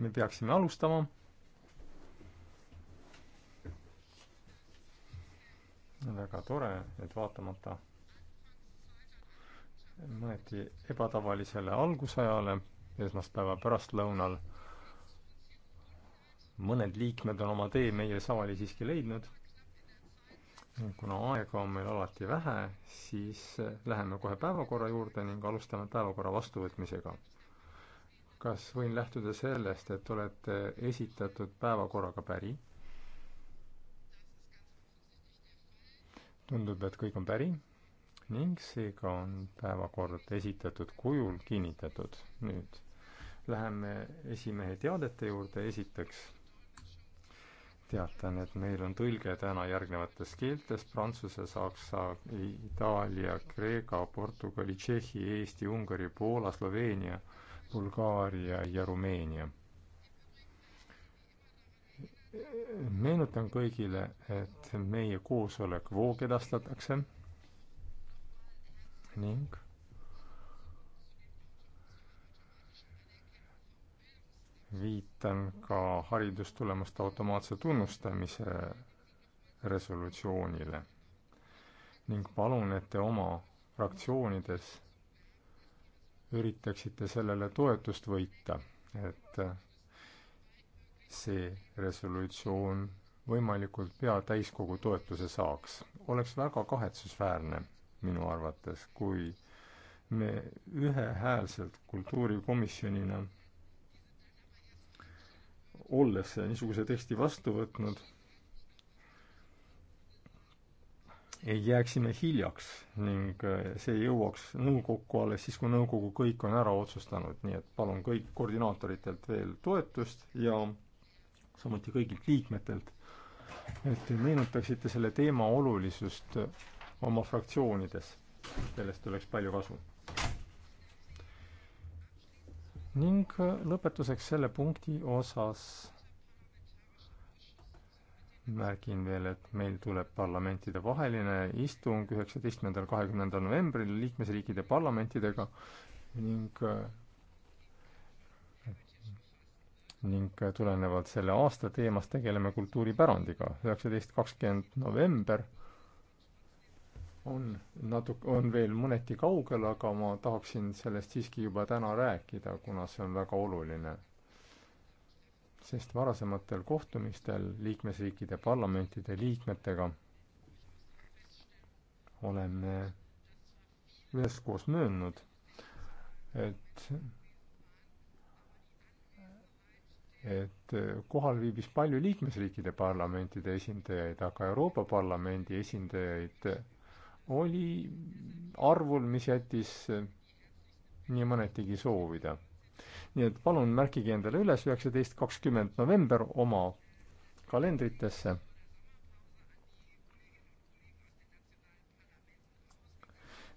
me peaksime alustama. väga tore, et vaatamata mõneti ebatavalisele algusajale esmaspäeva pärastlõunal mõned liikmed on oma tee meie saali siiski leidnud. kuna aega on meil alati vähe, siis läheme kohe päevakorra juurde ning alustame päevakorra vastuvõtmisega kas võin lähtuda sellest, et olete esitatud päevakorraga päri? tundub, et kõik on päri ning seega on päevakord esitatud kujul kinnitatud. nüüd läheme esimehe teadete juurde, esiteks teatan, et meil on tõlge täna järgnevates keeltes prantsuse, saksa, itaalia, kreeka, portugali, tšehhi, eesti, ungari, poola, sloveenia Bulgaaria ja Rumeenia. meenutan kõigile, et meie koosolek voogedastatakse ning viitan ka haridustulemuste automaatse tunnustamise resolutsioonile ning palun, et te oma fraktsioonides üritaksite sellele toetust võita, et see resolutsioon võimalikult pea täiskogu toetuse saaks. oleks väga kahetsusväärne minu arvates, kui me ühehäälselt kultuurikomisjonina, olles niisuguse teksti vastu võtnud ei jääksime hiljaks ning äh, see jõuaks nõukokku alles siis, kui nõukogu kõik on ära otsustanud, nii et palun kõik koordinaatoritelt veel toetust ja samuti kõigilt liikmetelt, et te meenutaksite selle teema olulisust äh, oma fraktsioonides. sellest oleks palju kasu. ning äh, lõpetuseks selle punkti osas märgin veel, et meil tuleb parlamentidevaheline istung üheksateistkümnendal, kahekümnendal novembril liikmesriikide parlamentidega ning ning tulenevalt selle aasta teemast tegeleme kultuuripärandiga. üheksateist, kakskümmend november on natuke, on veel mõneti kaugel, aga ma tahaksin sellest siiski juba täna rääkida, kuna see on väga oluline sest varasematel kohtumistel liikmesriikide parlamentide liikmetega oleme üheskoos möönnud, et et kohal viibis palju liikmesriikide parlamentide esindajaid, aga Euroopa Parlamendi esindajaid oli arvul, mis jättis nii mõnetigi soovida nii et palun märkige endale üles üheksateist kakskümmend november oma kalendritesse.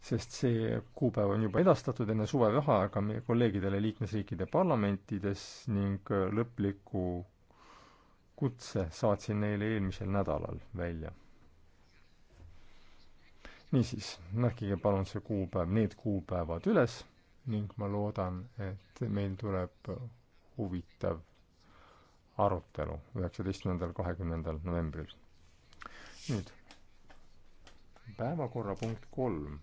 sest see kuupäev on juba edastatud enne suvevaheaega meie kolleegidele liikmesriikide parlamentides ning lõpliku kutse saatsin neile eelmisel nädalal välja niisiis, märkige palun see kuupäev, need kuupäevad üles ning ma loodan, et meil tuleb huvitav arutelu üheksateistkümnendal, kahekümnendal novembril. nüüd päevakorrapunkt kolm.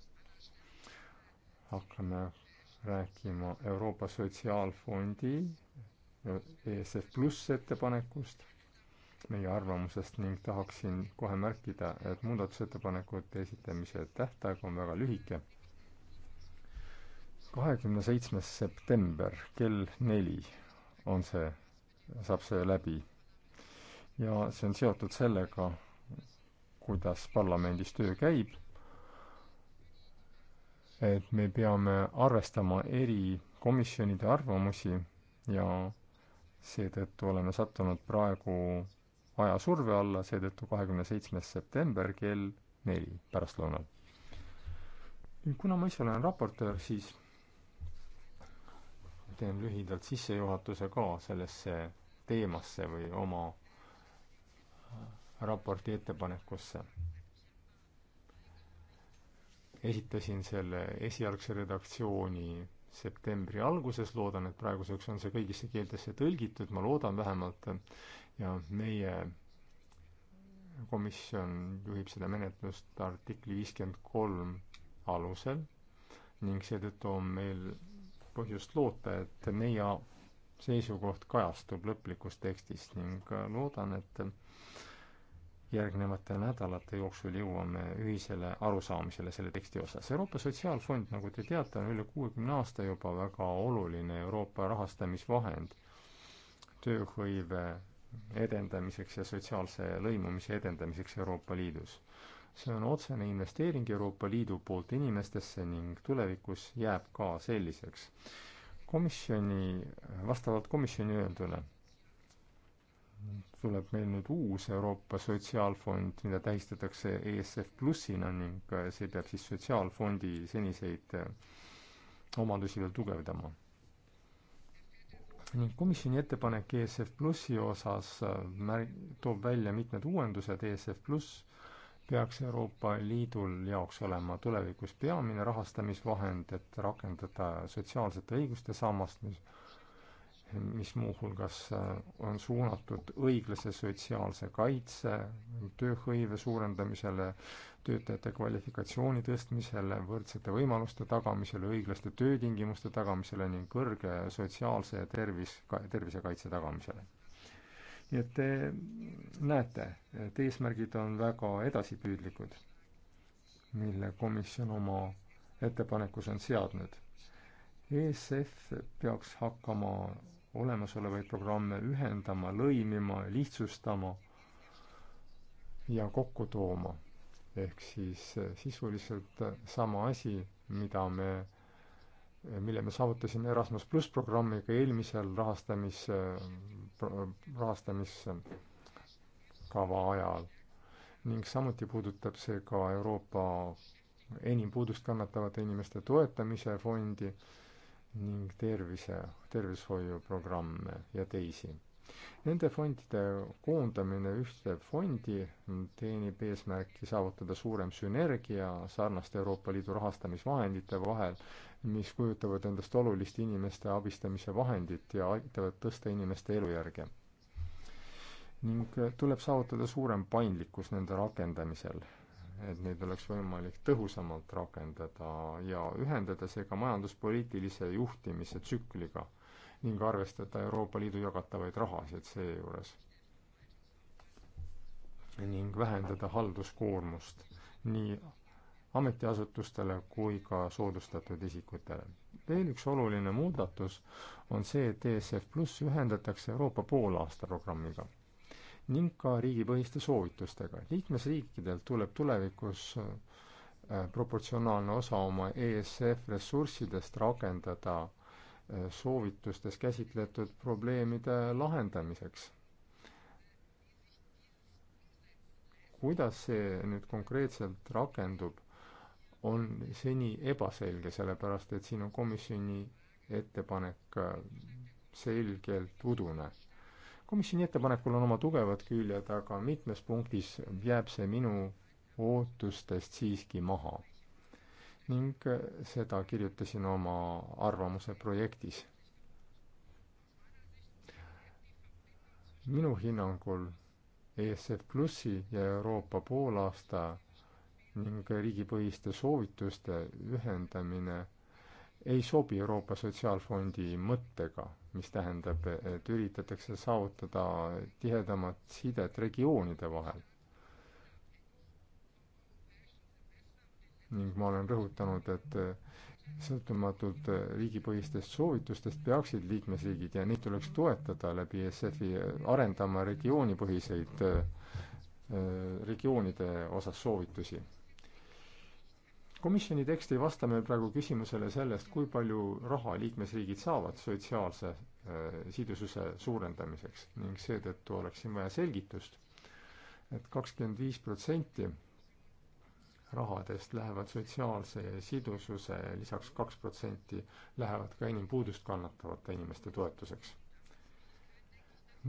hakkame rääkima Euroopa Sotsiaalfondi ESF pluss ettepanekust, meie arvamusest ning tahaksin kohe märkida, et muudatusettepanekute esitamise tähtaeg on väga lühike kahekümne seitsmes september kell neli on see, saab see läbi. ja see on seotud sellega, kuidas parlamendis töö käib. et me peame arvestama eri komisjonide arvamusi ja seetõttu oleme sattunud praegu ajasurve alla, seetõttu kahekümne seitsmes september kell neli pärastlõunal. kuna ma ise olen raportöör, siis teen lühidalt sissejuhatuse ka sellesse teemasse või oma raporti ettepanekusse. esitasin selle esialgse redaktsiooni septembri alguses, loodan, et praeguseks on see kõigisse keeltesse tõlgitud, ma loodan vähemalt, ja meie komisjon juhib seda menetlust artikli viiskümmend kolm alusel ning seetõttu on meil põhjust loota, et meie seisukoht kajastub lõplikus tekstis ning äh, loodan, et järgnevate nädalate jooksul jõuame ühisele arusaamisele selle teksti osas. Euroopa Sotsiaalfond, nagu te teate, on üle kuuekümne aasta juba väga oluline Euroopa rahastamisvahend tööhõive edendamiseks ja sotsiaalse lõimumise edendamiseks Euroopa Liidus see on otsene investeering Euroopa Liidu poolt inimestesse ning tulevikus jääb ka selliseks. komisjoni, vastavalt komisjoni öeldule tuleb meil nüüd uus Euroopa Sotsiaalfond, mida tähistatakse ESF plussina ning see peab siis Sotsiaalfondi seniseid äh, omadusi veel tugevdama. ning komisjoni ettepanek ESF plussi osas äh, märg-, toob välja mitmed uuendused, ESF pluss peaks Euroopa Liidul jaoks olema tulevikus peamine rahastamisvahend, et rakendada sotsiaalsete õiguste sammast, mis mis muuhulgas äh, on suunatud õiglase sotsiaalse kaitse, tööhõive suurendamisele, töötajate kvalifikatsiooni tõstmisele, võrdsete võimaluste tagamisele, õiglaste töötingimuste tagamisele ning kõrge sotsiaalse ja tervis, tervisekaitse tagamisele nii et te näete, et eesmärgid on väga edasipüüdlikud, mille komisjon oma ettepanekus on seadnud. ESF peaks hakkama olemasolevaid programme ühendama, lõimima, lihtsustama ja kokku tooma. ehk siis eh, sisuliselt sama asi, mida me mille me saavutasime Erasmus pluss programmiga eelmisel rahastamis rahastamiskava ajal ning samuti puudutab see ka Euroopa enim puudust kannatavate inimeste toetamise fondi ning tervise, tervishoiuprogramme ja teisi. Nende fondide koondamine ühte fondi teenib eesmärki saavutada suurem sünergia sarnaste Euroopa Liidu rahastamisvahendite vahel mis kujutavad endast olulist inimeste abistamise vahendit ja aitavad tõsta inimeste elujärge. ning tuleb saavutada suurem paindlikkus nende rakendamisel, et neid oleks võimalik tõhusamalt rakendada ja ühendada see ka majanduspoliitilise juhtimise tsükliga ning arvestada Euroopa Liidu jagatavaid rahasid seejuures. ning vähendada halduskoormust nii ametiasutustele kui ka soodustatud isikutele. veel üks oluline muudatus on see, et ESF pluss ühendatakse Euroopa poolaastaprogrammiga ning ka riigipõhiste soovitustega. liikmesriikidelt tuleb tulevikus äh, proportsionaalne osa oma ESF ressurssidest rakendada äh, soovitustes käsitletud probleemide lahendamiseks. kuidas see nüüd konkreetselt rakendub on seni ebaselge, sellepärast et siin on komisjoni ettepanek äh, selgelt udune. komisjoni ettepanekul on oma tugevad küljed, aga mitmes punktis jääb see minu ootustest siiski maha. ning äh, seda kirjutasin oma arvamuse projektis. minu hinnangul ESF Plussi ja Euroopa poolaasta ning riigipõhiste soovituste ühendamine ei sobi Euroopa Sotsiaalfondi mõttega, mis tähendab, et üritatakse saavutada tihedamat sidet regioonide vahel. ning ma olen rõhutanud, et sõltumatult riigipõhistest soovitustest peaksid liikmesriigid ja neid tuleks toetada läbi ESF-i arendama regioonipõhiseid äh, regioonide osas soovitusi komisjoni teksti vastame praegu küsimusele sellest, kui palju raha liikmesriigid saavad sotsiaalse äh, sidususe suurendamiseks ning seetõttu oleks siin vaja selgitust et, et kakskümmend viis protsenti rahadest lähevad sotsiaalse sidususe ja lisaks kaks protsenti lähevad ka enim puudust kannatavate inimeste toetuseks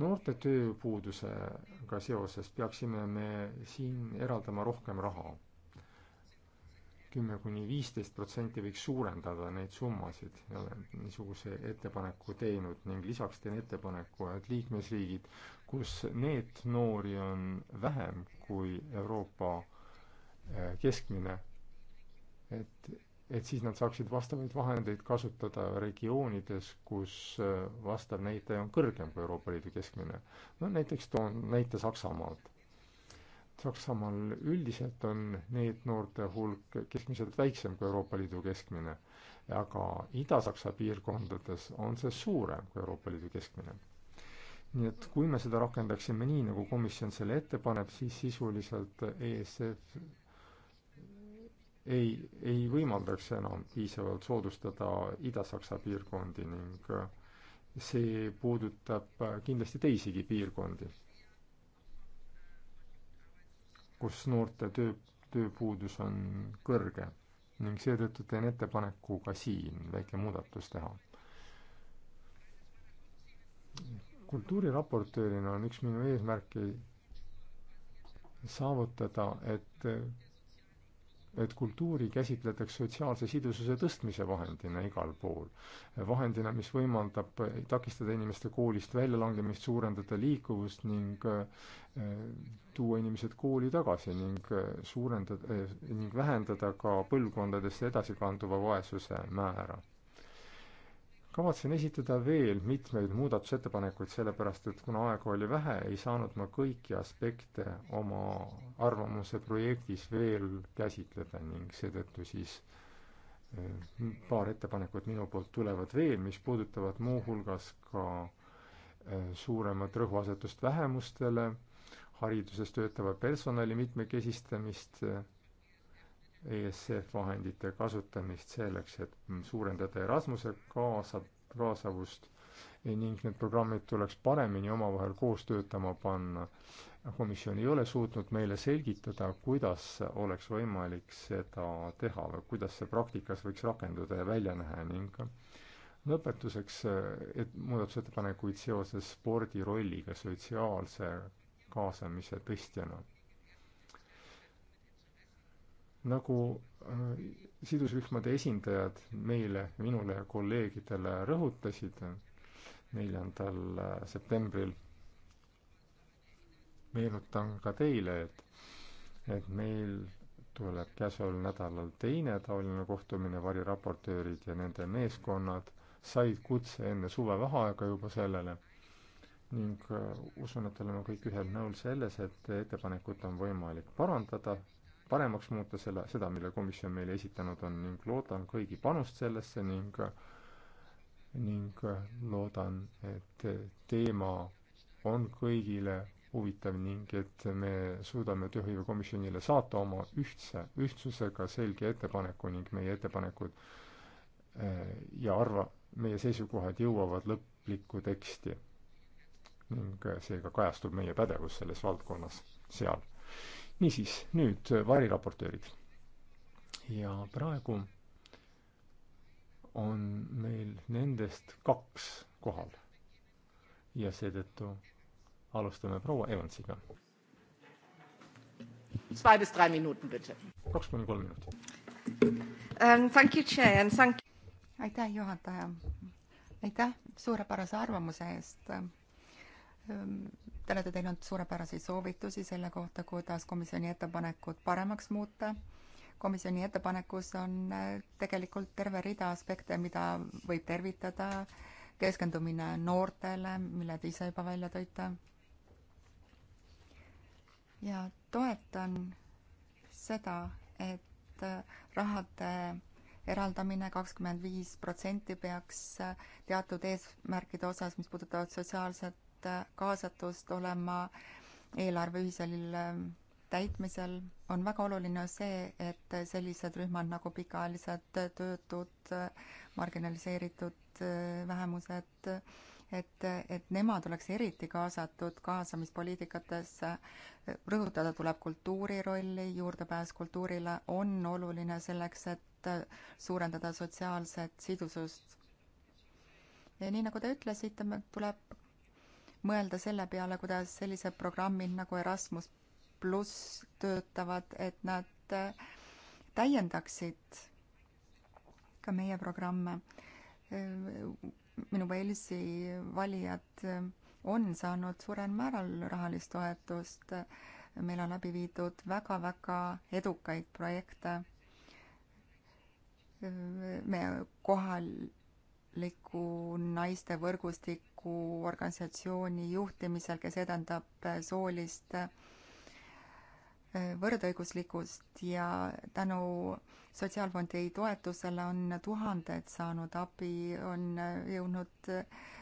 noorte tööpuudusega seoses peaksime me siin eraldama rohkem raha kümme kuni viisteist protsenti võiks suurendada neid summasid, olen niisuguse ettepaneku teinud ning lisaks teen ettepaneku, et liikmesriigid, kus NEET-noori on vähem kui Euroopa äh, keskmine, et, et siis nad saaksid vastavaid vahendeid kasutada regioonides, kus äh, vastav näitaja on kõrgem kui Euroopa Liidu keskmine. no näiteks toon näite Saksamaalt Saksamaal üldiselt on neid noorte hulk keskmiselt väiksem kui Euroopa Liidu keskmine, aga Ida-Saksa piirkondades on see suurem kui Euroopa Liidu keskmine. nii et kui me seda rakendaksime nii, nagu komisjon selle ette paneb, siis sisuliselt ESF ei, ei võimaldaks enam piisavalt soodustada Ida-Saksa piirkondi ning see puudutab kindlasti teisigi piirkondi kus noorte töö, tööpuudus on kõrge ning seetõttu teen ettepaneku ka siin väike muudatus teha. kultuuriraportöörina on üks minu eesmärke saavutada, et et kultuuri käsitletakse sotsiaalse sidususe tõstmise vahendina igal pool. vahendina, mis võimaldab takistada inimeste koolist väljalangemist, suurendada liikuvust ning eh, tuua inimesed kooli tagasi ning eh, suurendada, eh, ning vähendada ka põlvkondadesse edasikanduva vaesuse määra kavatsen esitada veel mitmeid muudatusettepanekuid, sellepärast et kuna aega oli vähe, ei saanud ma kõiki aspekte oma arvamuse projektis veel käsitleda ning seetõttu siis eh, paar ettepanekut minu poolt tulevad veel, mis puudutavad muuhulgas ka eh, suuremat rõhuasetust vähemustele, hariduses töötava personali mitmekesistamist eh, ESF vahendite kasutamist selleks, et suurendada Erasmuse kaasa, kaasavust e ning need programmid tuleks paremini omavahel koos töötama panna. komisjon ei ole suutnud meile selgitada, kuidas oleks võimalik seda teha või kuidas see praktikas võiks rakenduda ja välja näha ning lõpetuseks, et muudatusettepanekuid seoses spordi rolliga sotsiaalse kaasamise tõstjana nagu äh, sidusrühmade esindajad meile, minule ja kolleegidele rõhutasid neljandal äh, septembril, meenutan ka teile, et, et meil tuleb käesoleval nädalal teine taoline kohtumine, variraportöörid ja nende meeskonnad said kutse enne suvevaheaega juba sellele ning äh, usun, et oleme kõik ühel nõul selles, et ettepanekut on võimalik parandada paremaks muuta selle, seda, mille komisjon meile esitanud on ning loodan kõigi panust sellesse ning ning loodan, et teema on kõigile huvitav ning et me suudame tööhõivekomisjonile saata oma ühtse, ühtsusega selge ettepaneku ning meie ettepanekud eh, ja arva, meie seisukohad jõuavad lõplikku teksti. ning seega kajastub meie pädevus selles valdkonnas seal niisiis, nüüd äh, variraportöörid. ja praegu on meil nendest kaks kohal. ja seetõttu alustame proua Evansiga. kaks kuni kolm minutit. Ähm, aitäh, juhataja. aitäh suurepärase arvamuse eest Ehm, te olete teinud suurepäraseid soovitusi selle kohta, kuidas komisjoni ettepanekut paremaks muuta. komisjoni ettepanekus on eh, tegelikult terve rida aspekte, mida võib tervitada, keskendumine noortele, mille te ise juba välja tõite. ja toetan seda, et eh, rahade eraldamine kakskümmend viis protsenti peaks eh, teatud eesmärkide osas, mis puudutavad sotsiaalset suuremat kaasatust olema eelarve ühisel ähm, täitmisel. on väga oluline see, et sellised rühmad nagu pikaajalised töötud, marginaliseeritud äh, vähemused, et, et nemad oleks eriti kaasatud kaasamispoliitikatesse. rõhutada tuleb kultuuri rolli, juurdepääs kultuurile on oluline selleks, et suurendada sotsiaalset sidusust. ja nii, nagu te ütlesite, tuleb mõelda selle peale, kuidas sellised programmid nagu Erasmus pluss töötavad, et nad äh, täiendaksid ka meie programme. minu Walesi valijad äh, on saanud suurel määral rahalist toetust. meil on läbi viidud väga-väga edukaid projekte. Äh, me kohaliku naiste võrgustik arenguorganisatsiooni juhtimisel, kes edendab soolist äh, võrdõiguslikkust ja tänu Sotsiaalfondi toetusele on tuhanded saanud abi, on äh, jõudnud,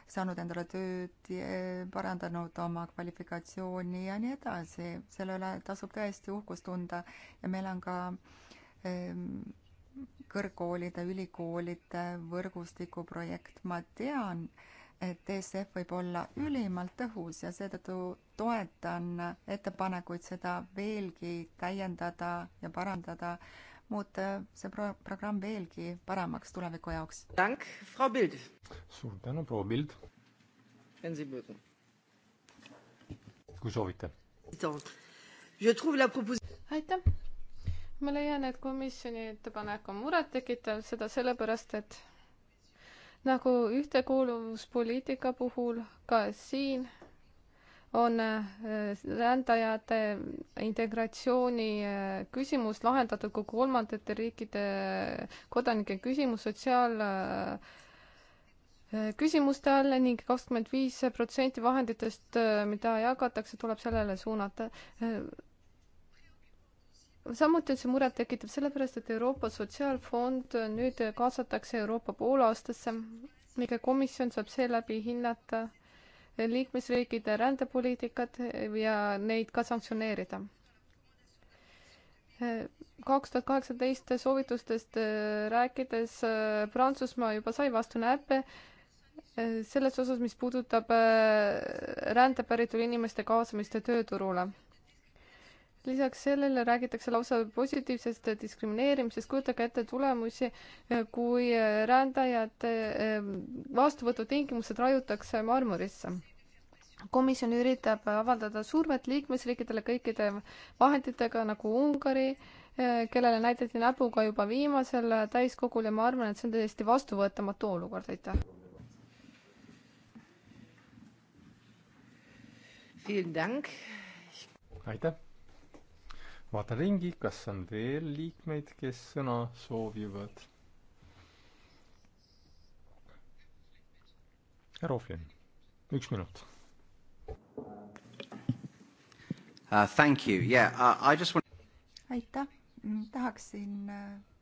saanud endale tööd, äh, parandanud oma kvalifikatsiooni ja nii edasi. selle üle tasub tõesti uhkust tunda ja meil on ka ähm, kõrgkoolide, ülikoolide võrgustikuprojekt, ma tean, et ESF võib olla ülimalt tõhus ja seetõttu toetan ettepanekuid seda veelgi täiendada ja parandada, muuta see pro-, programm veelgi paremaks tuleviku jaoks. suur tänu, proua Pild! kui soovite. aitäh! ma leian, et komisjoni ettepanek on murettekitav, seda sellepärast, et nagu ühtekuuluvuspoliitika puhul, ka siin on äh, rändajate integratsiooni äh, küsimus lahendatud kui kolmandate riikide äh, kodanike küsimus sotsiaal küsimuste all ning kakskümmend viis protsenti vahenditest, mida jagatakse, tuleb sellele suunata samuti on see murettekitav sellepärast, et Euroopa Sotsiaalfond nüüd kaasatakse Euroopa poolaastasse, mille komisjon saab seeläbi hinnata liikmesriikide rändepoliitikat ja neid ka sanktsioneerida kaks tuhat kaheksateist soovitustest rääkides Prantsusmaa juba sai vastu näppe selles osas, mis puudutab rändepäritolu inimeste kaasamist tööturule lisaks sellele räägitakse lausa positiivsest diskrimineerimisest, kujutage ette tulemusi, kui rändajate eh, vastuvõtutingimused raiutakse marmorisse. komisjon üritab avaldada survet liikmesriikidele kõikide vahenditega nagu Ungari, eh, kellele näidati näpuga juba viimasel täiskogul ja ma arvan, et see on täiesti vastuvõetamatu olukord, aitäh. aitäh vaatan ringi, kas on veel liikmeid, kes sõna soovivad. härra Ohvlin, üks minut uh,. Thank you, yeah uh,, I just want. aitäh, tahaksin uh,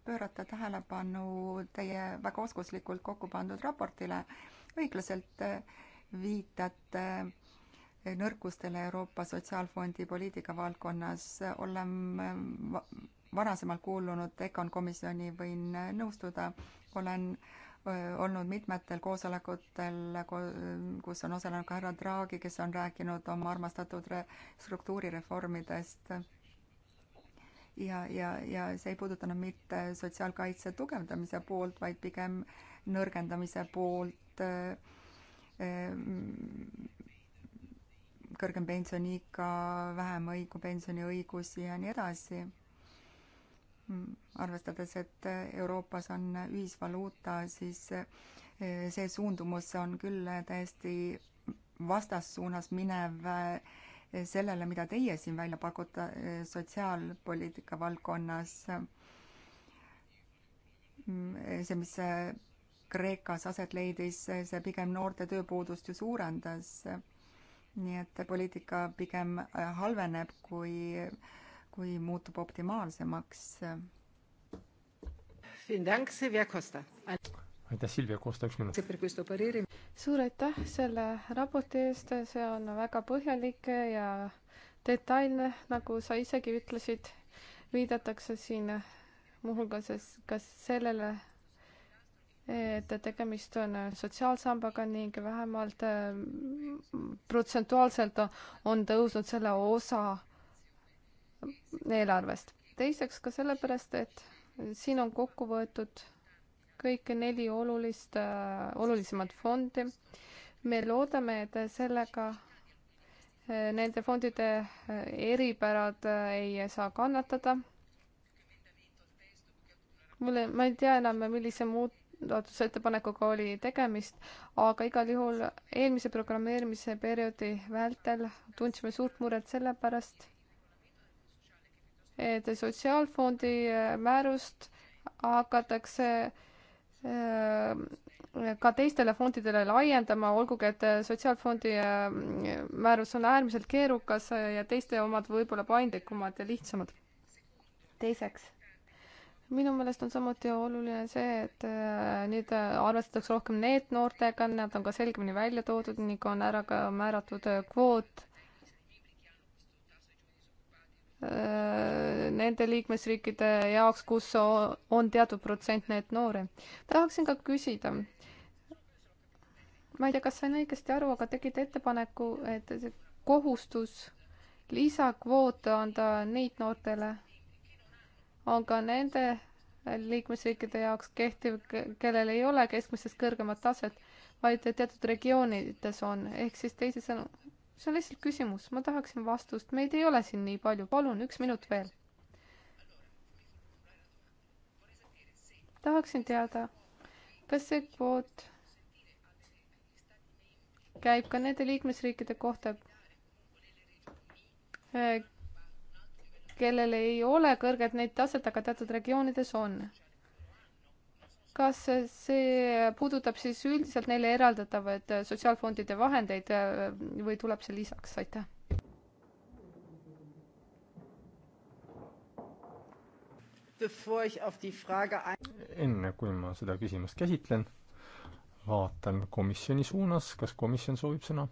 pöörata tähelepanu teie väga oskuslikult kokku pandud raportile. õiglaselt uh, viitate uh, nõrkustele Euroopa Sotsiaalfondi poliitika valdkonnas olen ähm, varasemalt kuulunud EKON komisjoni, võin nõustuda, olen olnud mitmetel koosolekutel, kus on osalenud ka härra Draghi, kes on rääkinud oma armastatud struktuurireformidest. ja, ja, ja see ei puudutanud mitte sotsiaalkaitse tugevdamise poolt, vaid pigem nõrgendamise poolt kõrgem pensioniiga, vähem õigu-, pensioniõigusi ja nii edasi. Mm, arvestades, et Euroopas on ühisvaluuta, siis eh, see suundumus on küll täiesti vastassuunas minev eh, sellele, mida teie siin välja pakute eh, sotsiaalpoliitika valdkonnas. Mm, see, mis Kreekas aset leidis, see pigem noorte tööpuudust ju suurendas nii et poliitika pigem äh, halveneb, kui, kui muutub optimaalsemaks. aitäh, Silvia Kosta, üks minut. suur aitäh selle raporti eest, see on väga põhjalik ja detailne, nagu sa isegi ütlesid, viidatakse siin muuhulgas ka sellele, et tegemist on sotsiaalsambaga ning vähemalt äh, protsentuaalselt on tõusnud selle osa eelarvest. teiseks ka sellepärast, et siin on kokku võetud kõik neli olulist, äh, olulisemat fondi. me loodame, et sellega äh, nende fondide eripärad ei saa kannatada. mulle, ma ei tea enam, millise muut-, muudatusettepanekuga oli tegemist, aga igal juhul eelmise programmeerimise perioodi vältel tundsime suurt muret selle pärast, et sotsiaalfondi äh, määrust hakatakse äh, ka teistele fondidele laiendama, olgugi et äh, sotsiaalfondi määrus on äärmiselt keerukas ja teiste omad võib-olla paindlikumad ja lihtsamad. teiseks minu meelest on samuti oluline see, et äh, nüüd äh, arvestatakse rohkem NEET-noortega, nad on ka selgemini välja toodud ning on ära ka määratud äh, kvoot nende liikmesriikide jaoks, kus on teatud protsent NEET-noori. tahaksin ka küsida, ma ei tea, kas sain õigesti aru, aga tegite ettepaneku, et see kohustus lisakvoote anda NEET-noortele on ka nende liikmesriikide jaoks kehtiv, kellel ei ole keskmisest kõrgemat taset, vaid teatud regioonides on, ehk siis teisisõnu, see on lihtsalt küsimus, ma tahaksin vastust, meid ei ole siin nii palju, palun üks minut veel. tahaksin teada, kas see kvoot käib ka nende liikmesriikide kohta, kellel ei ole kõrget neid taset, aga teatud regioonides on. kas see puudutab siis üldiselt neile eraldatavaid sotsiaalfondide vahendeid äh, või tuleb see lisaks, aitäh? enne kui ma seda küsimust käsitlen, vaatan komisjoni suunas, kas komisjon soovib sõna?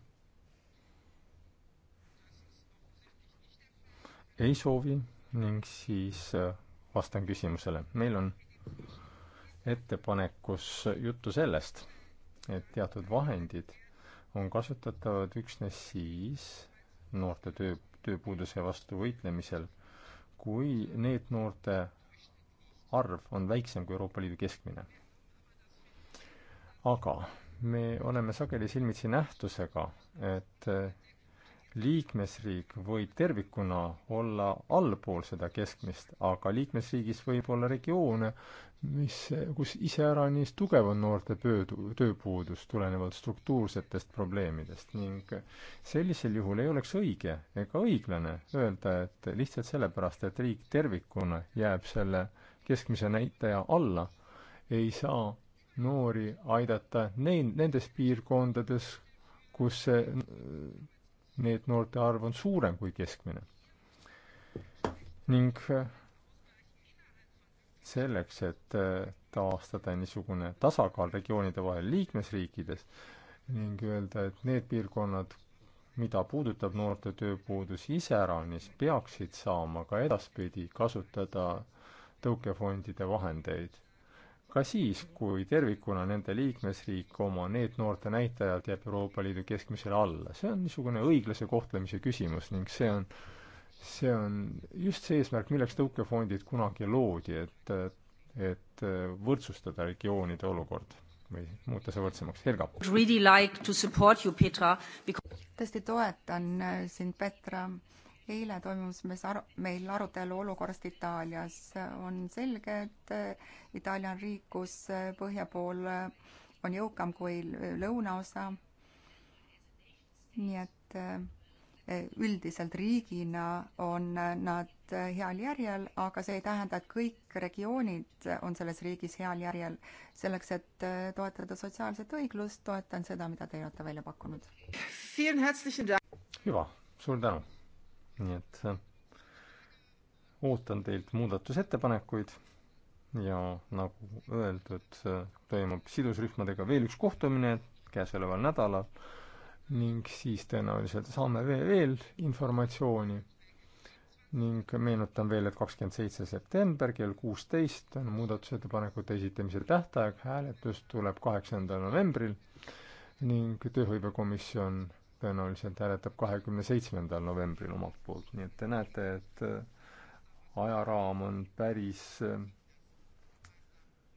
ei soovi ning siis äh, vastan küsimusele. meil on ettepanekus juttu sellest, et teatud vahendid on kasutatavad üksnes siis noorte töö, tööpuuduse vastu võitlemisel, kui NEET-noorte arv on väiksem kui Euroopa Liidu keskmine. aga me oleme sageli silmitsi nähtusega, et äh, liikmesriik võib tervikuna olla allpool seda keskmist, aga liikmesriigis võib olla regioone, mis, kus iseäranis tugev on noorte pöödu, tööpuudus tulenevalt struktuursetest probleemidest ning sellisel juhul ei oleks õige ega õiglane öelda, et lihtsalt sellepärast, et riik tervikuna jääb selle keskmise näitaja alla, ei saa noori aidata neil, nendes piirkondades, kus see NEET-noorte arv on suurem kui keskmine. ning eh, selleks, et eh, taastada niisugune tasakaal regioonide vahel liikmesriikides ning öelda, et need piirkonnad, mida puudutab noorte tööpuudus iseäranis, peaksid saama ka edaspidi kasutada tõukefondide vahendeid ka siis, kui tervikuna nende liikmesriik oma NEET-noorte näitajalt jääb Euroopa Liidu keskmisele alla. see on niisugune õiglase kohtlemise küsimus ning see on, see on just see eesmärk, milleks tõukefondid kunagi loodi, et, et võrdsustada regioonide olukord või muuta see võrdsemaks. Helga. Really like to support you, Petra because.... tõesti toetan äh, sind, Petra eile toimus mis aru, meil arutelu olukorrast Itaalias. on selge, et äh, Itaalia on riik, kus äh, põhja pool äh, on jõukam kui lõunaosa. nii et üldiselt riigina on nad heal järjel, aga see ei tähenda, et kõik regioonid on selles riigis heal järjel. selleks, et toetada sotsiaalset õiglust, toetan seda, mida teie olete välja pakkunud. hüva, suur tänu nii et äh, ootan teilt muudatusettepanekuid ja nagu öeldud, äh, toimub sidusrühmadega veel üks kohtumine käesoleval nädalal ning siis tõenäoliselt saame veel, veel informatsiooni. ning meenutan veel, et kakskümmend seitse september kell kuusteist on muudatusettepanekute esitamise tähtaeg, hääletus tuleb kaheksandal novembril ning tööhõivekomisjon tõenäoliselt hääletab kahekümne seitsmendal novembril omalt poolt, nii et te näete, et äh, ajaraam on päris, äh,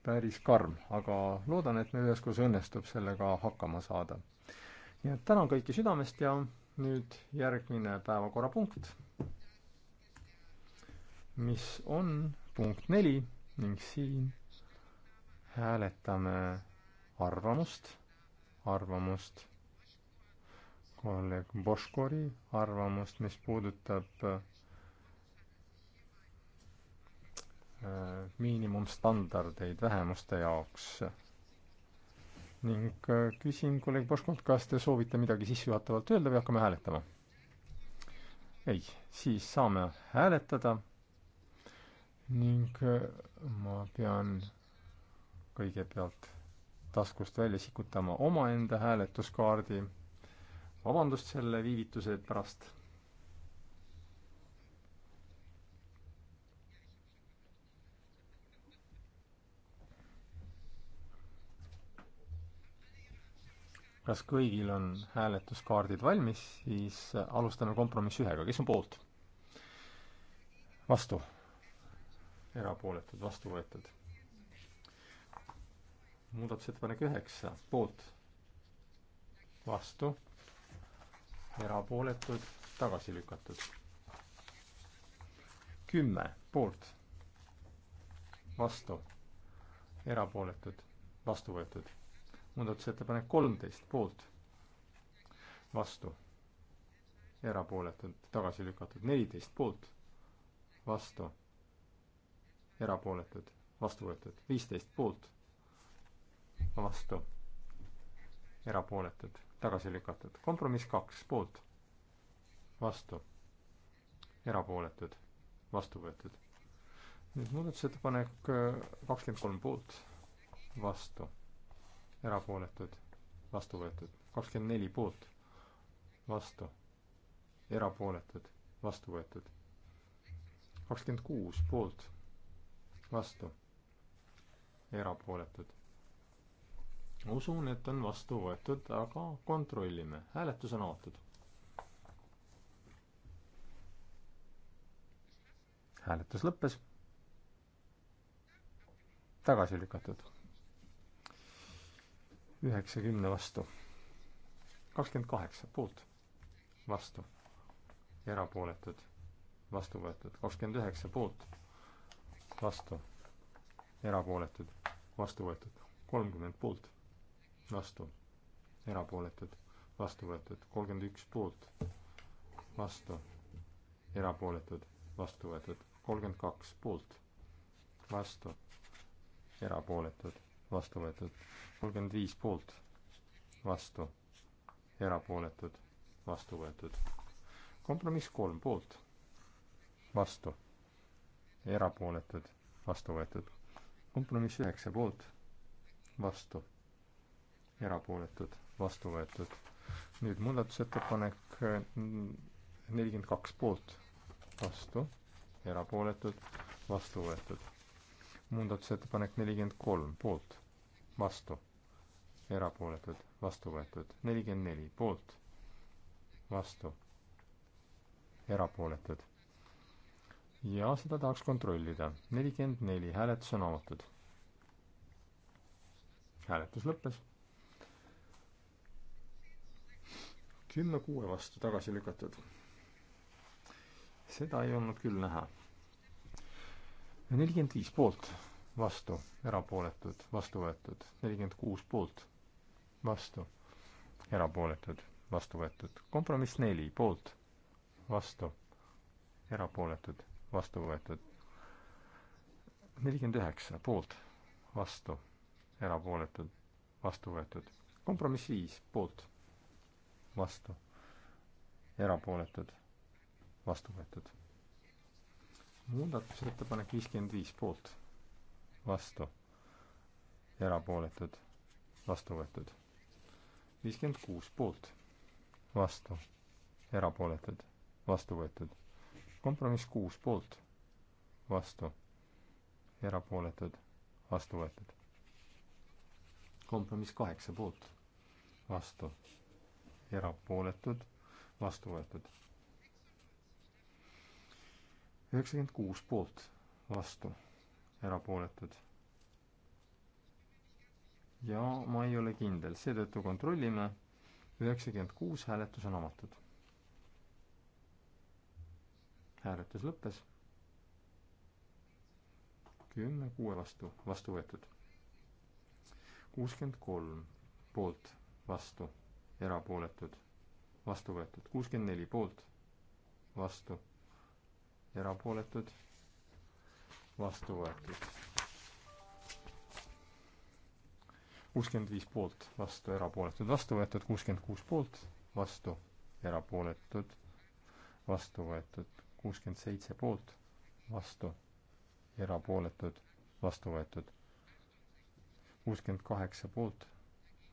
päris karm, aga loodan, et meil üheskoos õnnestub sellega hakkama saada. nii et tänan kõiki südamest ja nüüd järgmine päevakorrapunkt, mis on punkt neli ning siin hääletame arvamust, arvamust kolleeg Boškori arvamust, mis puudutab äh, miinimumstandardeid vähemuste jaoks. ning äh, küsin kolleeg Boškolt, kas te soovite midagi sissejuhatavalt öelda või hakkame hääletama? ei, siis saame hääletada ning äh, ma pean kõigepealt taskust välja sikutama omaenda hääletuskaardi vabandust selle viivituse pärast. kas kõigil on hääletuskaardid valmis, siis alustame kompromissi ühega, kes on poolt? vastu? erapooletud, vastu võetud. muudatusettepanek üheksa, poolt? vastu erapooletud, tagasi lükatud. kümme poolt, vastu, erapooletud, vastu võetud. muudatusettepanek kolmteist poolt, vastu, erapooletud, tagasi lükatud. neliteist poolt, vastu, erapooletud, vastu võetud. viisteist poolt, vastu, erapooletud tagasi lükatud. kompromiss kaks, poolt, vastu, erapooletud, vastu võetud. nüüd muudatusettepanek äh, kakskümmend kolm poolt, vastu, erapooletud, vastu võetud. kakskümmend neli poolt, vastu, erapooletud, vastu võetud. kakskümmend kuus poolt, vastu, erapooletud, usun, et on vastu võetud, aga kontrollime. hääletus on avatud. hääletus lõppes. tagasi lükatud. üheksakümne vastu. kakskümmend kaheksa poolt, vastu, erapooletud, vastu võetud. kakskümmend üheksa poolt, vastu, erapooletud, vastu võetud. kolmkümmend poolt vastu, erapooletud, vastu võetud, kolmkümmend üks poolt, vastu, erapooletud, vastu võetud, kolmkümmend kaks poolt, vastu, erapooletud, vastu võetud, kolmkümmend viis poolt, vastu, erapooletud, vastu võetud. kompromiss kolm poolt, vastu, erapooletud, vastu võetud. kompromiss üheksa poolt, vastu erapooletud, vastu võetud. nüüd muudatusettepanek mm, nelikümmend kaks poolt, vastu, erapooletud, vastu võetud. muudatusettepanek nelikümmend kolm poolt, vastu, erapooletud, vastu võetud. nelikümmend neli poolt, vastu, erapooletud. ja seda tahaks kontrollida. nelikümmend neli, hääletus on avatud. hääletus lõppes kümme kuue vastu tagasi lükatud. seda ei olnud küll näha. nelikümmend viis poolt, vastu, erapooletud, vastu võetud, nelikümmend kuus poolt, vastu, erapooletud, vastu võetud, kompromiss neli poolt, vastu, erapooletud, vastu võetud, nelikümmend üheksa poolt, vastu, erapooletud, vastu võetud, kompromiss viis poolt vastu, erapooletud, vastu võetud. muudatusettepanek viiskümmend viis poolt, vastu, erapooletud, vastu võetud. viiskümmend kuus poolt, vastu, erapooletud, vastu võetud. kompromiss kuus poolt, vastu, erapooletud, vastu võetud kompromiss kaheksa poolt, vastu, erapooletud, vastu võetud. üheksakümmend kuus poolt, vastu, erapooletud. ja ma ei ole kindel, seetõttu kontrollime. üheksakümmend kuus hääletus on avatud. hääletus lõppes. kümme kuue vastu, vastu võetud. kuuskümmend kolm poolt, vastu erapooletud, vastu võetud. kuuskümmend neli poolt, vastu, erapooletud, vastu võetud. kuuskümmend viis poolt, vastu, erapooletud, vastu võetud. kuuskümmend kuus poolt, vastu, erapooletud, vastu võetud. kuuskümmend seitse poolt, vastu, erapooletud, vastu võetud. kuuskümmend kaheksa poolt,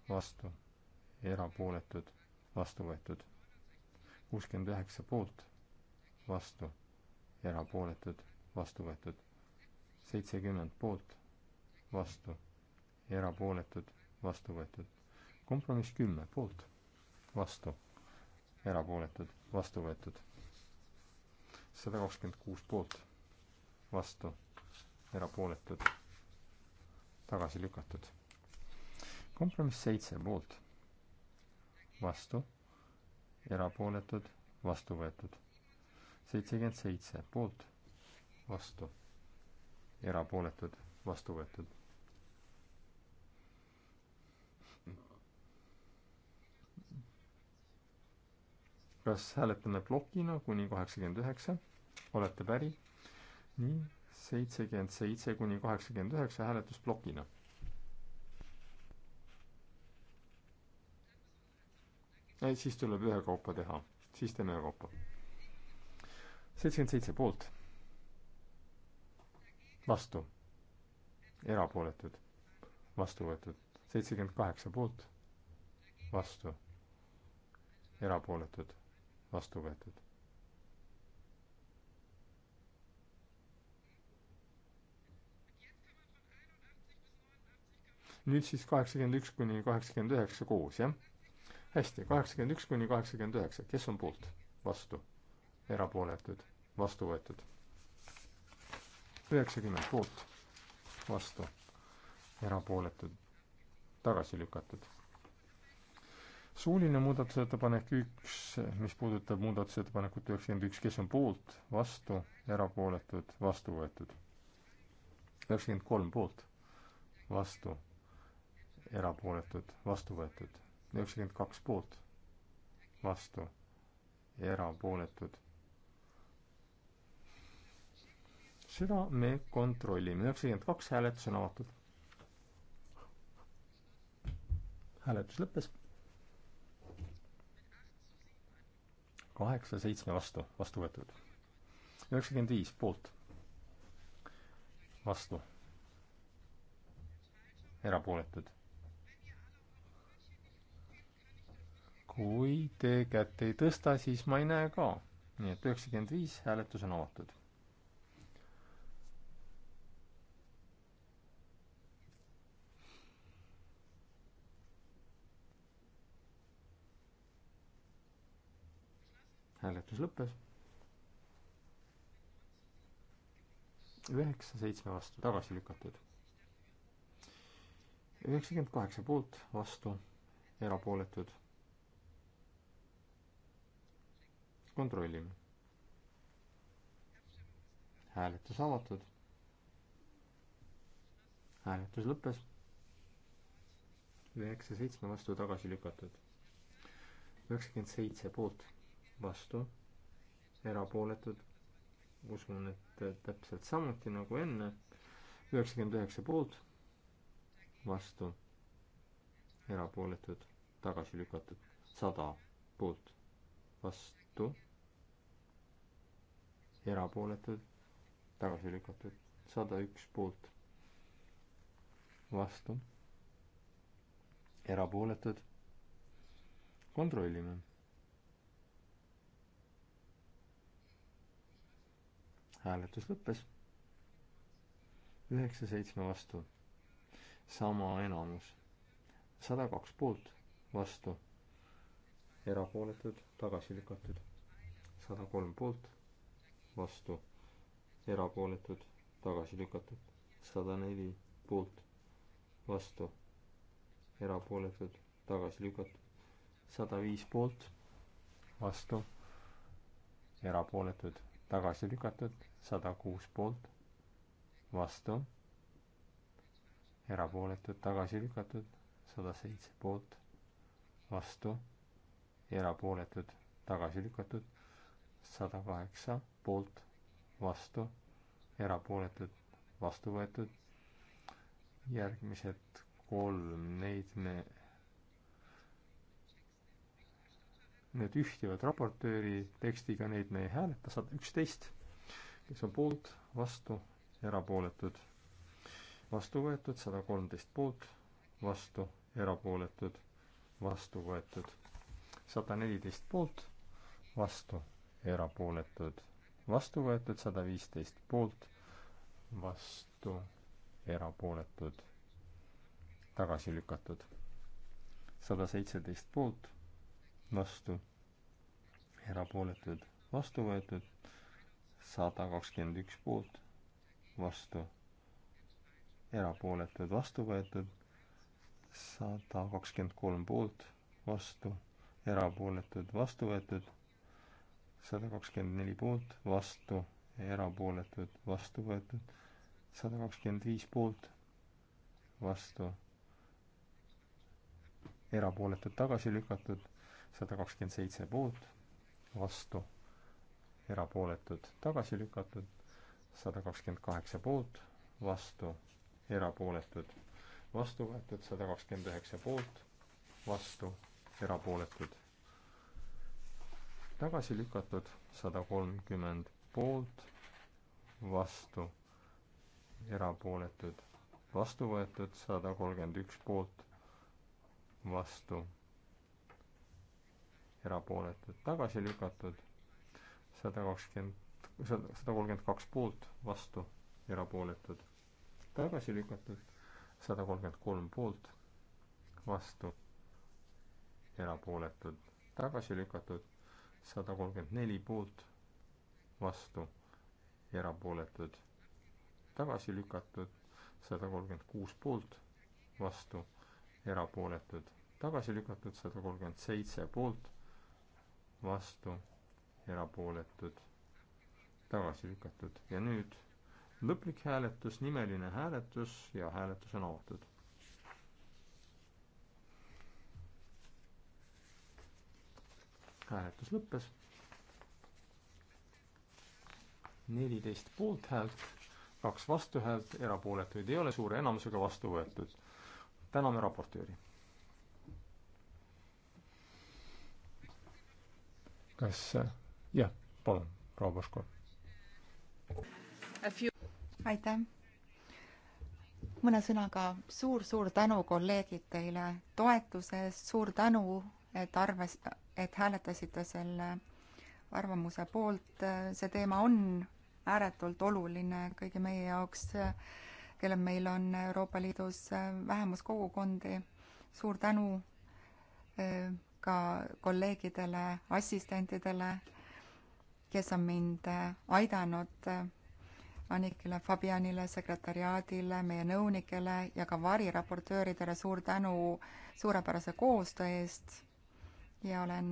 vastu erapooletud, vastu võetud. kuuskümmend üheksa poolt, vastu, erapooletud, vastu võetud. seitsekümmend poolt, vastu, erapooletud, vastu võetud. kompromiss kümme poolt, vastu, erapooletud, vastu võetud. sada kakskümmend kuus poolt, vastu, erapooletud, tagasi lükatud kompromiss seitse poolt, vastu, erapooletud, vastu võetud. seitsekümmend seitse poolt, vastu, erapooletud, vastu võetud. kas hääletame plokina kuni kaheksakümmend üheksa, olete päri? nii, seitsekümmend seitse kuni kaheksakümmend üheksa hääletusplokina et siis tuleb ühekaupa teha, siis teeme ühekaupa. seitsekümmend seitse poolt. vastu. erapooletud. vastu võetud. seitsekümmend kaheksa poolt. vastu. erapooletud. vastu võetud. nüüd siis kaheksakümmend üks kuni kaheksakümmend üheksa koos, jah hästi, kaheksakümmend üks kuni kaheksakümmend üheksa, kes on poolt, vastu, erapooletud, vastu võetud. üheksakümmend poolt, vastu, erapooletud, tagasi lükatud suuline muudatusettepanek üks, mis puudutab muudatusettepanekut üheksakümmend üks, kes on poolt, vastu, erapooletud, vastu võetud. üheksakümmend kolm poolt, vastu, erapooletud, vastu võetud üheksakümmend kaks poolt, vastu ja erapooletud. seda me kontrollime, üheksakümmend kaks hääletus on avatud. hääletus lõppes. kaheksa seitsme vastu, vastu võetud. üheksakümmend viis poolt, vastu, erapooletud kui te kätt ei tõsta, siis ma ei näe ka. nii et üheksakümmend viis, hääletus on avatud. hääletus lõppes. üheksa seitsme vastu tagasi lükatud. üheksakümmend kaheksa poolt, vastu, erapooletud kontrollime. hääletus avatud. hääletus lõppes. üheksa seitsme vastu tagasi lükatud. üheksakümmend seitse poolt, vastu, erapooletud. usun, et täpselt samuti nagu enne. üheksakümmend üheksa poolt, vastu, erapooletud, tagasi lükatud. sada poolt, vastu erapooletud, tagasi lükatud, sada üks poolt, vastu, erapooletud, kontrollime. hääletus lõppes üheksa seitsme vastu, sama enamus, sada kaks poolt, vastu, erapooletud, tagasi lükatud, sada kolm poolt vastu, erapooletud, tagasi lükatud. sada neli poolt, vastu, erapooletud, tagasi lükatud. sada viis poolt, vastu, erapooletud, tagasi lükatud. sada kuus poolt, vastu, erapooletud, tagasi lükatud. sada seitse poolt, vastu, erapooletud, tagasi lükatud sada kaheksa poolt, vastu, erapooletud, vastu võetud. järgmised kolm, neid me, need ühtivad raportööri tekstiga, neid me ei hääleta, sada üksteist, kes on poolt, vastu, erapooletud, vastu võetud, sada kolmteist poolt, vastu, erapooletud, vastu võetud, sada neliteist poolt, vastu erapooletud, vastu võetud sada viisteist poolt, vastu, erapooletud, tagasi lükatud. sada seitseteist poolt, vastu, erapooletud, vastu võetud, sada kakskümmend üks poolt, vastu, erapooletud, vastu võetud, sada kakskümmend kolm poolt, vastu, erapooletud, vastu võetud sada kakskümmend neli poolt, vastu, erapooletud, vastu võetud, sada kakskümmend viis poolt, vastu, erapooletud, tagasi lükatud, sada kakskümmend seitse poolt, vastu, erapooletud, tagasi lükatud, sada kakskümmend kaheksa poolt, vastu, erapooletud, vastu võetud, sada kakskümmend üheksa poolt, vastu, erapooletud tagasi lükatud, sada kolmkümmend poolt, vastu, erapooletud, vastu võetud, sada kolmkümmend üks poolt, vastu, erapooletud, tagasi lükatud, sada kakskümmend, sada, sada kolmkümmend kaks poolt, vastu, erapooletud, tagasi lükatud, sada kolmkümmend kolm poolt, vastu, erapooletud, tagasi lükatud, sada kolmkümmend neli poolt, vastu, erapooletud, tagasi lükatud, sada kolmkümmend kuus poolt, vastu, erapooletud, tagasi lükatud, sada kolmkümmend seitse poolt, vastu, erapooletud, tagasi lükatud ja nüüd lõplik hääletus, nimeline hääletus ja hääletus on avatud hääletus lõppes. neliteist poolthäält, kaks vastuhäält, erapooletuid ei ole, suure enamusega vastu võetud. täname raportööri. kas, jah, palun, proua Paško. aitäh mõne sõnaga suur-suur tänu, kolleegid, teile toetuse eest, suur tänu et arves, et hääletasite selle arvamuse poolt. see teema on ääretult oluline kõigi meie jaoks, kellel meil on Euroopa Liidus vähemuskogukondi. suur tänu eh, ka kolleegidele, assistentidele, kes on mind eh, aidanud eh, Annikile Fabianile, sekretäriaadile, meie nõunikele ja ka variraportööridele suur tänu suurepärase koostöö eest ja olen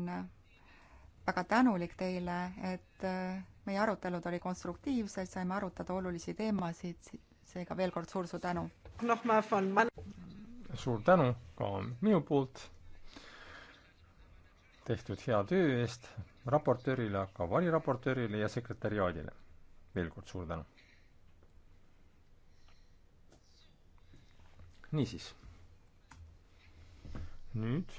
väga tänulik teile, et äh, meie arutelud olid konstruktiivsed, saime arutada olulisi teemasid, seega veel kord suur-suur tänu! noh, ma arvan, suur tänu ka minu poolt tehtud hea töö eest raportöörile, ka variraportöörile ja sekretäriaadile. veel kord suur tänu. niisiis. nüüd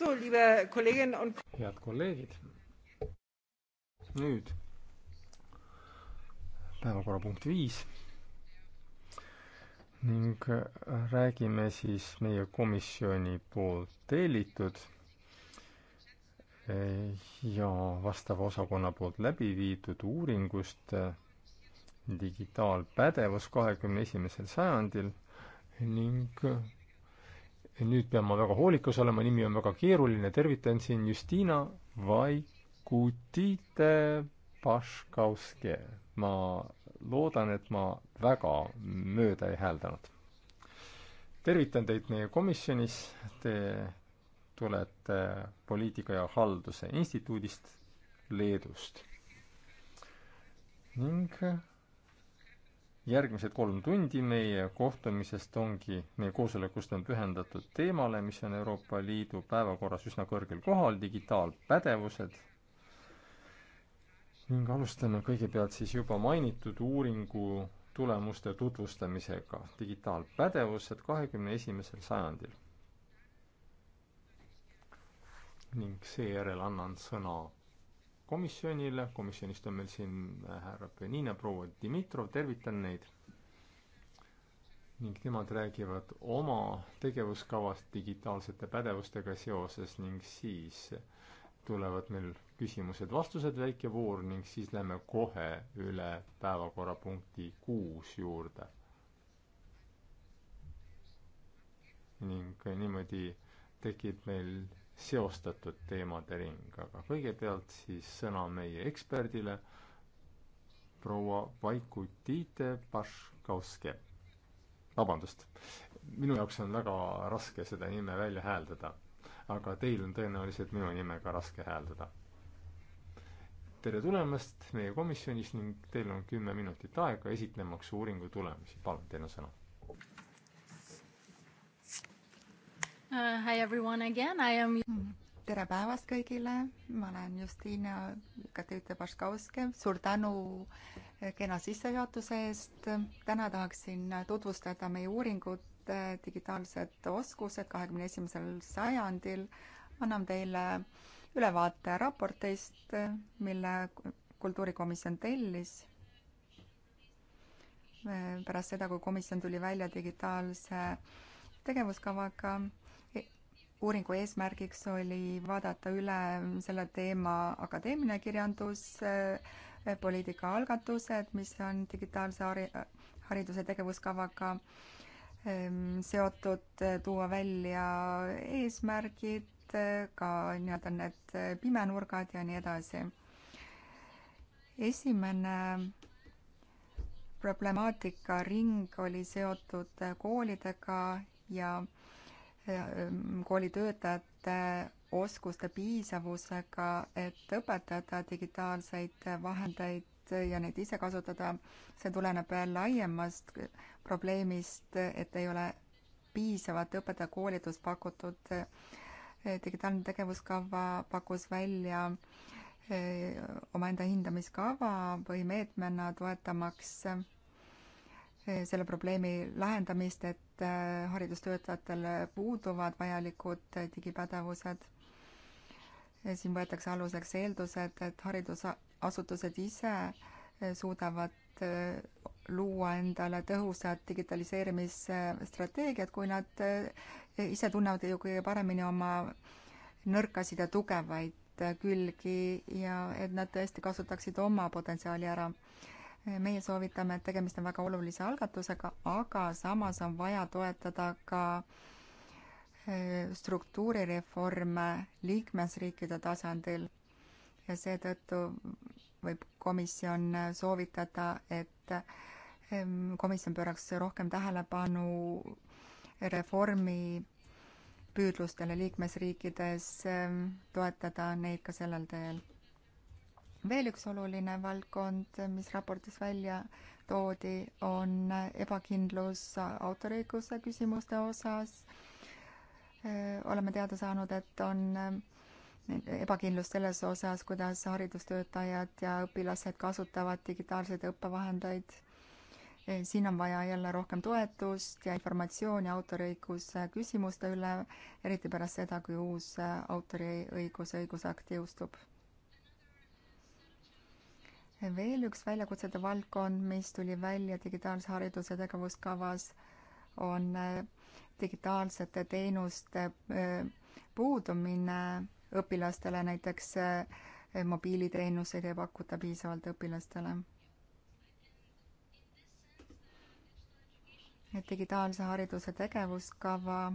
So, liebe Kolleginnen und head kolleegid, nüüd päevakorrapunkt viis ning räägime siis meie komisjoni poolt tellitud eh, ja vastava osakonna poolt läbi viidud uuringust eh, digitaalpädevus kahekümne esimesel sajandil ning nüüd pean ma väga hoolikas olema, nimi on väga keeruline, tervitan siin Justina Vaikutite Paškauske. ma loodan, et ma väga mööda ei hääldanud. tervitan teid meie komisjonis, te tulete Poliitika ja Halduse Instituudist Leedust. ning järgmised kolm tundi meie kohtumisest ongi, meie koosolekust on pühendatud teemale, mis on Euroopa Liidu päevakorras üsna kõrgel kohal, digitaalpädevused. ning alustame kõigepealt siis juba mainitud uuringu tulemuste tutvustamisega Digitaalpädevused kahekümne esimesel sajandil. ning seejärel annan sõna komisjonile, komisjonist on meil siin äh, härra Penina, proua Dimitrov, tervitan neid. ning nemad räägivad oma tegevuskavast digitaalsete pädevustega seoses ning siis tulevad meil küsimused-vastused, väike voor ning siis lähme kohe üle päevakorrapunkti kuus juurde. ning niimoodi tekib meil seostatud teemade ring, aga kõigepealt siis sõna meie eksperdile, proua Vaikutiite Paškovski. vabandust, minu jaoks on väga raske seda nime välja hääldada, aga teil on tõenäoliselt minu nime ka raske hääldada. tere tulemast meie komisjonis ning teil on kümme minutit aega esitlemaks uuringu tulemusi, palun, teil on sõna Uh, hi everyone again, I am hmm. tere päevast kõigile, ma olen Justiina Katjuta Paškauske, suur tänu eh, kena sissejuhatuse eest. täna tahaksin tutvustada meie uuringut eh, Digitaalsed oskused kahekümne esimesel sajandil. annan teile ülevaate raportist, mille kultuurikomisjon tellis eh, pärast seda, kui komisjon tuli välja digitaalse tegevuskavaga uuringu eesmärgiks oli vaadata üle selle teema akadeemiline kirjandus, eh, poliitika algatused, mis on digitaalse hari-, hariduse tegevuskavaga ehm, seotud, eh, tuua välja eesmärgid, eh, ka nii-öelda need pimenurgad ja nii edasi. esimene problemaatika ring oli seotud koolidega ja Ähm, koolitöötajate oskuste piisavusega, et õpetada digitaalseid vahendeid ja neid ise kasutada, see tuleneb laiemast probleemist, et ei ole piisavat õpetajakoolitust pakutud. Äh, digitaalne tegevuskava pakkus välja äh, omaenda hindamiskava põhimõõtmena toetamaks äh, selle probleemi lahendamist, et et äh, haridustöötajatel puuduvad vajalikud äh, digipädevused. siin võetakse aluseks eeldused, et haridusasutused ise äh, suudavad luua endale tõhusad digitaliseerimisstrateegiad, kui nad ise tunnevad ju kõige paremini oma nõrkasid ja tugevaid külgi ja et nad tõesti kasutaksid oma potentsiaali ära meie soovitame, et tegemist on väga olulise algatusega, aga samas on vaja toetada ka äh, struktuurireforme liikmesriikide tasandil ja seetõttu võib komisjon soovitada, et ähm, komisjon pööraks rohkem tähelepanu reformi püüdlustele liikmesriikides, ähm, toetada neid ka sellel teel veel üks oluline valdkond, mis raportis välja toodi, on ebakindlus autoriõiguse küsimuste osas. oleme teada saanud, et on ebakindlus selles osas, kuidas haridustöötajad ja õpilased kasutavad digitaalseid õppevahendeid. siin on vaja jälle rohkem toetust ja informatsiooni autoriõiguse küsimuste üle, eriti pärast seda, kui uus autoriõiguse õigusakt jõustub veel üks väljakutsete valdkond, mis tuli välja digitaalse hariduse tegevuskavas, on äh, digitaalsete teenuste äh, puudumine õpilastele, näiteks äh, mobiiliteenuseid ei pakuta piisavalt õpilastele. et digitaalse hariduse tegevuskava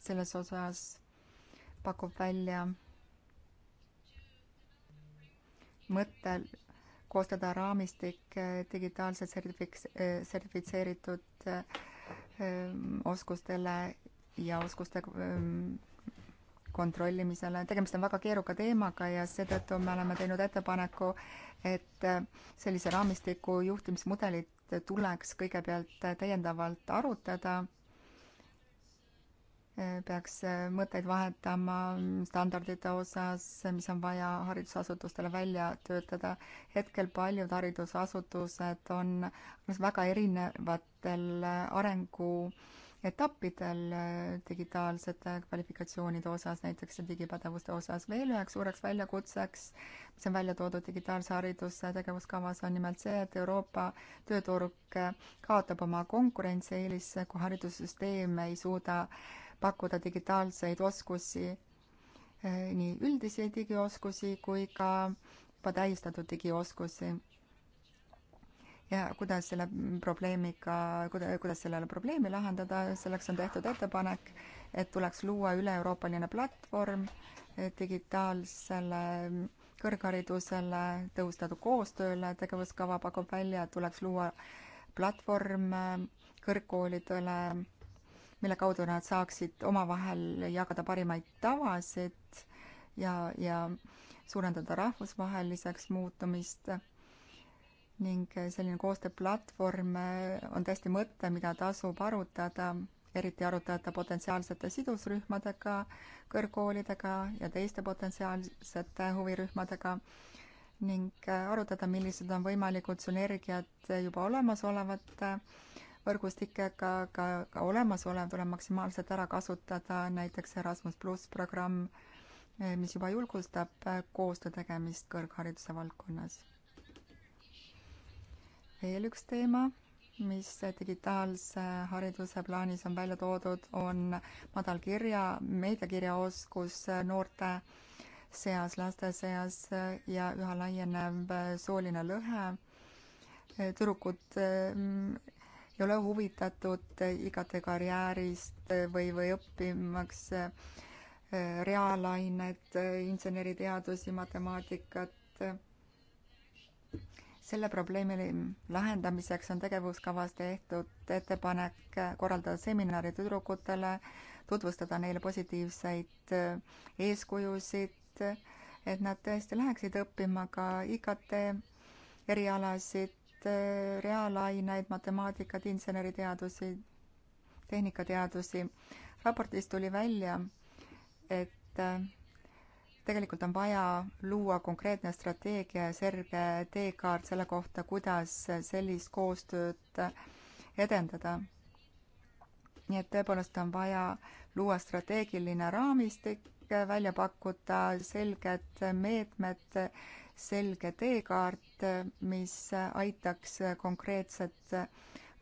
selles osas pakub välja mõttel koostada raamistik eh, digitaalselt sertifiks-, eh, sertifitseeritud eh, mm, oskustele ja oskuste mm, kontrollimisele. tegemist on väga keeruka teemaga ja seetõttu me oleme teinud ettepaneku, et sellise raamistiku juhtimismudelit tuleks kõigepealt täiendavalt arutada Äh, peaks äh, mõtteid vahetama standardite osas, mis on vaja haridusasutustele välja töötada. hetkel paljud haridusasutused on väga erinevatel äh, arenguetappidel digitaalsete kvalifikatsioonide osas, näiteks digipädevuste osas. veel üheks suureks väljakutseks, mis on välja toodud digitaalse hariduse tegevuskavas, on nimelt see, et Euroopa tööturg kaotab oma konkurentsieelisse, kui haridussüsteem ei suuda äh, pakkuda digitaalseid oskusi, eh, nii üldisi digioskusi kui ka juba tähistatud digioskusi. ja kuidas selle probleemiga, kuidas sellele probleemi lahendada, selleks on tehtud ettepanek, et tuleks luua üle-euroopaline platvorm eh, digitaalsele kõrgharidusele, tõhustatud koostööle, tegevuskava pakub välja, et tuleks luua platvorm eh, kõrgkoolidele mille kaudu nad saaksid omavahel jagada parimaid tavasid ja, ja suurendada rahvusvaheliseks muutumist. ning selline koostööplatvorm on tõesti mõte, mida tasub arutada, eriti arutada potentsiaalsete sidusrühmadega, kõrgkoolidega ja teiste potentsiaalsete huvirühmadega ning arutada, millised on võimalikud sünergiad juba olemasolevate võrgustikega ka, ka olemasolev tuleb maksimaalselt ära kasutada, näiteks Erasmus pluss programm, eh, mis juba julgustab eh, koostöö tegemist kõrghariduse valdkonnas. veel üks teema, mis digitaalse hariduse plaanis on välja toodud, on madal kirja, meediakirjaoskus eh, noorte seas, laste seas ja üha laienev sooline lõhe tüdrukud ei ole huvitatud igate karjäärist või, või õppimaks eh, reaalained, inseneriteadusi, matemaatikat. selle probleemi lahendamiseks on tegevuskavas tehtud ettepanek korraldada seminare tüdrukutele, tutvustada neile positiivseid eh, eeskujusid, et nad tõesti läheksid õppima ka IKT erialasid, Äh, reaalaineid, matemaatikat, inseneriteadusi, tehnikateadusi. raportis tuli välja, et äh, tegelikult on vaja luua konkreetne strateegia ja selge teekaart selle kohta, kuidas sellist koostööd edendada. nii et tõepoolest on vaja luua strateegiline raamistik, äh, välja pakkuda selged meetmed selge teekaart, mis aitaks konkreetsed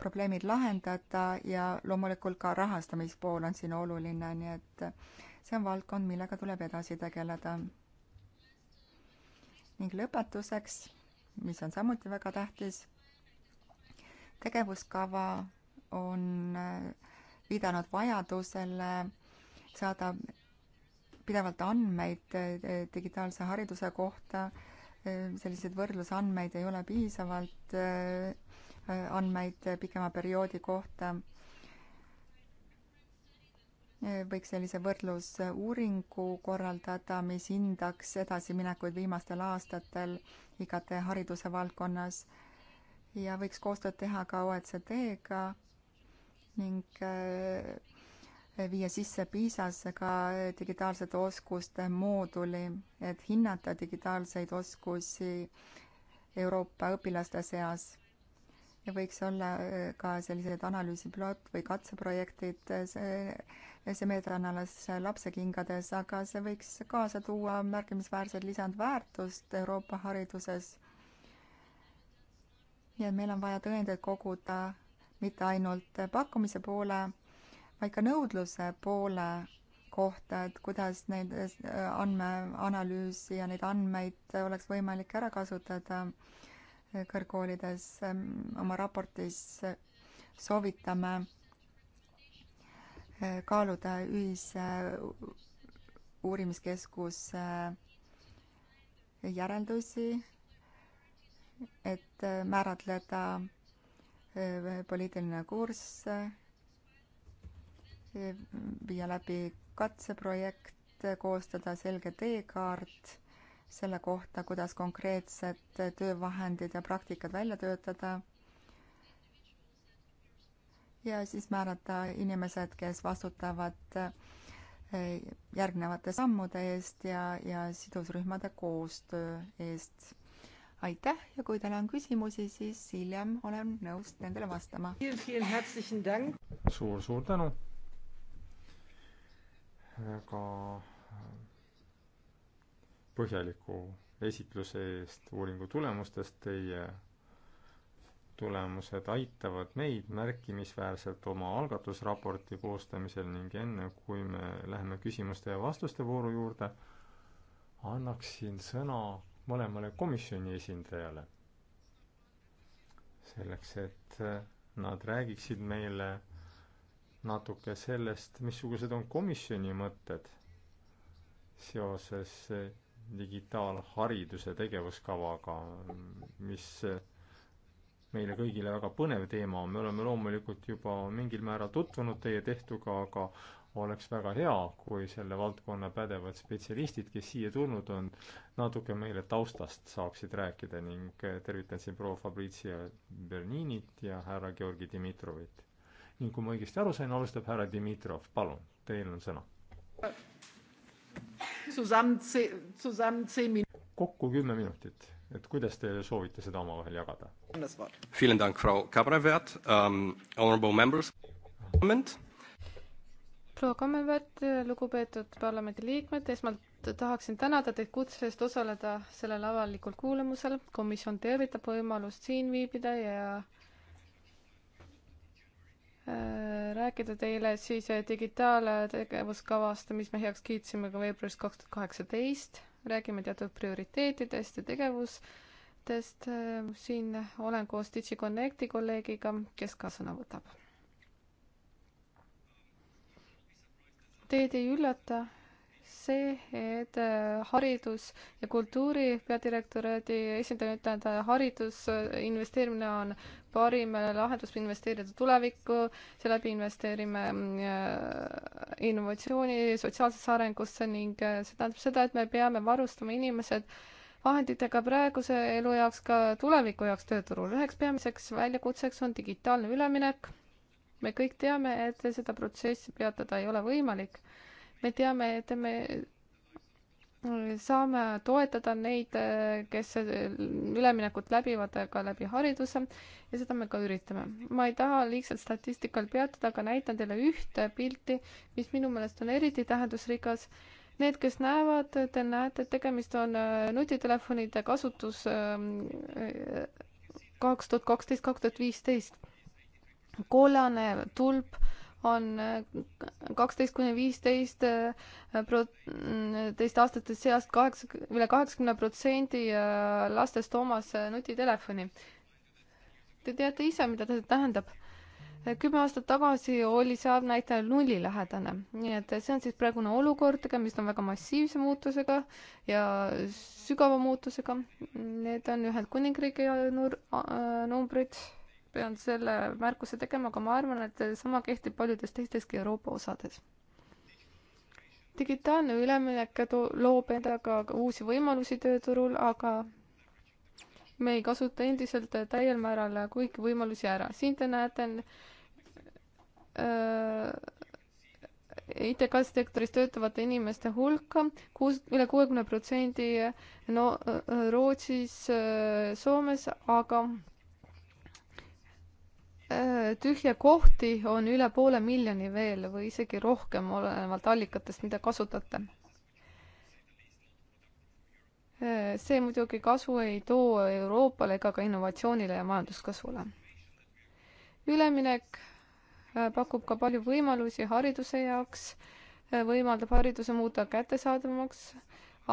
probleemid lahendada ja loomulikult ka rahastamispool on siin oluline, nii et see on valdkond, millega tuleb edasi tegeleda. ning lõpetuseks, mis on samuti väga tähtis, tegevuskava on viidanud vajadusele saada pidevalt andmeid digitaalse hariduse kohta Ehm, selliseid võrdlusandmeid ei ole piisavalt, ehm, andmeid pikema perioodi kohta. Ehm, võiks sellise võrdlusuuringu korraldada, mis hindaks edasiminekuid viimastel aastatel IKT hariduse valdkonnas ja võiks koostööd teha ka OECD-ga ning viia sisse PISA-sse ka digitaalsete oskuste mooduli, et hinnata digitaalseid oskusi Euroopa õpilaste seas. ja võiks olla äh, ka sellised analüüsiplott või katseprojektid, äh, see, äh, see meede on alles lapsekingades, aga see võiks kaasa tuua märkimisväärset lisandväärtust Euroopa hariduses. nii et meil on vaja tõendeid koguda mitte ainult pakkumise poole vaid ka nõudluse poole kohta, et kuidas neid äh, andmeanalüüsi ja neid andmeid oleks võimalik ära kasutada kõrgkoolides. Ähm, oma raportis soovitame äh, kaaluda ühise uurimiskeskuse äh, järeldusi, et määratleda poliitiline kurss viia läbi katseprojekt, koostada selge teekaart selle kohta, kuidas konkreetsed töövahendid ja praktikad välja töötada. ja siis määrata inimesed, kes vastutavad eh, järgnevate sammude eest ja, ja sidusrühmade koostöö eest. aitäh ja kui teil on küsimusi, siis hiljem olen nõus nendele vastama. suur-suur tänu väga äh, põhjaliku esitluse eest uuringu tulemustest, teie tulemused aitavad meid märkimisväärselt oma algatusraporti koostamisel ning enne, kui me läheme küsimuste ja vastuste vooru juurde, annaksin sõna mõlemale komisjoni esindajale. selleks, et äh, nad räägiksid meile natuke sellest, missugused on komisjoni mõtted seoses digitaalhariduse tegevuskavaga, mis meile kõigile väga põnev teema on, me oleme loomulikult juba mingil määral tutvunud teie tehtuga, aga oleks väga hea, kui selle valdkonna pädevad spetsialistid, kes siia tulnud on, natuke meile taustast saaksid rääkida ning tervitan siin proua Fabrizia Berninit ja härra Georgi Dimitrovit ning kui ma õigesti aru sain, alustab härra Dimitrov, palun, teil on sõna. kokku kümme minutit, et kuidas te soovite seda omavahel jagada? proua Kammerväärt, ähm, lugupeetud parlamendiliikmed, esmalt tahaksin tänada teid kutse eest osaleda sellel avalikul kuulamusel. komisjon tervitab võimalust siin viibida ja Äh, rääkida teile siis äh, digitaaltegevuskavast, mis me heaks kiitsime ka veebruaris kaks tuhat kaheksateist. räägime teatud prioriteetidest ja tegevustest. Äh, siin olen koos DigiConnecti kolleegiga, kes ka sõna võtab. Teid ei üllata, see, et äh, haridus- ja kultuuri peadirektoraadi esindaja ütleb, et äh, haridusinvesteerimine äh, on parim lahendus investeerida tulevikku, seeläbi investeerime mm, innovatsiooni, sotsiaalsesse arengusse ning see tähendab seda, et me peame varustama inimesed vahenditega praeguse elu jaoks ka tuleviku jaoks tööturul. üheks peamiseks väljakutseks on digitaalne üleminek. me kõik teame, et seda protsessi peatada ei ole võimalik me teame, et me saame toetada neid, kes üleminekut läbivad ka läbi hariduse ja seda me ka üritame. ma ei taha liigselt statistikal peatuda, aga näitan teile ühte pilti, mis minu meelest on eriti tähendusrikas. Need, kes näevad, te näete, et tegemist on äh, nutitelefonide kasutus ähm, äh, kaks tuhat kaksteist, kaks tuhat viisteist. kollane tulp on äh, kaksteist kuni viisteist äh, teist aastate seast kaheksa, üle kaheksakümne protsendi äh, lastest omas nutitelefoni. Te teate ise, mida see tähendab. kümme aastat tagasi oli see näitaja nullilähedane, nii et see on siis praegune olukord, tegemist on väga massiivse muutusega ja sügava muutusega. Need on Ühendkuningriigi numbrid pean selle märkuse tegema, aga ma arvan, et sama kehtib paljudes teisteski Euroopa osades. digitaalne üleminek loob endaga uusi võimalusi tööturul, aga me ei kasuta endiselt täiel määral kõiki võimalusi ära. siin te näete äh, IT-sektoris töötavate inimeste hulka, kuus, üle kuuekümne protsendi no Rootsis, äh, Soomes, aga Äh, tühje kohti on üle poole miljoni veel või isegi rohkem, olenevalt allikatest, mida kasutate. Äh, see muidugi kasu ei too Euroopale ega ka innovatsioonile ja majanduskasvule. üleminek äh, pakub ka palju võimalusi hariduse jaoks, võimaldab hariduse muuta kättesaadavamaks,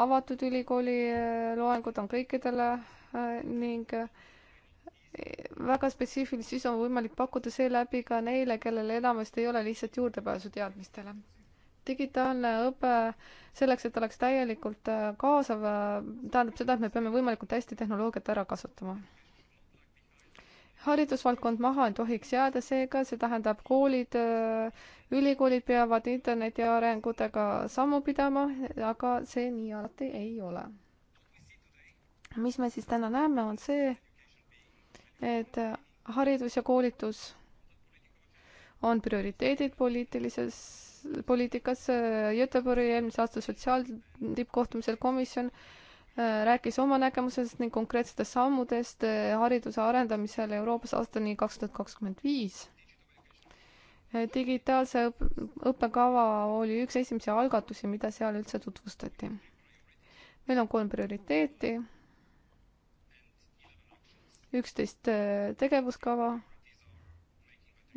avatud ülikooli loengud on kõikidele ning äh, väga spetsiifilist sisu on võimalik pakkuda seeläbi ka neile, kellel enamasti ei ole lihtsalt juurdepääsu teadmistele. digitaalne õpe selleks, et oleks täielikult äh, kaasav, äh, tähendab seda, et me peame võimalikult hästi tehnoloogiat ära kasutama. haridusvaldkond maha ei tohiks jääda, seega see tähendab, koolid, äh, ülikoolid peavad interneti arengutega sammu pidama, aga see nii alati ei ole. mis me siis täna näeme, on see, et haridus ja koolitus on prioriteedid poliitilises, poliitikas. Göteborgi eelmise aasta sotsiaaltippkohtumisel komisjon äh, rääkis oma nägemusest ning konkreetsetest sammudest äh, hariduse arendamisel Euroopas aastani kaks tuhat kakskümmend viis. Äh, digitaalse õppekava oli üks esimesi algatusi, mida seal üldse tutvustati. meil on kolm prioriteeti üksteist äh, tegevuskava.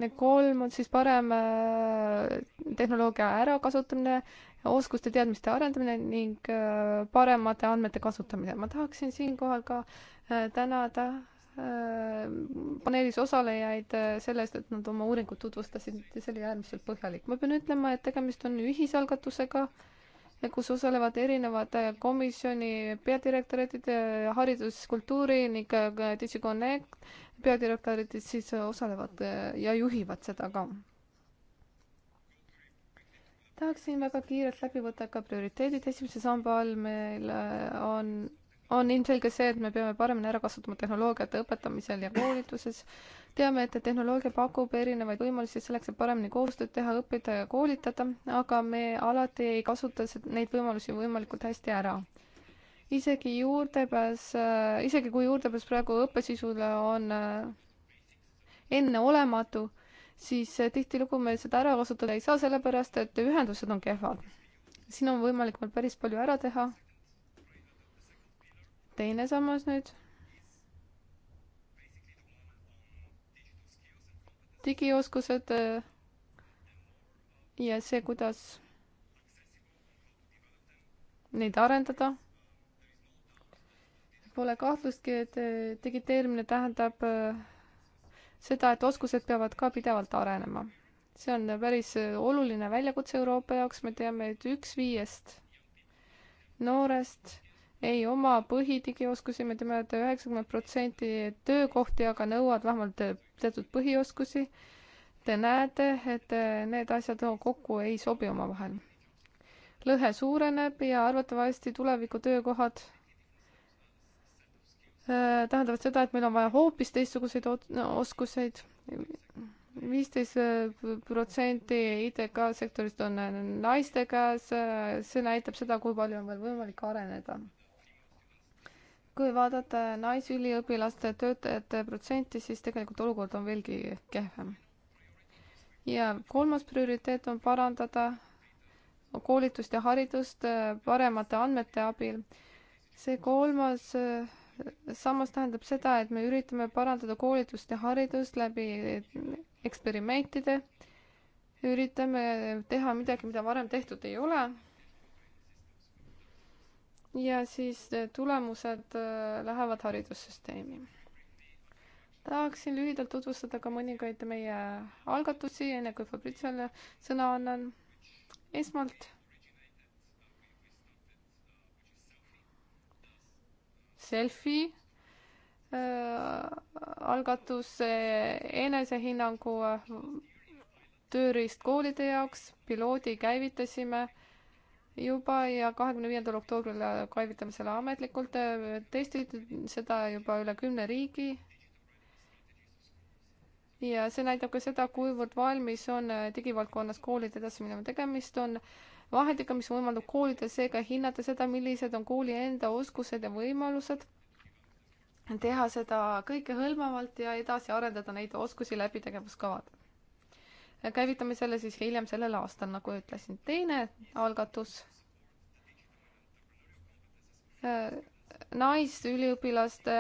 Need kolm on siis parem äh, tehnoloogia ärakasutamine, oskuste, teadmiste arendamine ning äh, paremate andmete kasutamine. ma tahaksin siinkohal ka tänada paneelis osalejaid selle eest, et nad oma uuringut tutvustasid, see oli äärmiselt põhjalik. ma pean ütlema, et tegemist on ühisalgatusega äh, kus osalevad erinevad äh, komisjoni peadirektorid, äh, haridus, kultuuri ning äh, DigiConnect peadirektorid siis osalevad ja juhivad seda ka. tahaksin väga kiirelt läbi võtta ka prioriteedid, esimese samba all meil on, on ilmselge see, et me peame paremini ära kasutama tehnoloogiate õpetamisel ja koolituses teame, et tehnoloogia pakub erinevaid võimalusi selleks, et paremini koostööd teha, õppida ja koolitada, aga me alati ei kasuta neid võimalusi võimalikult hästi ära. isegi juurdepääs, äh, isegi kui juurdepääs praegu õppesisule on äh, enneolematu, siis äh, tihtilugu me seda ära kasutada ei saa, sellepärast et ühendused on kehvad. siin on võimalik veel päris palju ära teha. teine sammas nüüd digioskused äh, ja see, kuidas neid arendada. Pole kahtlustki, et äh, digiteerimine tähendab äh, seda, et oskused peavad ka pidevalt arenema. see on päris oluline väljakutse Euroopa jaoks, me teame, et üks viiest noorest ei oma põhidigioskusi, me teame, et üheksakümmend protsenti töökohti aga nõuavad vähemalt teatud põhioskusi. Te näete, et need asjad kokku ei sobi omavahel. lõhe suureneb ja arvatavasti tuleviku töökohad äh, tähendavad seda, et meil on vaja hoopis teistsuguseid oskuseid. viisteist protsenti ITK sektorist on naiste käes, see näitab seda, kui palju on veel võimalik areneda kui vaadata naisüliõpilaste töötajate protsenti, siis tegelikult olukord on veelgi kehvem. ja kolmas prioriteet on parandada koolitust ja haridust äh, paremate andmete abil. see kolmas äh, sammas tähendab seda, et me üritame parandada koolitust ja haridust läbi äh, eksperimentide, üritame teha midagi, mida varem tehtud ei ole ja siis eh, tulemused eh, lähevad haridussüsteemi. tahaksin lühidalt tutvustada ka mõningaid meie algatusi, enne kui Fabritsiale sõna annan. esmalt selfie äh, eh, algatus enesehinnangu tööriist koolide jaoks, piloodi käivitasime äh, juba ja kahekümne viiendal oktoobril kaevitame selle ametlikult, testid seda juba üle kümne riigi. ja see näitab ka seda, kuivõrd valmis on digivaldkonnas koolid edasi minema, tegemist on vahendiga, mis võimaldab koolidel seega hinnata seda, millised on kooli enda oskused ja võimalused, teha seda kõikehõlmavalt ja edasi arendada neid oskusi läbi tegevuskavade käivitame selle siis hiljem sellel aastal, nagu ütlesin. teine algatus. Äh, naisüliõpilaste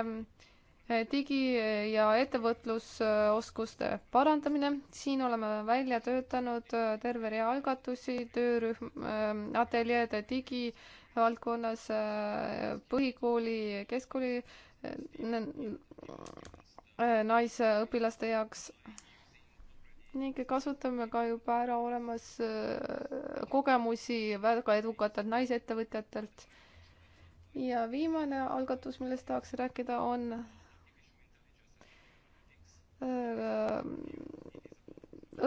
äh, digi- ja ettevõtlusoskuste parandamine. siin oleme välja töötanud äh, terve rea algatusi, töörühm, ateljeed digivaldkonnas, põhikooli, keskkooli naisõpilaste jaoks ning kasutame ka juba ära olemas äh, kogemusi väga edukatelt naisettevõtjatelt. ja viimane algatus, millest tahaks rääkida, on äh,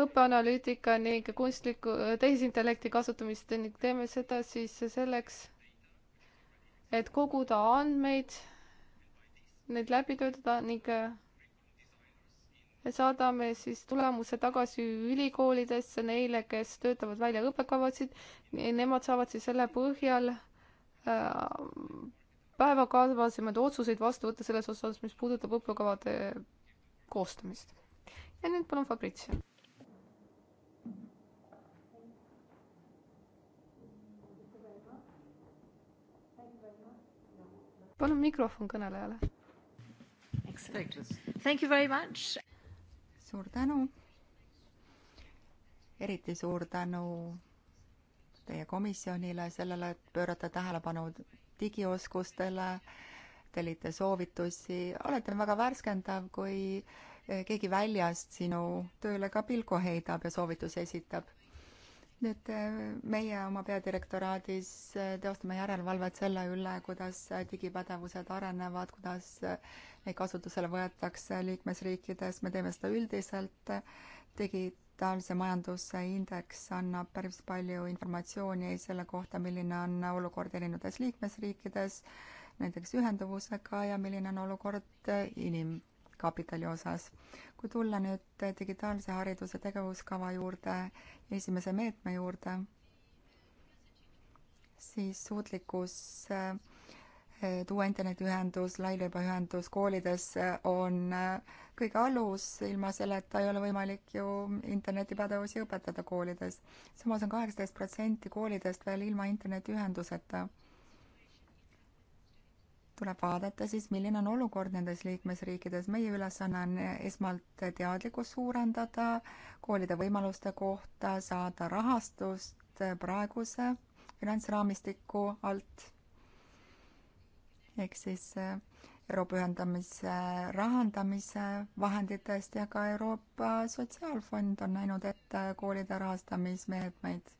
õppeanalüütika ning kunstliku tehisintellekti kasutamist ning teeme seda siis selleks, et koguda andmeid, neid läbi töötada ning äh, saadame siis tulemuse tagasi ülikoolidesse neile, kes töötavad välja õppekavasid. Nemad saavad siis selle põhjal äh, päevakaasvasemaid otsuseid vastu võtta selles osas, mis puudutab õppekavade koostamist. ja nüüd palun Fabritio. palun mikrofon kõnelejale. Thank you very much suur tänu. eriti suur tänu teie komisjonile sellele, et pöörate tähelepanu digioskustele, tellite soovitusi, olete väga värskendav, kui keegi väljast sinu tööle ka pilku heidab ja soovitusi esitab et äh, meie oma peadirektoraadis äh, teostame järelevalvet selle üle, kuidas äh, digipädevused arenevad, kuidas neid kasutusele võetakse liikmesriikides, me teeme seda üldiselt, digitaalse majanduse indeks annab päris palju informatsiooni selle kohta, milline on olukord erinevates liikmesriikides, näiteks ühenduvusega ja milline on olukord inim-, kapitali osas. kui tulla nüüd digitaalse hariduse tegevuskava juurde, esimese meetme juurde, siis suutlikkus eh, tuua internetiühendus, lairibaühendus koolidesse on eh, kõige alus, ilma selleta ei ole võimalik ju internetipädevusi õpetada koolides. samas on kaheksateist protsenti koolidest veel ilma internetiühenduseta tuleb vaadata siis, milline on olukord nendes liikmesriikides. meie ülesanne on esmalt teadlikkust suurendada koolide võimaluste kohta, saada rahastust praeguse finantsraamistiku alt. ehk siis äh, Euroopa ühendamise rahandamise vahenditest ja ka Euroopa Sotsiaalfond on näinud ette koolide rahastamismeetmeid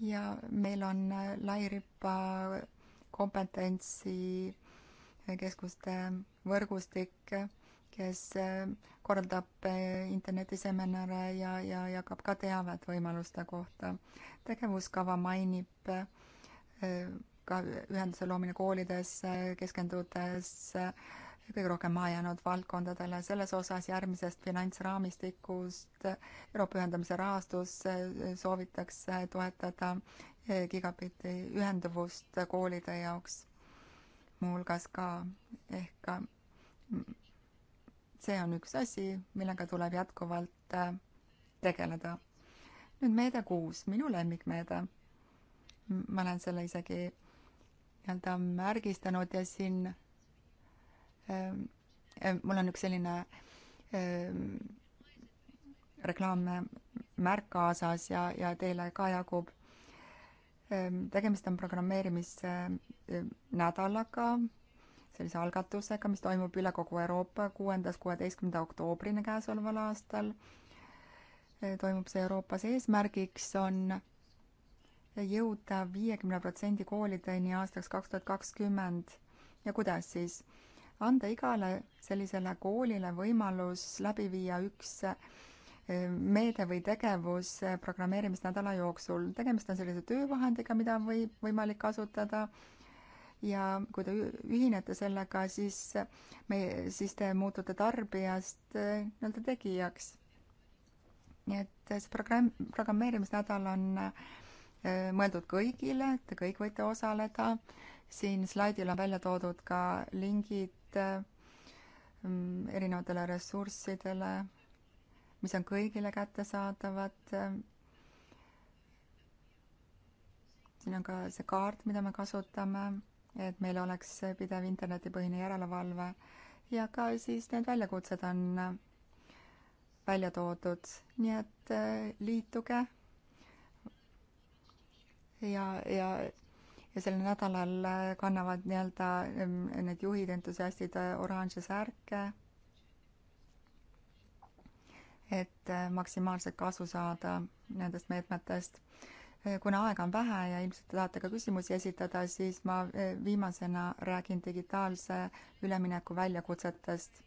ja meil on äh, lairiba kompetentsikeskuste äh, võrgustik, äh, kes korraldab internetiseminare ja, ja jagab ka teavet võimaluste kohta. tegevuskava mainib ka ühenduse loomine koolides, keskendudes äh, kõige rohkem maha jäänud valdkondadele, selles osas järgmisest finantsraamistikust Euroopa ühendamise rahastus soovitakse toetada eh, gigabitti ühenduvust koolide jaoks muuhulgas ka ehk ka see on üks asi, millega tuleb jätkuvalt eh, tegeleda. nüüd meede kuus, minu lemmikmeede. ma olen selle isegi nii-öelda märgistanud ja siin Ehm, ehm, mul on üks selline ehm, reklaam märk kaasas ja, ja teile ka jagub. tegemist on programmeerimisnädalaga, sellise algatusega, mis toimub üle kogu Euroopa kuuendast kuueteistkümnenda oktoobrini käesoleval aastal. toimub see Euroopas, eesmärgiks on jõuda viiekümne protsendi koolideni aastaks kaks tuhat kakskümmend ja kuidas siis anda igale sellisele koolile võimalus läbi viia üks eh, meede või tegevus eh, programmeerimisnädala jooksul. tegemist on sellise töövahendiga, mida on või, võimalik kasutada ja kui te ühinete sellega, siis me, siis te muutute tarbijast eh, nii-öelda tegijaks. nii et see programm, programmeerimisnädal on mõeldud kõigile, te kõik võite osaleda. siin slaidil on välja toodud ka lingid Mm, erinevatele ressurssidele, mis on kõigile kättesaadavad. Mm, siin on ka see kaart, mida me kasutame, et meil oleks pidev internetipõhine järelevalve ja ka siis need väljakutsed on välja toodud, nii et eh, liituge ja, ja ja sel nädalal äh, kannavad nii-öelda ähm, need juhid, entusiastid äh, oranže särke, et äh, maksimaalselt kasu saada nendest meetmetest. kuna aega on vähe ja ilmselt te tahate ka küsimusi esitada, siis ma viimasena räägin digitaalse ülemineku väljakutsetest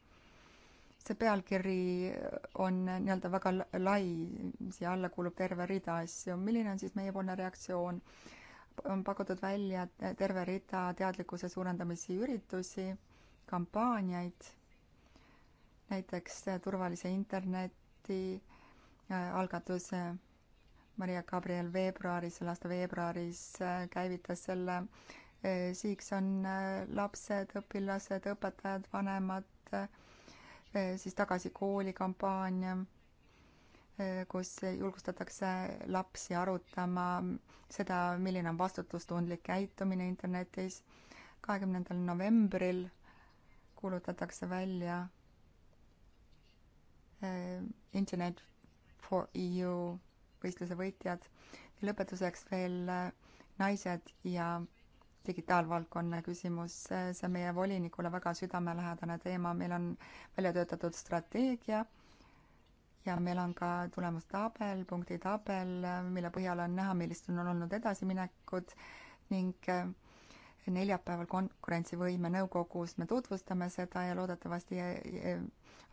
see pealkiri on nii-öelda väga lai, siia alla kuulub terve rida asju. milline on siis meiepoolne reaktsioon? on pakutud välja terve rida teadlikkuse suurendamisi üritusi, kampaaniaid, näiteks äh, turvalise interneti äh, algatuse Maria Gabriel veebruaris, selle aasta veebruaris äh, käivitas selle. sihiks on lapsed, õpilased, õpetajad, vanemad, siis tagasi kooli kampaania kus julgustatakse lapsi arutama seda, milline on vastutustundlik käitumine internetis. kahekümnendal novembril kuulutatakse välja eh, Internet for EU võistluse võitjad. lõpetuseks veel eh, naised ja digitaalvaldkonna küsimus, see on meie volinikule väga südamelähedane teema, meil on välja töötatud strateegia ja meil on ka tulemas tabel, punktitabel, mille põhjal on näha, millised on olnud edasiminekud ning eh, neljapäeval konkurentsivõime nõukogus me tutvustame seda ja loodetavasti eh,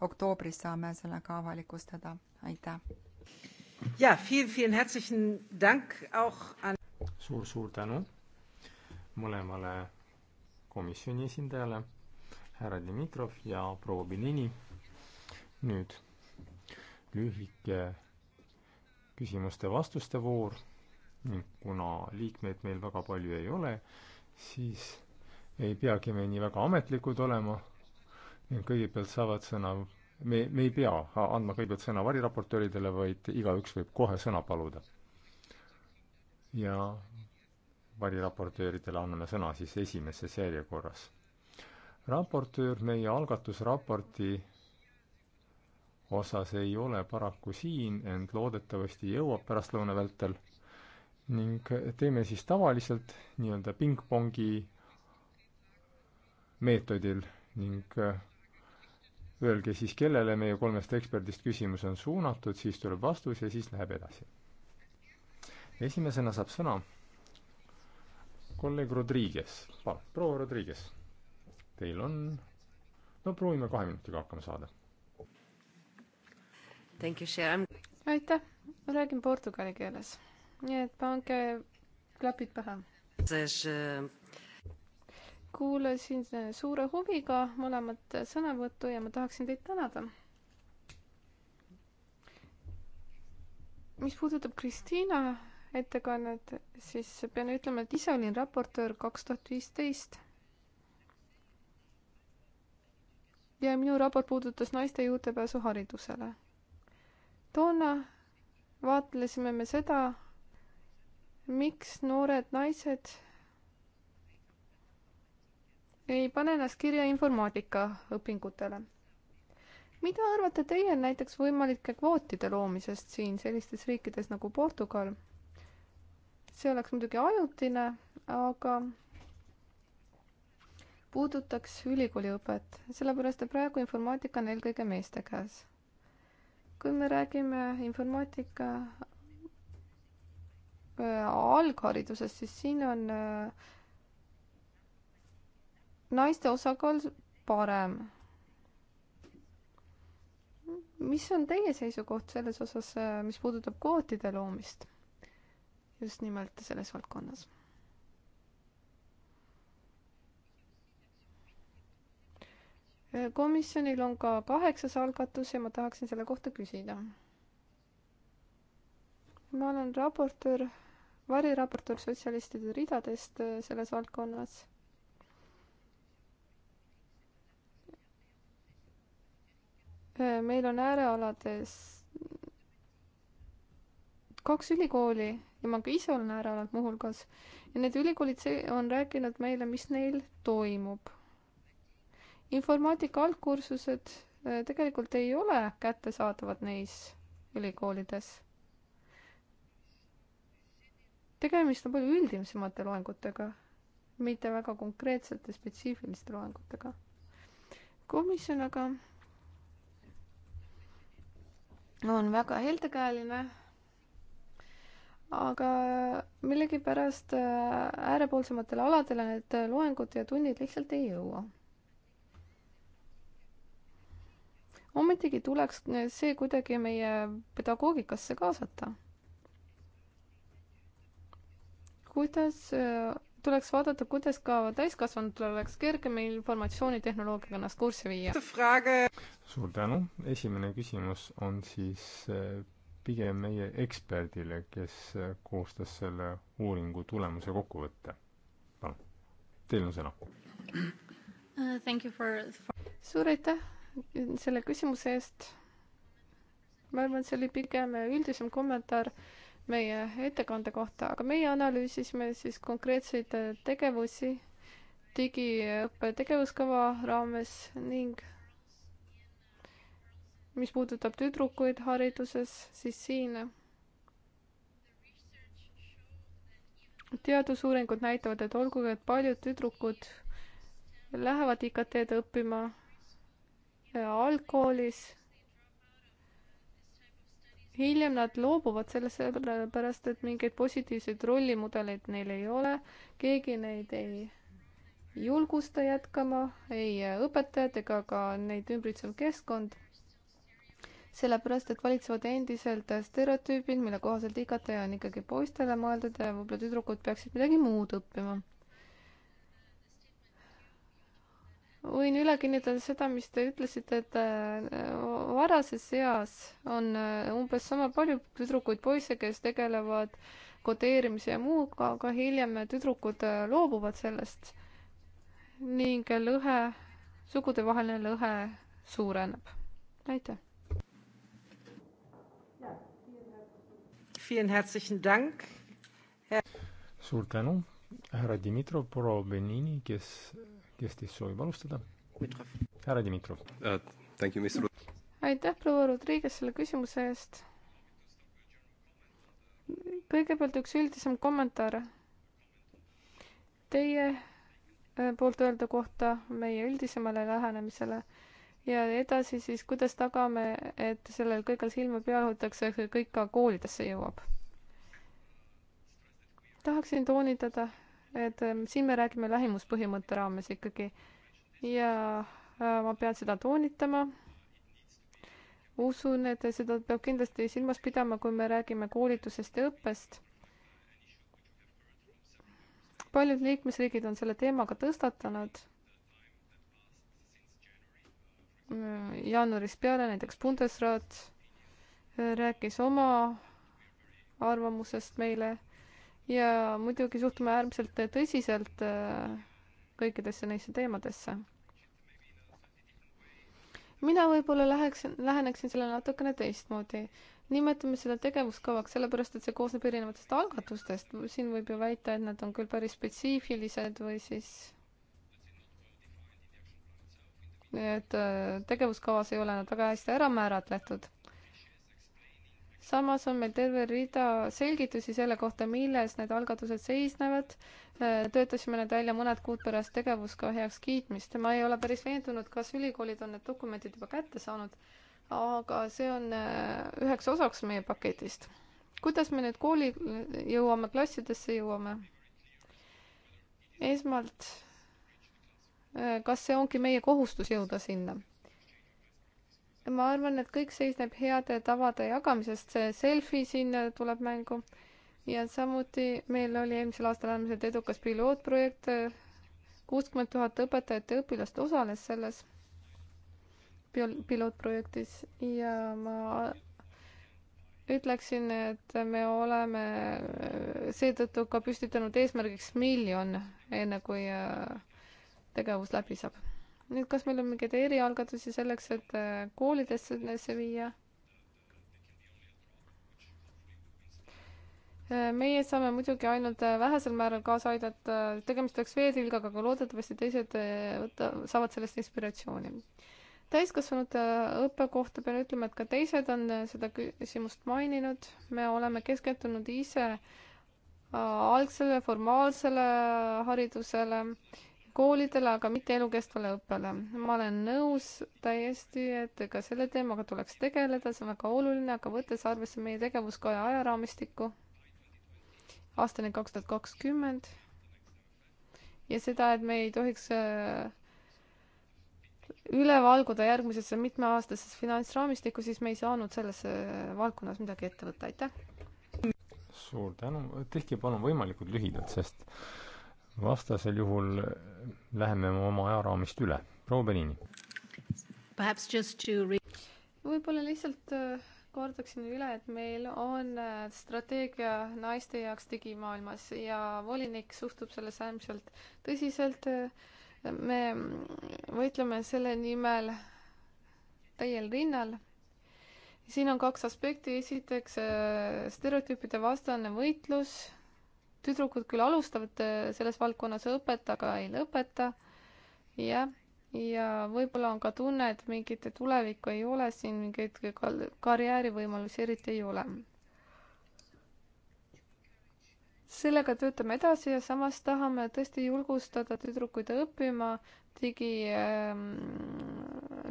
oktoobris saame selle ka avalikustada. aitäh! ja vielen, vielen herzlichen Dank auch an suur-suur tänu mõlemale komisjoni esindajale, härra Dmitrov ja proua Binini. nüüd lühike küsimuste-vastuste voor ning kuna liikmeid meil väga palju ei ole, siis ei peagi me nii väga ametlikud olema ning kõigepealt saavad sõna, me, me ei pea andma kõigepealt sõna variraportööridele, vaid igaüks võib kohe sõna paluda. ja variraportööridele anname sõna siis esimeses järjekorras. raportöör meie algatusraporti osas ei ole paraku siin, ent loodetavasti jõuab pärastlõuna vältel. ning teeme siis tavaliselt nii-öelda pingpongi meetodil ning äh, öelge siis, kellele meie kolmest eksperdist küsimus on suunatud, siis tuleb vastus ja siis läheb edasi. esimesena saab sõna kolleeg Rodriguez, palun, proua Rodriguez, teil on, no proovime kahe minutiga hakkama saada aitäh, ma räägin portugali keeles, nii et pange klapid pähe. Äh, kuulasin äh, suure huviga mõlemat sõnavõttu ja ma tahaksin teid tänada mis puudutab Kristiina ettekannet, siis pean ütlema, et ise olin raportöör kaks tuhat viisteist. ja minu raport puudutas naiste juurdepääsu haridusele toona vaatlesime me seda, miks noored naised ei pane ennast kirja informaatika õpingutele. mida arvate teie näiteks võimalike kvootide loomisest siin sellistes riikides nagu Portugal? see oleks muidugi ajutine, aga puudutaks ülikooliõpet, sellepärast et praegu informaatika on eelkõige meeste käes kui me räägime informaatika äh, algharidusest, siis siin on äh, naiste osakaal parem. mis on teie seisukoht selles osas, äh, mis puudutab kvootide loomist just nimelt selles valdkonnas? komisjonil on ka kaheksas algatus ja ma tahaksin selle kohta küsida. ma olen raportöör, variraportöör sotsialistide ridadest äh, selles valdkonnas. Äh, meil on äärealades kaks ülikooli ja ma ka ise olen äärealalt muuhulgas ja need ülikoolid on rääkinud meile, mis neil toimub informaatika algkursused äh, tegelikult ei ole kättesaadavad neis ülikoolides. tegemist on palju üldisemate loengutega, mitte väga konkreetsete spetsiifiliste loengutega. komisjon aga on väga heldekäeline aga millegipärast äh, äärepoolsematele aladele need loengud ja tunnid lihtsalt ei jõua. ometigi tuleks see kuidagi meie pedagoogikasse kaasata. kuidas, äh, tuleks vaadata, kuidas ka täiskasvanutel oleks kergem informatsioonitehnoloogiaga ennast kurssi viia. suur tänu, esimene küsimus on siis äh, pigem meie eksperdile, kes äh, koostas selle uuringu tulemuse kokkuvõtte. palun, teil on sõna. Uh, suur aitäh selle küsimuse eest. ma arvan, et see oli pigem üldisem kommentaar meie ettekande kohta, aga meie analüüsisime siis konkreetseid tegevusi digiõppe tegevuskava raames ning mis puudutab tüdrukuid hariduses, siis siin teadusuuringud näitavad, et olgugi, et paljud tüdrukud lähevad IKT-d õppima algkoolis. hiljem nad loobuvad sellest sellepärast, et mingeid positiivseid rollimudeleid neil ei ole, keegi neid ei julgusta jätkama, ei õpetajad ega ka neid ümbritsev keskkond sellepärast, et valitsevad endiselt stereotüübid, mille kohaselt IKT on ikkagi poistele mõeldud ja võib-olla tüdrukud peaksid midagi muud õppima võin üle kinnitada seda, mis te ütlesite, et äh, varases eas on äh, umbes sama palju tüdrukuid poisse, kes tegelevad kodeerimise ja muuga, aga hiljem tüdrukud äh, loobuvad sellest ning lõhe, sugudevaheline lõhe suureneb. aitäh. suur tänu, härra Dmitri Porobenini, kes kes teist soovib alustada? härra Dimitrov uh,. aitäh, proua Rodriguez, selle küsimuse eest. kõigepealt üks üldisem kommentaar. Teie äh, poolt öelda kohta meie üldisemale lähenemisele ja edasi siis, kuidas tagame, et sellel kõigel silma peal hoitakse, kõik ka koolidesse jõuab. tahaksin toonitada, et ähm, siin me räägime lähimuspõhimõtte raames ikkagi ja äh, ma pean seda toonitama. usun, et seda peab kindlasti silmas pidama, kui me räägime koolitusest ja õppest. paljud liikmesriigid on selle teemaga tõstatanud. Äh, jaanuarist peale näiteks Bundesrat äh, rääkis oma arvamusest meile ja muidugi suhtume äärmiselt tõsiselt äh, kõikidesse neisse teemadesse. mina võib-olla läheksin, läheneksin sellele natukene teistmoodi. nimetame seda tegevuskavaks, sellepärast et see koosneb erinevatest algatustest. siin võib ju väita, et nad on küll päris spetsiifilised või siis et äh, tegevuskavas ei ole nad väga hästi ära määratletud samas on meil terve rida selgitusi selle kohta, milles need algatused seisnevad. Äh, töötasime need välja mõned kuud pärast tegevuskava heakskiitmist. ma ei ole päris veendunud, kas ülikoolid on need dokumendid juba kätte saanud, aga see on äh, üheks osaks meie paketist. kuidas me nüüd kooli äh, jõuame, klassidesse jõuame? esmalt, kas see ongi meie kohustus jõuda sinna? ma arvan, et kõik seisneb heade tavade jagamisest, see selfie siin tuleb mängu ja samuti meil oli eelmisel aastal äärmiselt edukas pilootprojekt, kuuskümmend tuhat õpetajat ja õpilast osales selles pil-, pilootprojektis ja ma ütleksin, et me oleme seetõttu ka püstitanud eesmärgiks miljon, enne kui äh, tegevus läbi saab nüüd, kas meil on mingeid erialgatusi selleks, et äh, koolidesse see viia? Äh, meie saame muidugi ainult äh, vähesel määral kaasa aidata, tegemist oleks veetilgaga, aga loodetavasti teised võtta, saavad sellest inspiratsiooni. täiskasvanute õppe kohta pean ütlema, et ka teised on seda küsimust maininud, me oleme keskendunud ise algsele formaalsele haridusele äh, koolidele, aga mitte elukestvale õppele. ma olen nõus täiesti, et ka selle teemaga tuleks tegeleda, see on väga oluline, aga võttes arvesse meie tegevuskoja ajaraamistikku aastani kaks tuhat kakskümmend ja seda, et me ei tohiks äh, üle valguda järgmisesse mitmeaastases finantsraamistikku, siis me ei saanud selles äh, valdkonnas midagi ette võtta, aitäh! suur tänu, tehke palun võimalikult lühidalt, sest vastasel juhul läheme oma ajaraamist üle. proua Benini. võib-olla lihtsalt äh, kordaksin üle, et meil on äh, strateegia naiste jaoks digimaailmas ja volinik suhtub sellesse äärmiselt tõsiselt. me võitleme selle nimel täiel rinnal. siin on kaks aspekti, esiteks äh, stereotüüpide vastane võitlus tüdrukud küll alustavad äh, selles valdkonnas õpet, aga ei lõpeta. jah, ja võib-olla on ka tunne, et mingit tulevikku ei ole siin, mingeid karjäärivõimalusi eriti ei ole. sellega töötame edasi ja samas tahame tõesti julgustada tüdrukuid õppima digi äh,,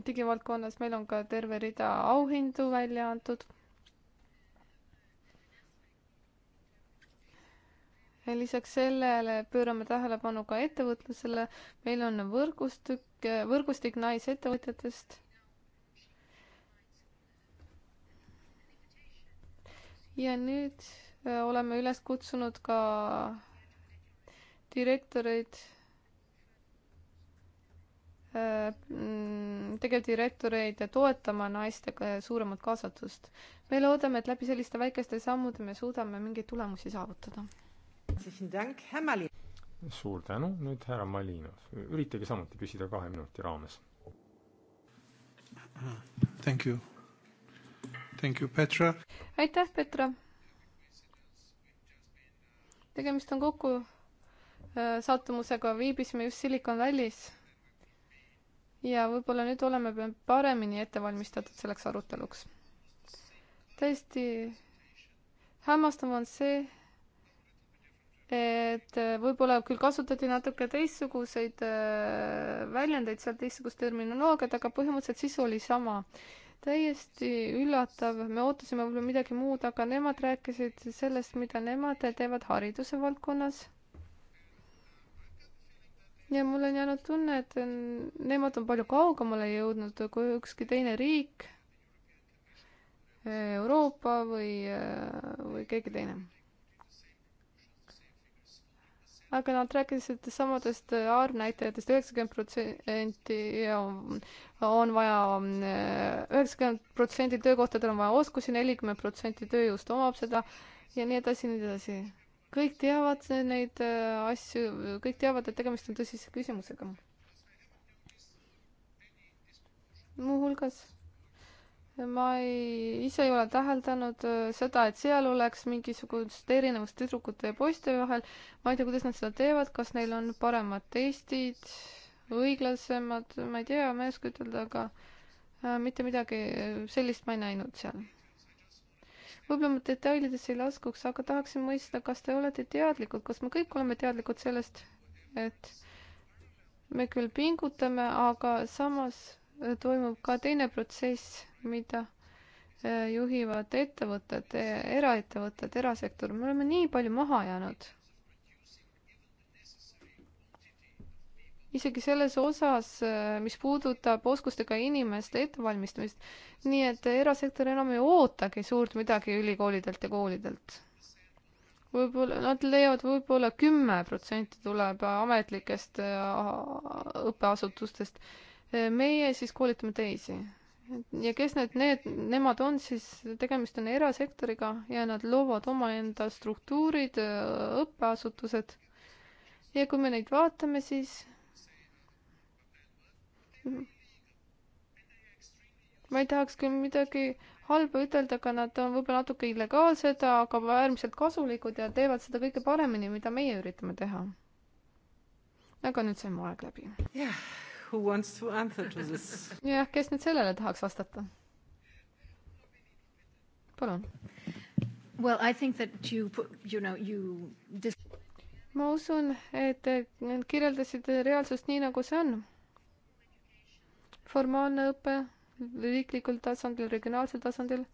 digivaldkonnas, meil on ka terve rida auhindu välja antud lisaks sellele pöörame tähelepanu ka ettevõtlusele. meil on võrgustik, võrgustik naisettevõtjatest. ja nüüd äh, oleme üles kutsunud ka direktoreid, äh, mm, tegevdirektoreid toetama naiste suuremat kaasatust. me loodame, et läbi selliste väikeste sammude me suudame mingeid tulemusi saavutada suur tänu, nüüd härra Malinov, üritage samuti püsida kahe minuti raames. Thank you. Thank you, Petra. aitäh, Petra. tegemist on kokku äh, sattumusega, viibisime just Silicon Valley's ja võib-olla nüüd oleme paremini ette valmistatud selleks aruteluks. täiesti hämmastav on see, et äh, võib-olla küll kasutati natuke teistsuguseid äh, väljendeid seal, teistsugust terminoloogiat, aga põhimõtteliselt sisu oli sama. täiesti üllatav, me ootasime võib-olla midagi muud, aga nemad rääkisid sellest, mida nemad teevad hariduse valdkonnas. ja mul on jäänud tunne, et nemad on palju kaugemale jõudnud kui ükski teine riik, Euroopa või, äh, või keegi teine aga nad rääkisid samadest äh, arvnäitajatest, üheksakümmend protsenti mm, on vaja, mm, üheksakümmend protsenti töökohtadel on vaja oskusi, nelikümmend protsenti tööjõust omab seda ja nii edasi, nii edasi. kõik teavad neid äh, asju, kõik teavad, et tegemist on tõsise küsimusega. muuhulgas ma ei, ise ei ole täheldanud äh, seda, et seal oleks mingisugust erinevust tüdrukute ja poiste vahel. ma ei tea, kuidas nad seda teevad, kas neil on paremad testid, õiglasemad, ma ei tea, ma ei oska ütelda, aga äh, mitte midagi äh, sellist ma ei näinud seal. võib-olla ma detailidesse ei laskuks, aga tahaksin mõista, kas te olete teadlikud, kas me kõik oleme teadlikud sellest, et me küll pingutame, aga samas toimub ka teine protsess mida eh, juhivad ettevõtted, eraettevõtted, erasektor, me oleme nii palju maha jäänud. isegi selles osas, eh, mis puudutab oskustega inimeste ettevalmistamist, nii et erasektor enam ei ootagi suurt midagi ülikoolidelt ja koolidelt võib-olla, nad leiavad võib-olla kümme protsenti tuleb ametlikest eh, õppeasutustest. meie siis koolitame teisi ja kes need, need, nemad on siis, tegemist on erasektoriga ja nad loovad omaenda struktuurid, äh, õppeasutused. ja kui me neid vaatame, siis ma ei tahaks küll midagi halba ütelda, aga nad on võib-olla natuke illegaalsed, aga äärmiselt kasulikud ja teevad seda kõike paremini, mida meie üritame teha. aga nüüd sai mu aeg läbi. jah yeah who wants to answer to this? jah, kes nüüd sellele tahaks vastata? palun. Well, I think that you, you know, you this... ma usun, et need kirjeldasid reaalsust nii, nagu see on. formaalne õpe riiklikul tasandil, regionaalsel tasandil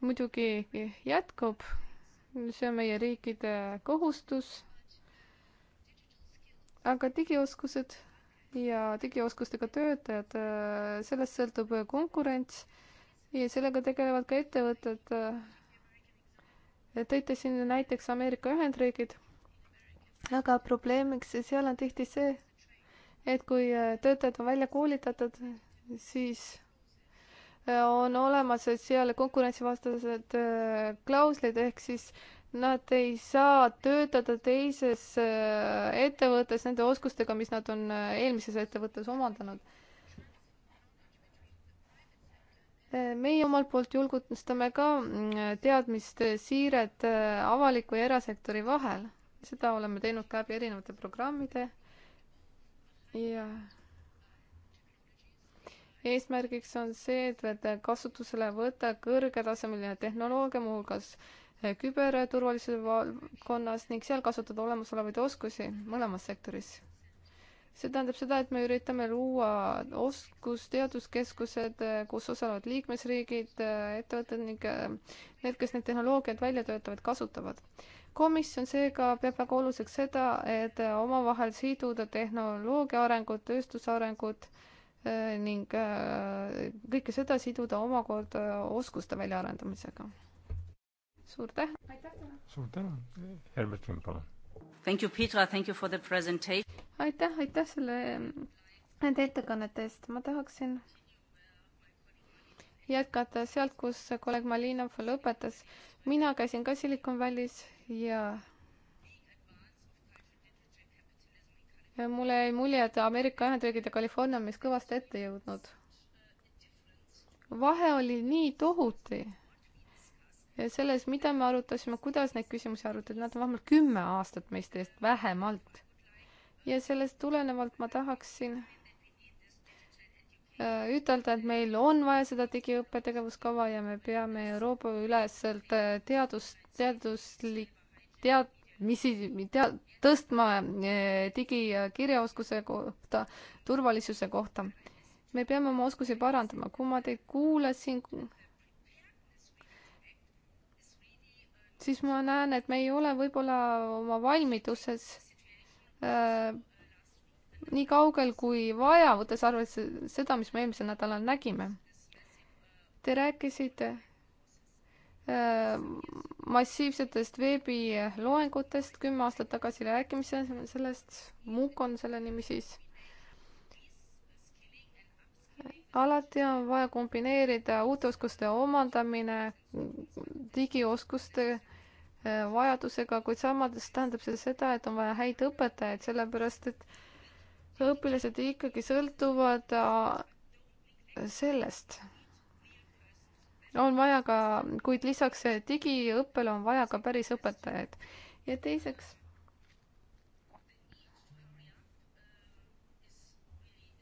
muidugi jätkub. see on meie riikide kohustus. aga digioskused ja digioskustega töötajad, äh, sellest sõltub äh, konkurents ja sellega tegelevad ka ettevõtted. Äh, tõite siin näiteks Ameerika Ühendriigid, aga probleemiks seal on tihti see, et kui töötajad on välja koolitatud, siis on olemas seal konkurentsivastased klauslid ehk siis äh, Nad ei saa töötada teises äh, ettevõttes nende oskustega, mis nad on äh, eelmises ettevõttes omandanud. Äh, meie omalt poolt julgustame ka mm, teadmiste siiret avaliku ja erasektori vahel. seda oleme teinud ka läbi erinevate programmide ja eesmärgiks on see, et kasutusele võtta kõrgetasemeline tehnoloogia, muuhulgas äh, Eh, küberturvalisuse valdkonnas ning seal kasutada olemasolevaid oskusi mõlemas sektoris. see tähendab seda, et me üritame luua oskusteaduskeskused, eh, kus osalevad liikmesriigid, eh, ettevõtted ning need, kes neid tehnoloogiaid välja töötavad, kasutavad. komisjon seega peab väga oluliseks seda, et omavahel siduda tehnoloogia arengut, tööstuse arengut ning kõike seda siduda omakorda oskuste väljaarendamisega suur tänu. suur tänu. Herbert Lund, palun. Thank you, Petra, thank you for the presentation. aitäh, aitäh selle, nende ettekannete eest. ma tahaksin jätkata sealt, kus kolleeg Malinov lõpetas. mina käisin ka Silicon Valley's ja ja mulle jäi mulje, et Ameerika Ühendriigid ja California on meist kõvasti ette jõudnud. vahe oli nii tohuti selles, mida me arutasime, kuidas neid küsimusi arutati, nad on vähemalt kümme aastat meist eest, vähemalt. ja sellest tulenevalt ma tahaksin äh, ütelda, et meil on vaja seda digiõppe tegevuskava ja me peame Euroopa üleselt äh, teadus, teaduslik, teadmisi, tead-, tõstma äh, digikirjaoskuse kohta, turvalisuse kohta. me peame oma oskusi parandama, kui ma teid kuulasin siis ma näen, et me ei ole võib-olla oma valmiduses äh, nii kaugel kui vaja, võttes arvesse seda, mis me eelmisel nädalal nägime. Te rääkisite äh, massiivsetest veebiloengutest kümme aastat tagasi rääkimise sellest, MOOC on selle nimi siis. alati on vaja kombineerida uute oskuste omandamine digioskuste äh, Äh, vajadusega, kuid samas tähendab see seda, et on vaja häid õpetajaid, sellepärast et õpilased ikkagi sõltuvad äh, sellest. on vaja ka, kuid lisaks digiõppele on vaja ka päris õpetajaid. ja teiseks.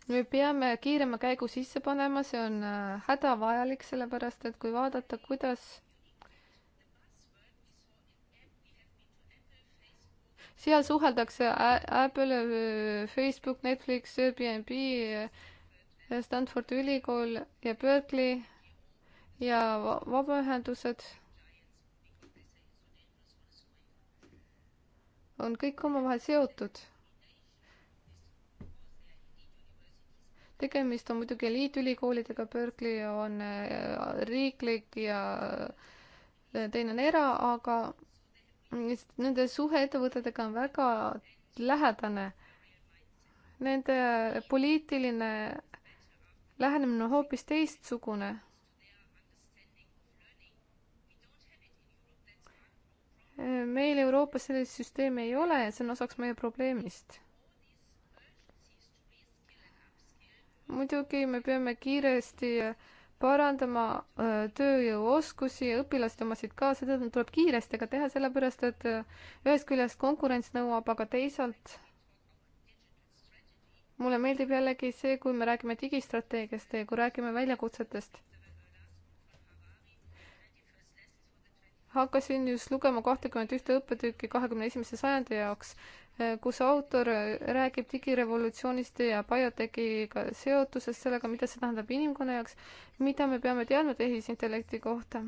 me peame kiirema käigu sisse panema, see on äh, hädavajalik, sellepärast et kui vaadata, kuidas seal suheldakse Apple, äh, Facebook, Netflix, Airbnb, äh, Stanfordi ülikool ja Berkeley ja vabaühendused on kõik omavahel seotud. tegemist on muidugi eliitülikoolidega, Berkeley on äh, riiklik ja teine on era, aga Nende suhe ettevõtetega on väga lähedane. Nende poliitiline lähenemine on hoopis teistsugune. meil Euroopas sellist süsteemi ei ole ja see on osaks meie probleemist. muidugi me peame kiiresti äh, parandama tööjõuoskusi ja õpilaste omasid ka, seda tuleb kiiresti aga teha, sellepärast et ühest küljest konkurents nõuab, aga teisalt mulle meeldib jällegi see, kui me räägime digistrateegiast ja kui räägime väljakutsetest. hakkasin just lugema kahtekümmet ühte õppetükki kahekümne esimese sajandi jaoks Äh, kus autor äh, räägib digirevolutsioonist ja biotechiga seotusest, sellega, mida see tähendab inimkonna jaoks, mida me peame teadma tehisintellekti kohta.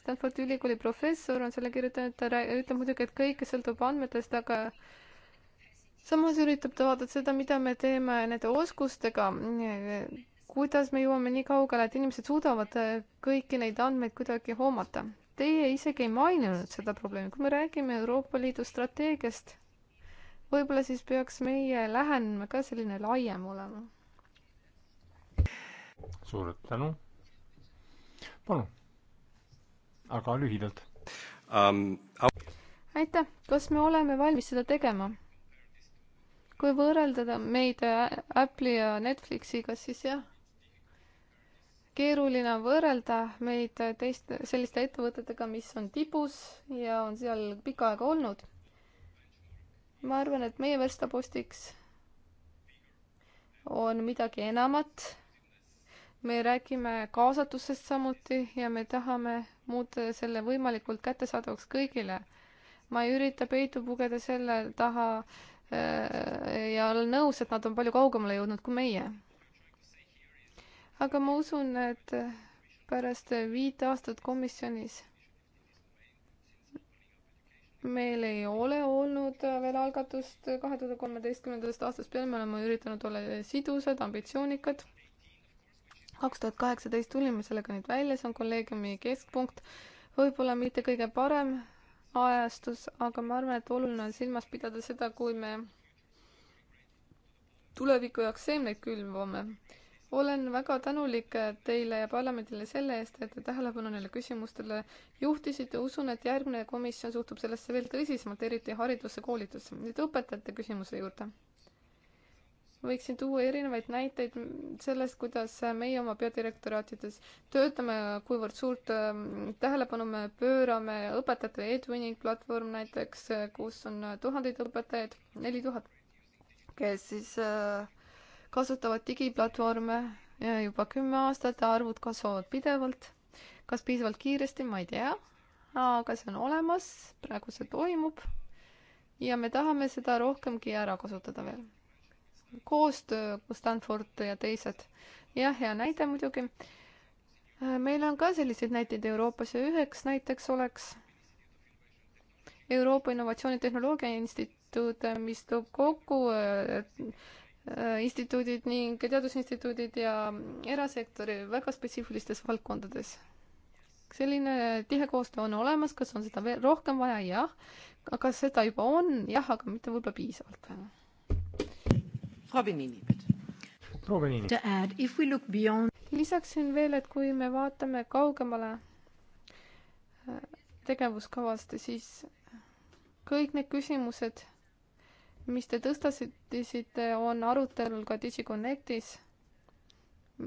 Stanfordi ülikooli professor on selle kirjutanud, ta ütleb muidugi, et kõik sõltub andmetest, aga samas üritab ta vaadata seda, mida me teeme nende oskustega, kuidas me jõuame nii kaugele, et inimesed suudavad äh, kõiki neid andmeid kuidagi hoomata Teie isegi ei maininud seda probleemi, kui me räägime Euroopa Liidu strateegiast, võib-olla siis peaks meie lähenemine ka selline laiem olema. suur tänu. palun, aga lühidalt um,. aitäh, kas me oleme valmis seda tegema? kui võrrelda meid Apple'i ja Netflixiga, siis jah keeruline on võrrelda meid teiste, selliste ettevõtetega, mis on tibus ja on seal pikka aega olnud. ma arvan, et meie verstapostiks on midagi enamat. me räägime kaasatusest samuti ja me tahame muuta selle võimalikult kättesaadavaks kõigile. ma ei ürita peitu pugeda selle taha äh, ja olen nõus, et nad on palju kaugemale jõudnud kui meie aga ma usun, et pärast viit aastat komisjonis meil ei ole olnud veel algatust kahe tuhande kolmeteistkümnendast aastast peale, me oleme üritanud olla sidusad, ambitsioonikad. kaks tuhat kaheksateist tulime sellega nüüd välja, see on kolleegiumi keskpunkt, võib-olla mitte kõige parem ajastus, aga ma arvan, et oluline on silmas pidada seda, kui me tuleviku jaoks seemneid külvame olen väga tänulik teile ja parlamendile selle eest, et te tähelepanu neile küsimustele juhtisite. usun, et järgmine komisjon suhtub sellesse veel tõsisemalt, eriti haridusse, koolitusse. nüüd õpetajate küsimuse juurde. võiksin tuua erinevaid näiteid sellest, kuidas meie oma peadirektoraatides töötame, kuivõrd suurt ähm, tähelepanu me pöörame õpetajate e-twinning platvorm näiteks, kus on tuhandeid õpetajaid, neli tuhat, kes siis äh, kasutavad digiplatvorme juba kümme aastat, arvud kasvavad pidevalt. kas piisavalt kiiresti, ma ei tea, aga see on olemas, praegu see toimub ja me tahame seda rohkemgi ära kasutada veel. koostöö Stanford ja teised. jah, hea näide muidugi. meil on ka selliseid näiteid Euroopas ja üheks näiteks oleks Euroopa Innovatsioonitehnoloogia Instituut, mis toob kokku Äh, instituudid ning teadusinstituudid ja erasektori väga spetsiifilistes valdkondades. selline tihe koostöö on olemas, kas on seda veel rohkem vaja, jah. aga seda juba on, jah, aga mitte võib-olla piisavalt veel. proua Benini. proua Benini. lisaksin veel, et kui me vaatame kaugemale äh, tegevuskavast, siis kõik need küsimused mis te tõstatasite, on arutelul ka DigiConnectis.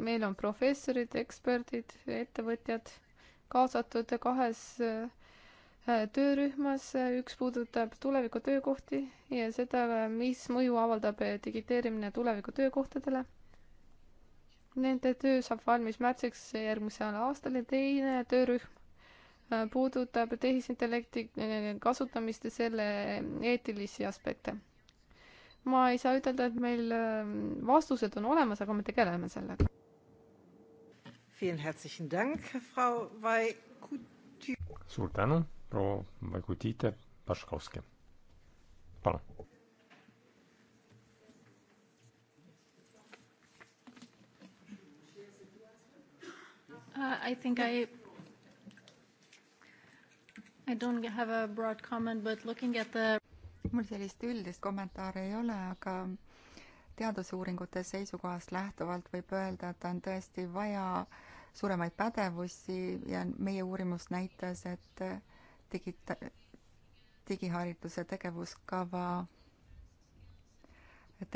meil on professorid, eksperdid, ettevõtjad kaasatud kahes äh, töörühmas, üks puudutab tuleviku töökohti ja seda, mis mõju avaldab digiteerimine tuleviku töökohtadele. Nende töö saab valmis märtsiks järgmisel aastal ja teine töörühm äh, puudutab tehisintellekti äh, kasutamist ja selle eetilisi aspekte ma ei saa ütelda, et meil ähm, vastused on olemas, aga me tegeleme sellega. suur tänu, proua Vaikutite Paškovski. palun. Uh, I think I I don't have a broad comment, but looking at the mul sellist üldist kommentaari ei ole, aga teadusuuringute seisukohast lähtuvalt võib öelda, et on tõesti vaja suuremaid pädevusi ja meie uurimus näitas, et digita-, digihariduse tegevuskava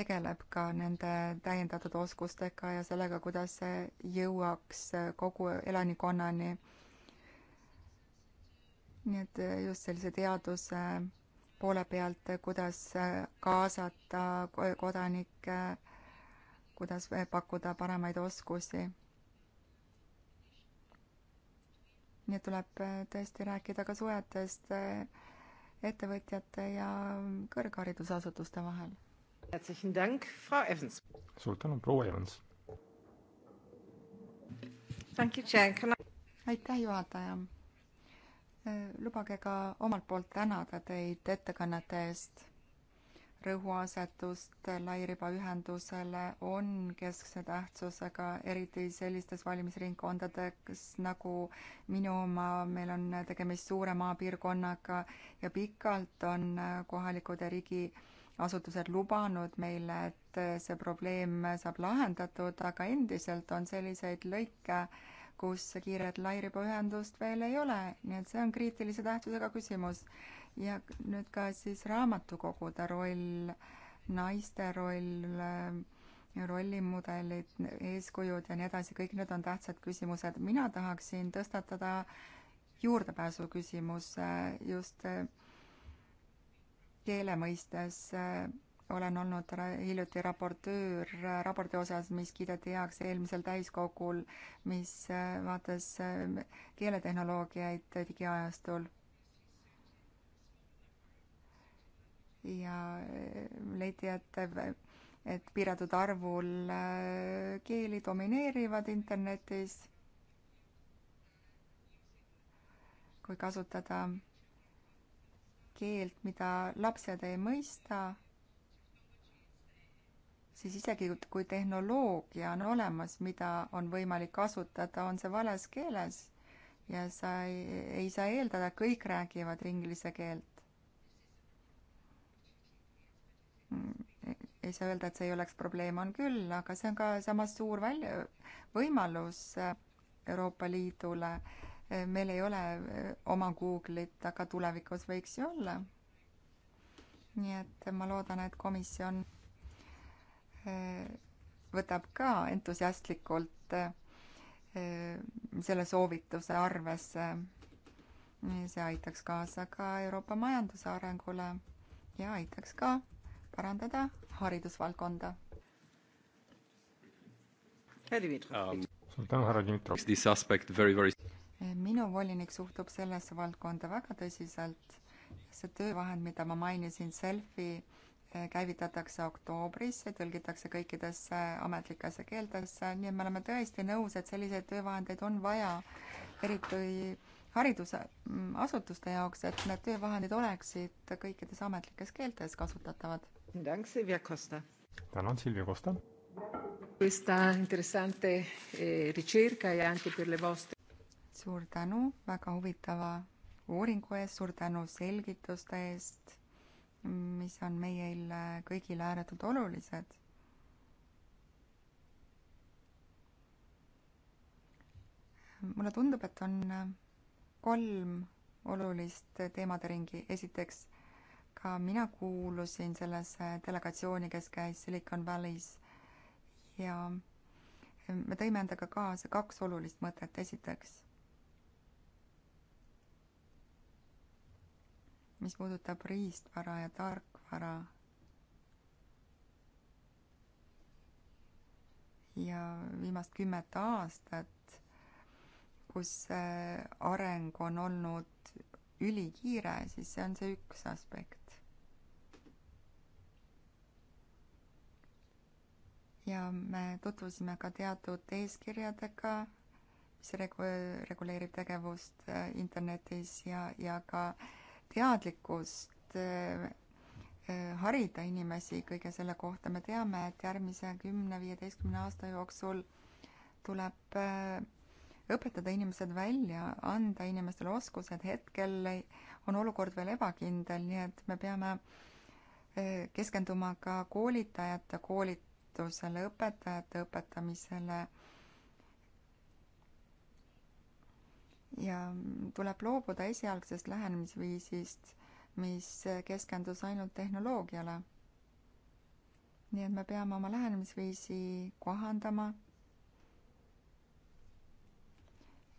tegeleb ka nende täiendatud oskustega ja sellega, kuidas see jõuaks kogu elanikkonnani. nii et just sellise teaduse poole pealt, kuidas äh, kaasata kodanikke, kuidas äh, pakkuda paremaid oskusi. nii et tuleb äh, tõesti rääkida ka suhetest ettevõtjate ja kõrgharidusasutuste vahel. suur tänu, proua Evans! aitäh, juhataja! lubage ka omalt poolt tänada teid ettekannete eest. rõhuasetust lairibaühendusele on keskse tähtsusega, eriti sellistes valimisringkondades nagu minu oma, meil on tegemist suure maapiirkonnaga ja pikalt on kohalikud ja riigiasutused lubanud meile, et see probleem saab lahendatud, aga endiselt on selliseid lõike, kus kiiret lairibaühendust veel ei ole, nii et see on kriitilise tähtsusega küsimus. ja nüüd ka siis raamatukogude roll, naiste roll, rollimudelid, eeskujud ja nii edasi, kõik need on tähtsad küsimused. mina tahaksin tõstatada juurdepääsu küsimuse just keele mõistes olen olnud hiljuti raportöör raporti osas, mis kiideti heaks eelmisel täiskogul, mis äh, vaatas äh, keeletehnoloogiaid digiajastul. ja äh, leiti, et, et piiratud arvul keeli domineerivad internetis. kui kasutada keelt, mida lapsed ei mõista siis isegi kui tehnoloogia on olemas, mida on võimalik kasutada, on see vales keeles ja sa ei, ei saa eeldada, kõik räägivad inglise keelt. Mm, ei saa öelda, et see ei oleks probleem, on küll, aga see on ka samas suur välja, võimalus Euroopa Liidule. meil ei ole eh, oma Google'it, aga tulevikus võiks ju olla. nii et ma loodan, et komisjon Eh, võtab ka entusiastlikult eh, selle soovituse arvesse. see aitaks kaasa ka Euroopa majanduse arengule ja aitaks ka parandada haridusvaldkonda. Um, suur tänu, härra Dmitrov. Eh, minu volinik suhtub sellesse valdkonda väga tõsiselt. see töövahend, mida ma mainisin, selfie käivitatakse oktoobris, see tõlgitakse kõikidesse ametlikesse keeltesse, nii et me oleme tõesti nõus, et selliseid töövahendeid on vaja, eriti haridusasutuste mm, jaoks, et need töövahendid oleksid kõikides ametlikes keeltes kasutatavad. tänan, Silvia Costa. tänan, Silvia Costa. Eh, suur tänu väga huvitava uuringu eest, suur tänu selgituste eest mis on meil äh, kõigile ääretult olulised. mulle tundub, et on äh, kolm olulist teemade ringi. esiteks, ka mina kuulusin sellesse delegatsiooni, kes käis Silicon Valley's ja äh, me tõime endaga kaasa kaks olulist mõtet. esiteks mis puudutab riistvara ja tarkvara ja viimast kümmet aastat, kus areng on olnud ülikiire, siis see on see üks aspekt. ja me tutvusime ka teatud eeskirjadega, mis regu-, reguleerib tegevust internetis ja, ja ka äh, teadlikkust äh, äh, harida inimesi kõige selle kohta, me teame, et järgmise kümne-viieteistkümne aasta jooksul tuleb äh, õpetada inimesed välja, anda inimestele oskused, hetkel on olukord veel ebakindel, nii et me peame keskenduma ka koolitajate koolitusele, õpetajate õpetamisele ja tuleb loobuda esialgsest lähenemisviisist, mis keskendus ainult tehnoloogiale. nii et me peame oma lähenemisviisi kohandama.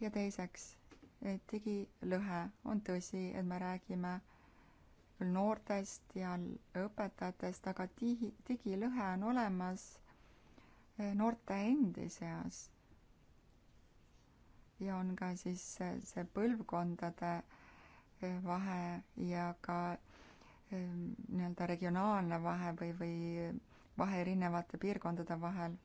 ja teiseks, digilõhe on tõsi, et me räägime küll noortest ja õpetajatest, aga digi, digilõhe on olemas eh, noorte endi seas ja on ka siis see põlvkondade eh, vahe ja ka ehm, nii-öelda regionaalne vahe või, või vahe erinevate piirkondade vahel.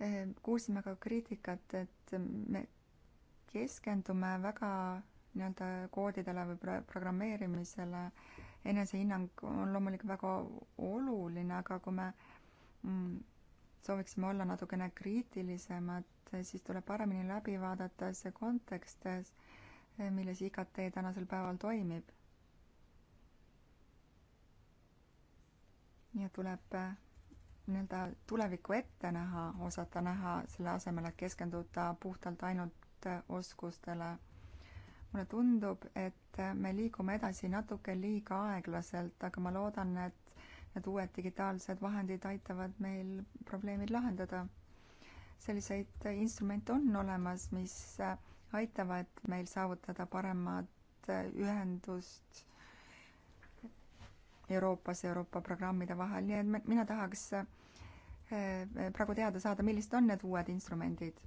Ehm, kuulsime ka kriitikat, et me keskendume väga nii-öelda koodidele või pro-, programmeerimisele. enesehinnang on loomulikult väga oluline, aga kui me mm, sooviksime olla natukene kriitilisemad, siis tuleb paremini läbi vaadata see kontekst, milles IKT tänasel päeval toimib. ja tuleb nii-öelda tulevikku ette näha, osata näha, selle asemel, et keskenduda puhtalt ainult oskustele. mulle tundub, et me liigume edasi natuke liiga aeglaselt, aga ma loodan, et Need uued digitaalsed vahendid aitavad meil probleemid lahendada. selliseid instrumente on olemas, mis äh, aitavad meil saavutada paremat äh, ühendust Euroopas, Euroopa programmide vahel, nii et mina tahaks äh, praegu teada saada, millised on need uued instrumendid?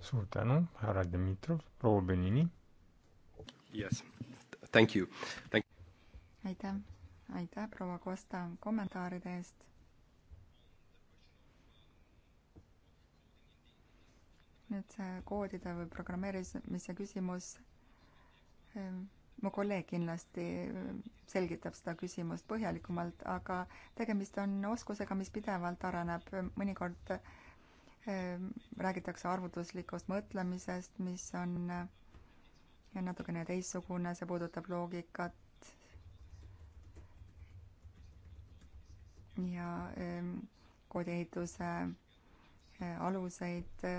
suur tänu, härra Dmitrov, proua Benini. Yes, thank you, thank. aitäh aitäh, proua Kosta, kommentaaride eest. nüüd see koodide või programmeerimise küsimus. Ehm, mu kolleeg kindlasti ehm, selgitab seda küsimust põhjalikumalt, aga tegemist on oskusega, mis pidevalt areneb, mõnikord ehm, räägitakse arvutuslikust mõtlemisest, mis on natukene teistsugune, see puudutab loogikat, ja koodiehituse e, aluseid e,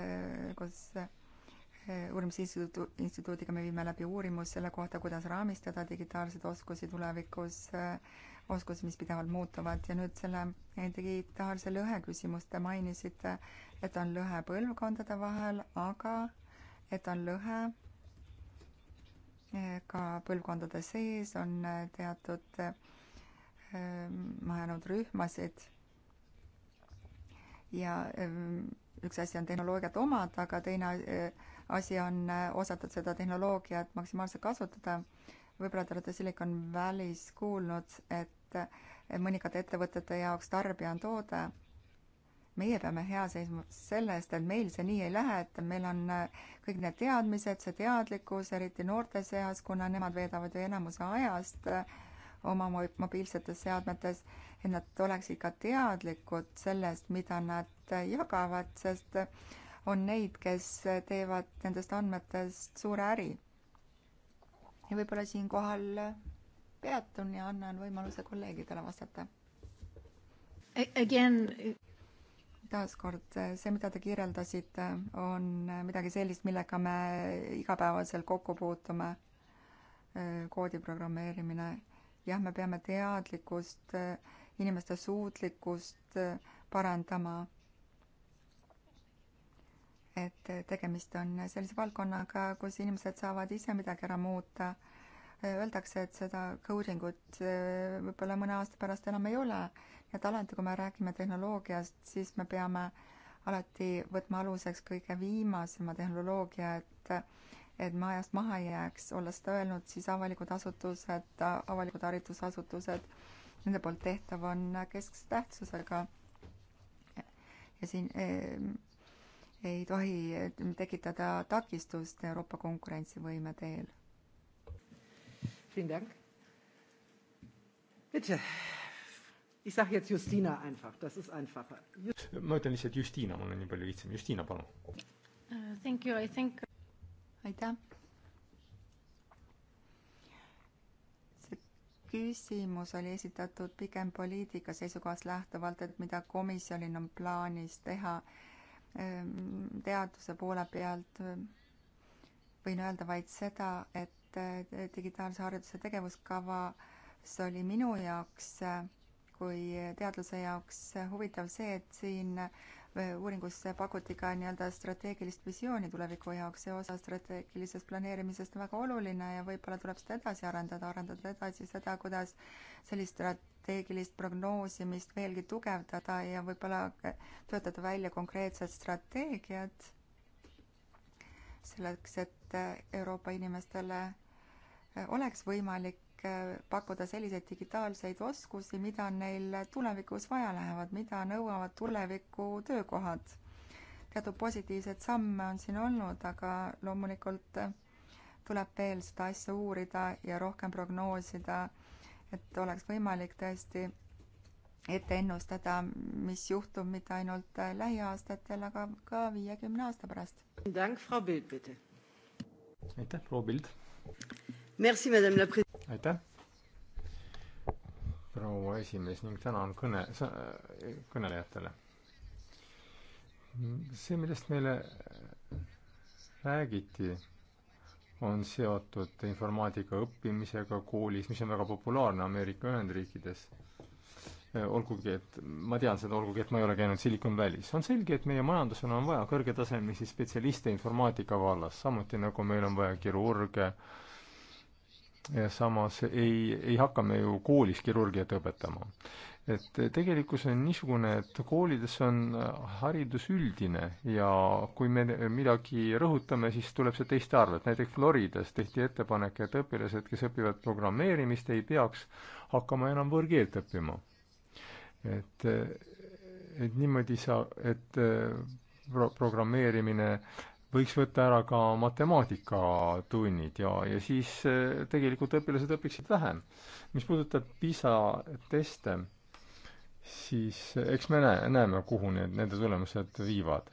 koos e, uurimisinstituudiga me viime läbi uurimus selle kohta, kuidas raamistada digitaalseid oskusi tulevikus, oskusi, mis pidevalt muutuvad ja nüüd selle digitaalse lõhe küsimust te mainisite, et on lõhe põlvkondade vahel, aga et on lõhe ka põlvkondade sees, on teatud Ähm, mahajäänud rühmasid ja ähm, üks asi on tehnoloogiat omada, aga teine äh, asi on äh, osata seda tehnoloogiat maksimaalselt kasutada. võib-olla te olete Silicon Valley's kuulnud, et äh, mõningate ettevõtete jaoks tarbija on toode. meie peame hea seisma selle eest, et meil see nii ei lähe, et meil on kõik need teadmised, see teadlikkus, eriti noorte seas, kuna nemad veedavad ju enamuse ajast äh, oma mobiilsetes seadmetes, et nad oleksid ka teadlikud sellest, mida nad jagavad, sest on neid, kes teevad nendest andmetest suure äri. ja võib-olla siinkohal peatun ja annan võimaluse kolleegidele vastata. Again taaskord, see, mida te kirjeldasite, on midagi sellist, millega me igapäevaselt kokku puutume. koodi programmeerimine jah, me peame teadlikkust, inimeste suutlikkust parandama. et tegemist on sellise valdkonnaga, kus inimesed saavad ise midagi ära muuta. Öeldakse, et seda coding ut e, võib-olla mõne aasta pärast enam ei ole. et alati, kui me räägime tehnoloogiast, siis me peame alati võtma aluseks kõige viimasema tehnoloogia, et et ma ajast maha ei jääks, olles seda öelnud, siis avalikud asutused, avalikud haridusasutused, nende poolt tehtav on keskse tähtsusega. ja siin eh, ei tohi tekitada takistust Euroopa konkurentsivõime teel. Ich sage jetzt Justina einfach, das ist einfacher. ma ütlen lihtsalt Justina, mul on nii palju lihtsam. Justina, palun uh,. Thank you, I think aitäh. see küsimus oli esitatud pigem poliitika seisukohast lähtuvalt, et mida komisjonil on plaanis teha ehm, teaduse poole pealt. Ehm, võin öelda vaid seda, et eh, digitaalse hariduse tegevuskavas oli minu jaoks eh, kui teadlase jaoks eh, huvitav see, et siin uuringus pakuti ka nii-öelda strateegilist visiooni tuleviku jaoks, see osa strateegilisest planeerimisest on väga oluline ja võib-olla tuleb seda edasi arendada, arendada edasi seda, kuidas sellist strateegilist prognoosimist veelgi tugevdada ja võib-olla töötada välja konkreetsed strateegiad selleks, et Euroopa inimestele oleks võimalik võimalik äh, pakkuda selliseid digitaalseid oskusi, mida neil tulevikus vaja lähevad, mida nõuavad tuleviku töökohad. teatud positiivseid samme on siin olnud, aga loomulikult äh, tuleb veel seda asja uurida ja rohkem prognoosida, et oleks võimalik tõesti ette ennustada, mis juhtub mitte ainult äh, lähiaastatel, aga ka viiekümne aasta pärast. aitäh, proua Pild! aitäh, proua esimees ning tänan kõne, kõnelejatele. see, millest meile räägiti, on seotud informaatika õppimisega koolis, mis on väga populaarne Ameerika Ühendriikides. olgugi, et ma tean seda, olgugi et ma ei ole käinud Silicon Valley's. on selge, et meie majandusena on vaja kõrgetasemelisi spetsialiste informaatika vallas, samuti nagu meil on vaja kirurge äh,, ja samas ei, ei hakka me ju koolis kirurgiat õpetama. et tegelikkus on niisugune, et koolides on haridus üldine ja kui me midagi rõhutame, siis tuleb see teiste arvelt. näiteks Floridas tehti ettepanek, et õpilased, kes õpivad programmeerimist, ei peaks hakkama enam võõrkeelt õppima. et, et niimoodi sa, et pro-, programmeerimine äh, võiks võtta ära ka matemaatikatunnid ja, ja siis eh, tegelikult õpilased õpiksid vähem. mis puudutab PISA teste, siis eh, eks me näe, näeme, kuhu need, nende tulemused viivad.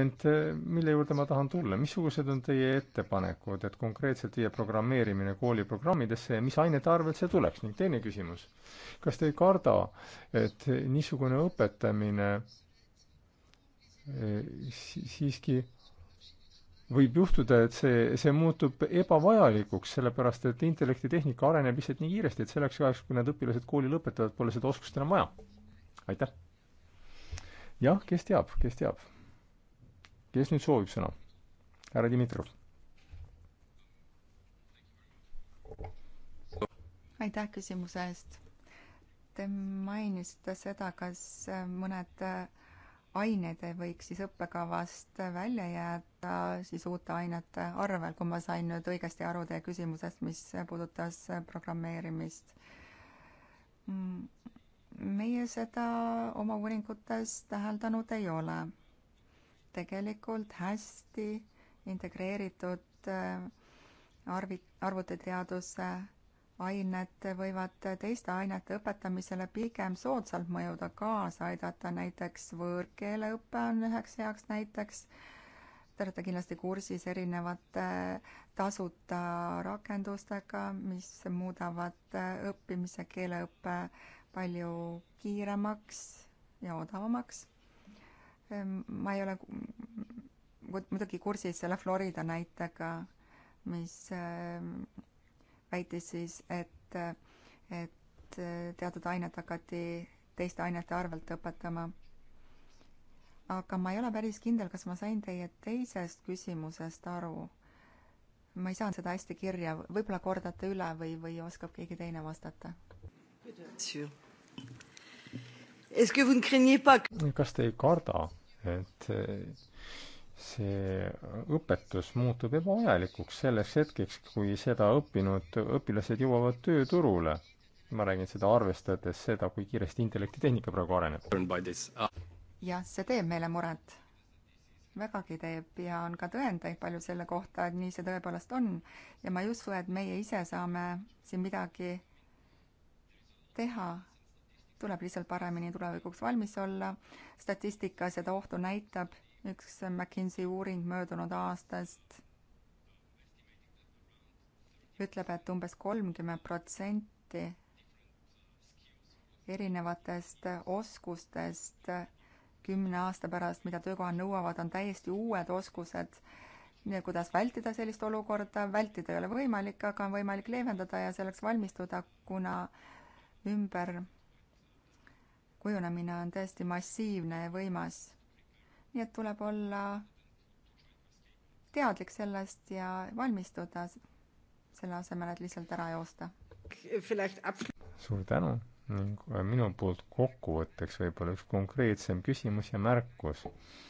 ent eh, mille juurde ma tahan tulla, missugused on teie ettepanekud, et konkreetselt viia programmeerimine kooliprogrammidesse ja mis ainete arvelt see tuleks ning teine küsimus, kas te ei karda, et niisugune õpetamine siiski võib juhtuda, et see, see muutub ebavajalikuks, sellepärast et intellektitehnika areneb lihtsalt nii kiiresti, et selleks ajaks, kui need õpilased kooli lõpetavad, pole seda oskust enam vaja. aitäh! jah, kes teab, kes teab? kes nüüd soovib sõna? härra Dimitrov. aitäh küsimuse eest! Te mainisite seda, kas mõned äh, ained võiks siis õppekavast välja jääda siis uute ainete arvel, kui ma sain nüüd õigesti aru teie küsimusest, mis puudutas programmeerimist. meie seda oma uuringutes täheldanud ei ole. tegelikult hästi integreeritud äh, arvi, arvutiteaduse ained võivad teiste ainete õpetamisele pigem soodsalt mõjuda, kaasa aidata, näiteks võõrkeeleõpe on üheks heaks näiteks, te olete kindlasti kursis erinevate tasuta rakendustega, mis muudavad õppimise, keeleõppe palju kiiremaks ja odavamaks. ma ei ole muidugi kursis selle Florida näitega, mis väitis siis, et, et teatud ainet hakati teiste ainete arvelt õpetama. aga ma ei ole päris kindel, kas ma sain teie teisest küsimusest aru. ma ei saanud seda hästi kirja, võib-olla kordate üle või, või oskab keegi teine vastata? kas te ei karda, et see õpetus muutub ebavajalikuks selleks hetkeks, kui seda õppinud õpilased jõuavad tööturule. ma räägin seda arvestades seda, kui kiiresti intellektitehnika praegu areneb. jah, see teeb meile muret. vägagi teeb ja on ka tõendeid palju selle kohta, et nii see tõepoolest on. ja ma ei usu, et meie ise saame siin midagi teha tuleb lihtsalt paremini tulevikuks valmis olla. statistika seda ohtu näitab üks McKinsey uuring möödunud aastast ütleb, et umbes kolmkümmend protsenti erinevatest oskustest kümne aasta pärast, mida töökohad nõuavad, on täiesti uued oskused. nii et kuidas vältida sellist olukorda, vältida ei ole võimalik, aga on võimalik leevendada ja selleks valmistuda, kuna ümber kujunemine on tõesti massiivne ja võimas nii et tuleb olla teadlik sellest ja valmistuda selle asemel, et lihtsalt ära joosta. suur tänu ning äh, minu poolt kokkuvõtteks võib-olla üks konkreetsem küsimus ja märkus,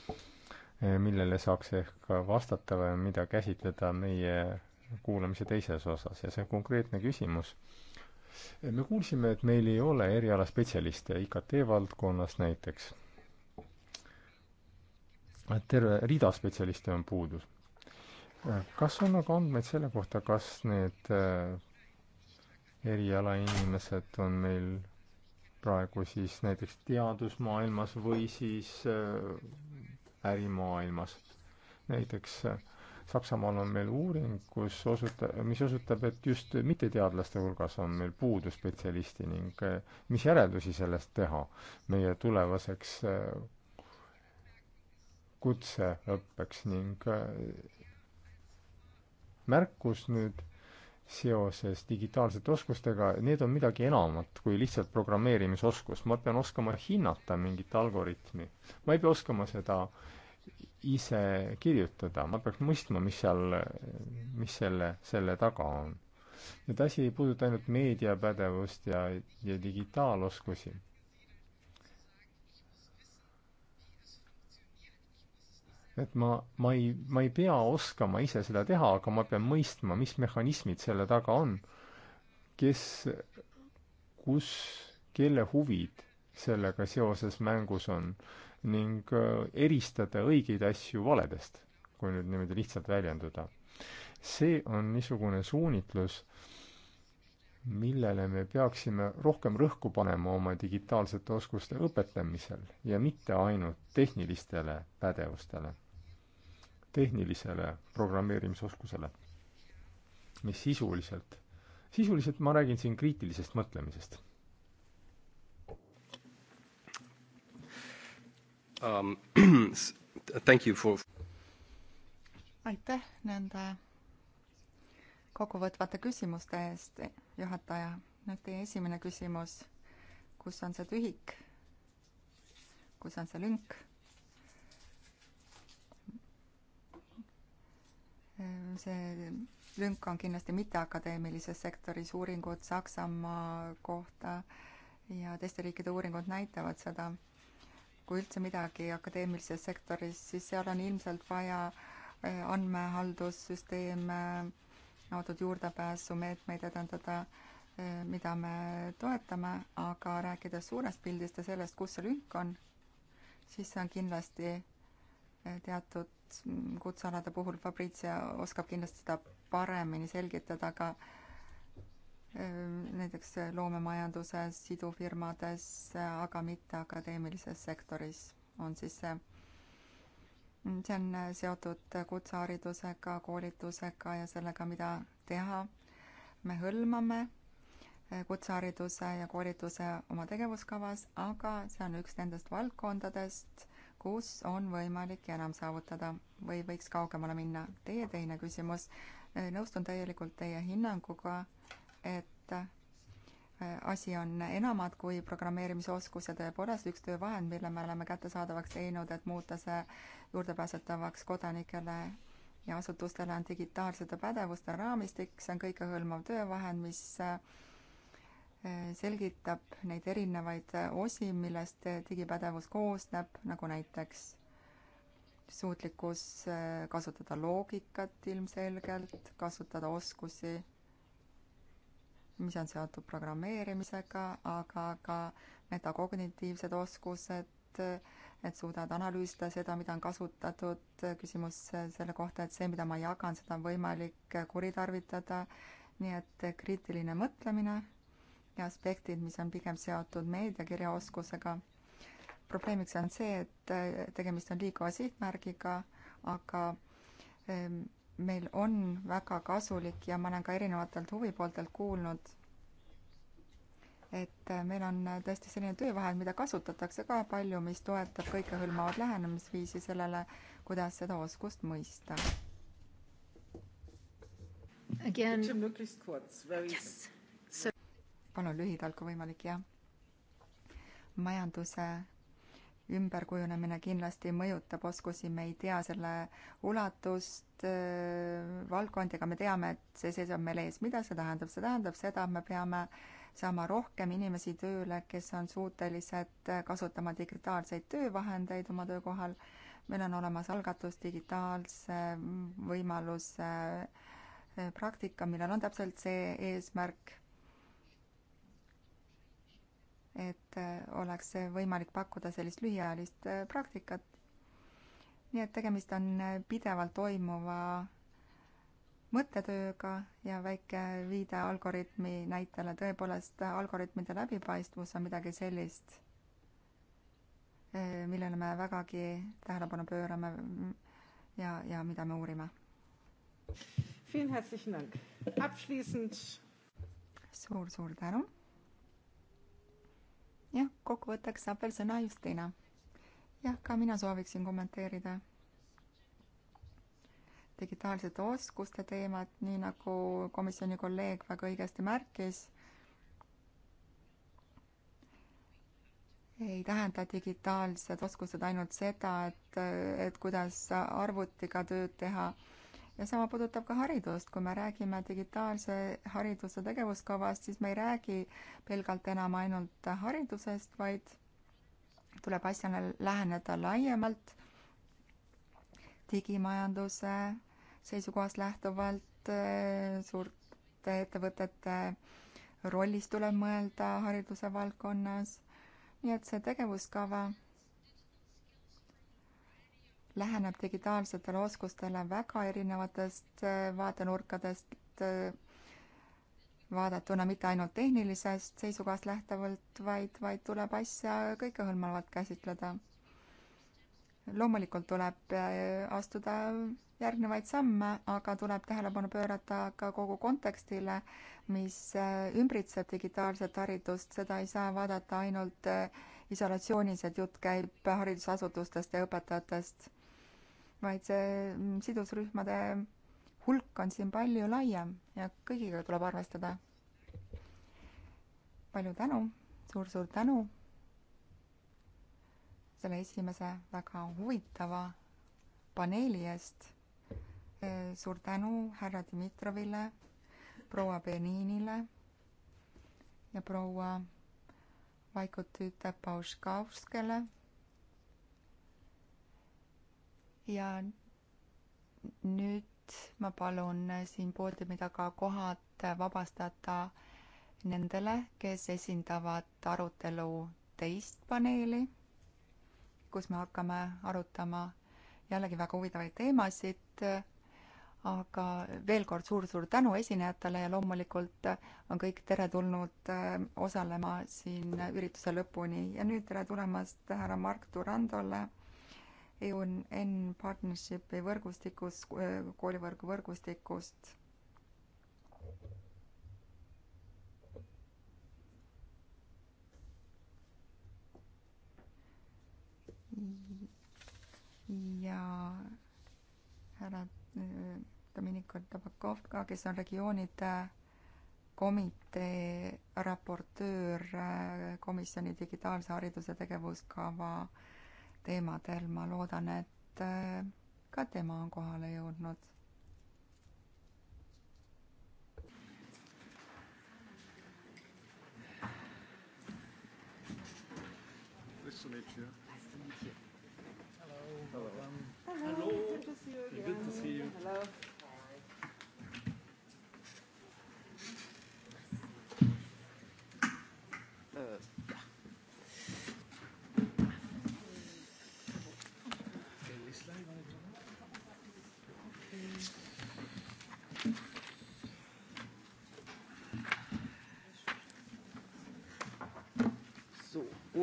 äh, millele saaks ehk vastata või mida käsitleda meie kuulamise teises osas ja see konkreetne küsimus äh, me kuulsime, et meil ei ole erialaspetsialiste IKT valdkonnas näiteks terve rida spetsialiste on puudus. kas on aga andmeid selle kohta, kas need äh, erialainimesed on meil praegu siis näiteks teadusmaailmas või siis äh, ärimaailmas? näiteks äh, Saksamaal on meil uuring, kus osuta-, mis osutab, et just mitteteadlaste hulgas on meil puudu spetsialisti ning mis järeldusi sellest teha meie tulevaseks kutseõppeks ning äh, märkus nüüd seoses digitaalsete oskustega, need on midagi enamat kui lihtsalt programmeerimisoskus. ma pean oskama hinnata mingit algoritmi. ma ei pea oskama seda ise kirjutada, ma peaks mõistma, mis seal, mis selle, selle taga on. et asi ei puuduta ainult meediapädevust ja, ja digitaaloskusi, et ma, ma ei, ma ei pea oskama ise seda teha, aga ma pean mõistma, mis mehhanismid selle taga on. kes, kus, kelle huvid sellega seoses mängus on ning äh, eristada õigeid asju valedest, kui nüüd niimoodi lihtsalt väljenduda. see on niisugune suunitlus, millele me peaksime rohkem rõhku panema oma digitaalsete oskuste õpetamisel ja mitte ainult tehnilistele pädevustele tehnilisele programmeerimisoskusele, mis sisuliselt, sisuliselt ma räägin siin kriitilisest mõtlemisest um,. Thank you for aitäh nende kokkuvõtvate küsimuste eest, juhataja. nüüd teie esimene küsimus, kus on see tühik, kus on see lünk Ehm, see lünk on kindlasti mitteakadeemilises sektoris, uuringud Saksamaa kohta ja teiste riikide uuringud näitavad seda. kui üldse midagi akadeemilises sektoris, siis seal on ilmselt vaja eh, andmehaldussüsteeme, eh, loodud juurdepääsumeetmeid edendada, eh, mida me toetame, aga rääkides suurest pildist ja sellest, kus see lünk on, siis see on kindlasti teatud kutsealade puhul Fabrizio oskab kindlasti seda paremini selgitada, aga äh, näiteks loomemajanduses, idufirmades, aga mitte akadeemilises sektoris on siis see, see on seotud kutseharidusega, koolitusega ja sellega, mida teha. me hõlmame äh, kutsehariduse ja koolituse oma tegevuskavas, aga see on üks nendest valdkondadest kus on võimalik enam saavutada või võiks kaugemale minna. Teie teine küsimus, nõustun täielikult teie hinnanguga, et äh, asi on enamad kui programmeerimisoskus ja tõepoolest üks töövahend, mille me oleme kättesaadavaks teinud, et muuta see juurdepääsetavaks kodanikele ja asutustele, on digitaalsete pädevuste raamistik, see on kõikehõlmav töövahend, mis äh, selgitab neid erinevaid osi, millest digipädevus koosneb, nagu näiteks suutlikkus äh, kasutada loogikat ilmselgelt, kasutada oskusi, mis on seotud programmeerimisega, aga ka metakognitiivsed oskused, et suudad analüüsida seda, mida on kasutatud, äh, küsimus äh, selle kohta, et see, mida ma jagan, seda on võimalik kuritarvitada, nii et kriitiline mõtlemine ja aspektid, mis on pigem seotud meediakirjaoskusega. probleemiks on see, et äh, tegemist on liikuva sihtmärgiga, aga ähm, meil on väga kasulik ja ma olen ka erinevatelt huvipooltelt kuulnud, et äh, meil on äh, tõesti selline töövahend, mida kasutatakse ka palju, mis toetab kõikehõlmavat lähenemisviisi sellele, kuidas seda oskust mõista. Again. Yes palun lühidalt, kui võimalik, jah. majanduse ümberkujunemine kindlasti mõjutab oskusi, me ei tea selle ulatust äh,, valdkondi, aga me teame, et see seisab meil ees. mida see tähendab? see tähendab seda, et me peame saama rohkem inimesi tööle, kes on suutelised äh, kasutama digitaalseid töövahendeid oma töökohal. meil on olemas algatus digitaalse võimaluse äh, praktika, millel on täpselt see eesmärk et äh, oleks võimalik pakkuda sellist lühiajalist äh, praktikat. nii et tegemist on äh, pidevalt toimuva mõttetööga ja väike viide algoritmi näitele, tõepoolest algoritmide läbipaistvus on midagi sellist, millele me vägagi tähelepanu pöörame ja, ja mida me uurime. suur-suur tänu jah, kokkuvõtteks saab veel sõna Justina. jah, ka mina sooviksin kommenteerida digitaalsete oskuste teemat, nii nagu komisjoni kolleeg väga õigesti märkis. ei tähenda digitaalsed oskused ainult seda, et, et kuidas arvutiga tööd teha ja sama puudutab ka haridust, kui me räägime digitaalse hariduse tegevuskavast, siis me ei räägi pelgalt enam ainult haridusest, vaid tuleb asjale läheneda laiemalt, digimajanduse seisukohast lähtuvalt eh, suurte ettevõtete rollist tuleb mõelda hariduse valdkonnas, nii et see tegevuskava läheneb digitaalsetele oskustele väga erinevatest äh, vaatenurkadest äh, vaadatuna mitte ainult tehnilisest seisukohast lähtuvalt, vaid, vaid tuleb asja kõikehõlmavalt käsitleda. loomulikult tuleb äh, astuda järgnevaid samme, aga tuleb tähelepanu pöörata ka kogu kontekstile, mis ümbritseb digitaalset haridust, seda ei saa vaadata ainult isolatsioonis, et jutt käib haridusasutustest ja õpetajatest vaid see mm, sidusrühmade hulk on siin palju laiem ja kõigiga tuleb arvestada. palju tänu suur,, suur-suur tänu selle esimese väga huvitava paneeli eest. E, suur tänu härra Dmitrovile, proua Beninile ja proua Vaikut Tüütäpauskauskele ja nüüd ma palun siin poodiumi taga kohad vabastada nendele, kes esindavad arutelu teist paneeli, kus me hakkame arutama jällegi väga huvitavaid teemasid, aga veel kord suur-suur tänu esinejatele ja loomulikult on kõik teretulnud eh, osalema siin ürituse lõpuni ja nüüd tere tulemast härra Mark Durandole EUN Partnershipi võrgustikus, eh, koolivõrgu võrgustikust. ja härra eh, Dominik Tabakov ka, kes on regioonide komitee raportöör eh, komisjoni digitaalse hariduse tegevuskava äh, teemadel, ma loodan, et äh, ka tema on kohale jõudnud. Nice to meet you. Nice to meet you. Hello. Hello. Hello. Hello. Good to see you again. Good to see you. Hello.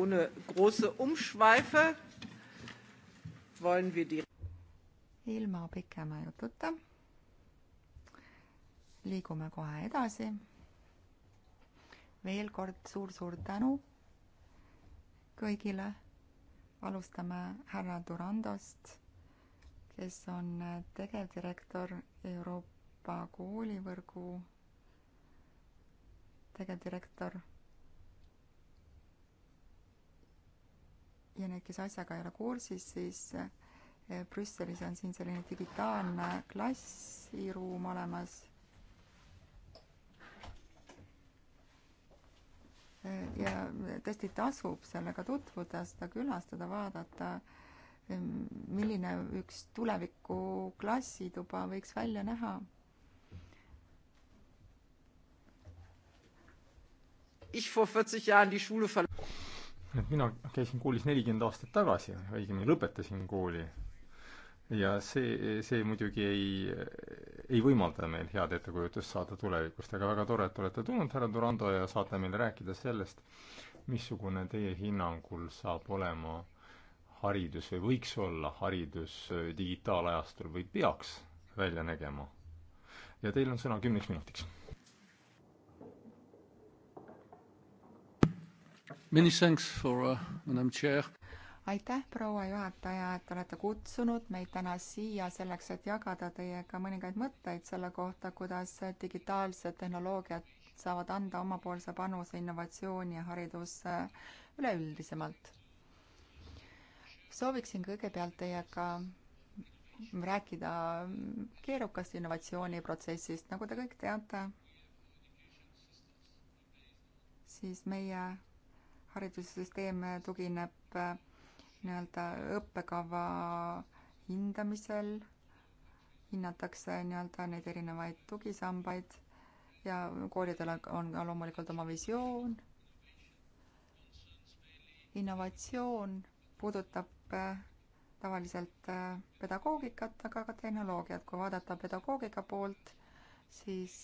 ohne große Umschweife wollen wir die ilma pikema jututa liigume kohe edasi. veel kord suur-suur tänu kõigile. alustame härra Durandost, kes on tegevdirektor Euroopa koolivõrgu tegevdirektor ja need, kes asjaga ei ole kursis, siis eh, Brüsselis on siin selline digitaalne klassiruum olemas. Eh, ja tõesti tasub sellega tutvuda, seda külastada, vaadata, milline üks tuleviku klassituba võiks välja näha ich vor 40 Jahren die Schule verlassen et mina käisin koolis nelikümmend aastat tagasi, õigemini lõpetasin kooli. ja see, see muidugi ei, ei võimalda meil head ettekujutust saada tulevikust, aga väga tore, et olete tulnud, härra Durando, ja saate meile rääkida sellest, missugune teie hinnangul saab olema haridus või võiks olla haridus digitaalajastul või peaks välja nägema. ja teil on sõna kümneks minutiks Many thanks for uh, Madam Chair. aitäh, proua juhataja, et olete kutsunud meid täna siia selleks, et jagada teiega mõningaid mõtteid selle kohta, kuidas digitaalsed tehnoloogiad saavad anda omapoolse panuse innovatsiooni ja haridusse üleüldisemalt. sooviksin kõigepealt teiega rääkida keerukast innovatsiooniprotsessist, nagu te kõik teate, siis meie haridussüsteem tugineb äh, nii-öelda õppekava hindamisel, hinnatakse nii-öelda neid erinevaid tugisambaid ja koolidel on ka loomulikult oma visioon. innovatsioon puudutab äh, tavaliselt äh, pedagoogikat, aga ka tehnoloogiat. kui vaadata pedagoogika poolt, siis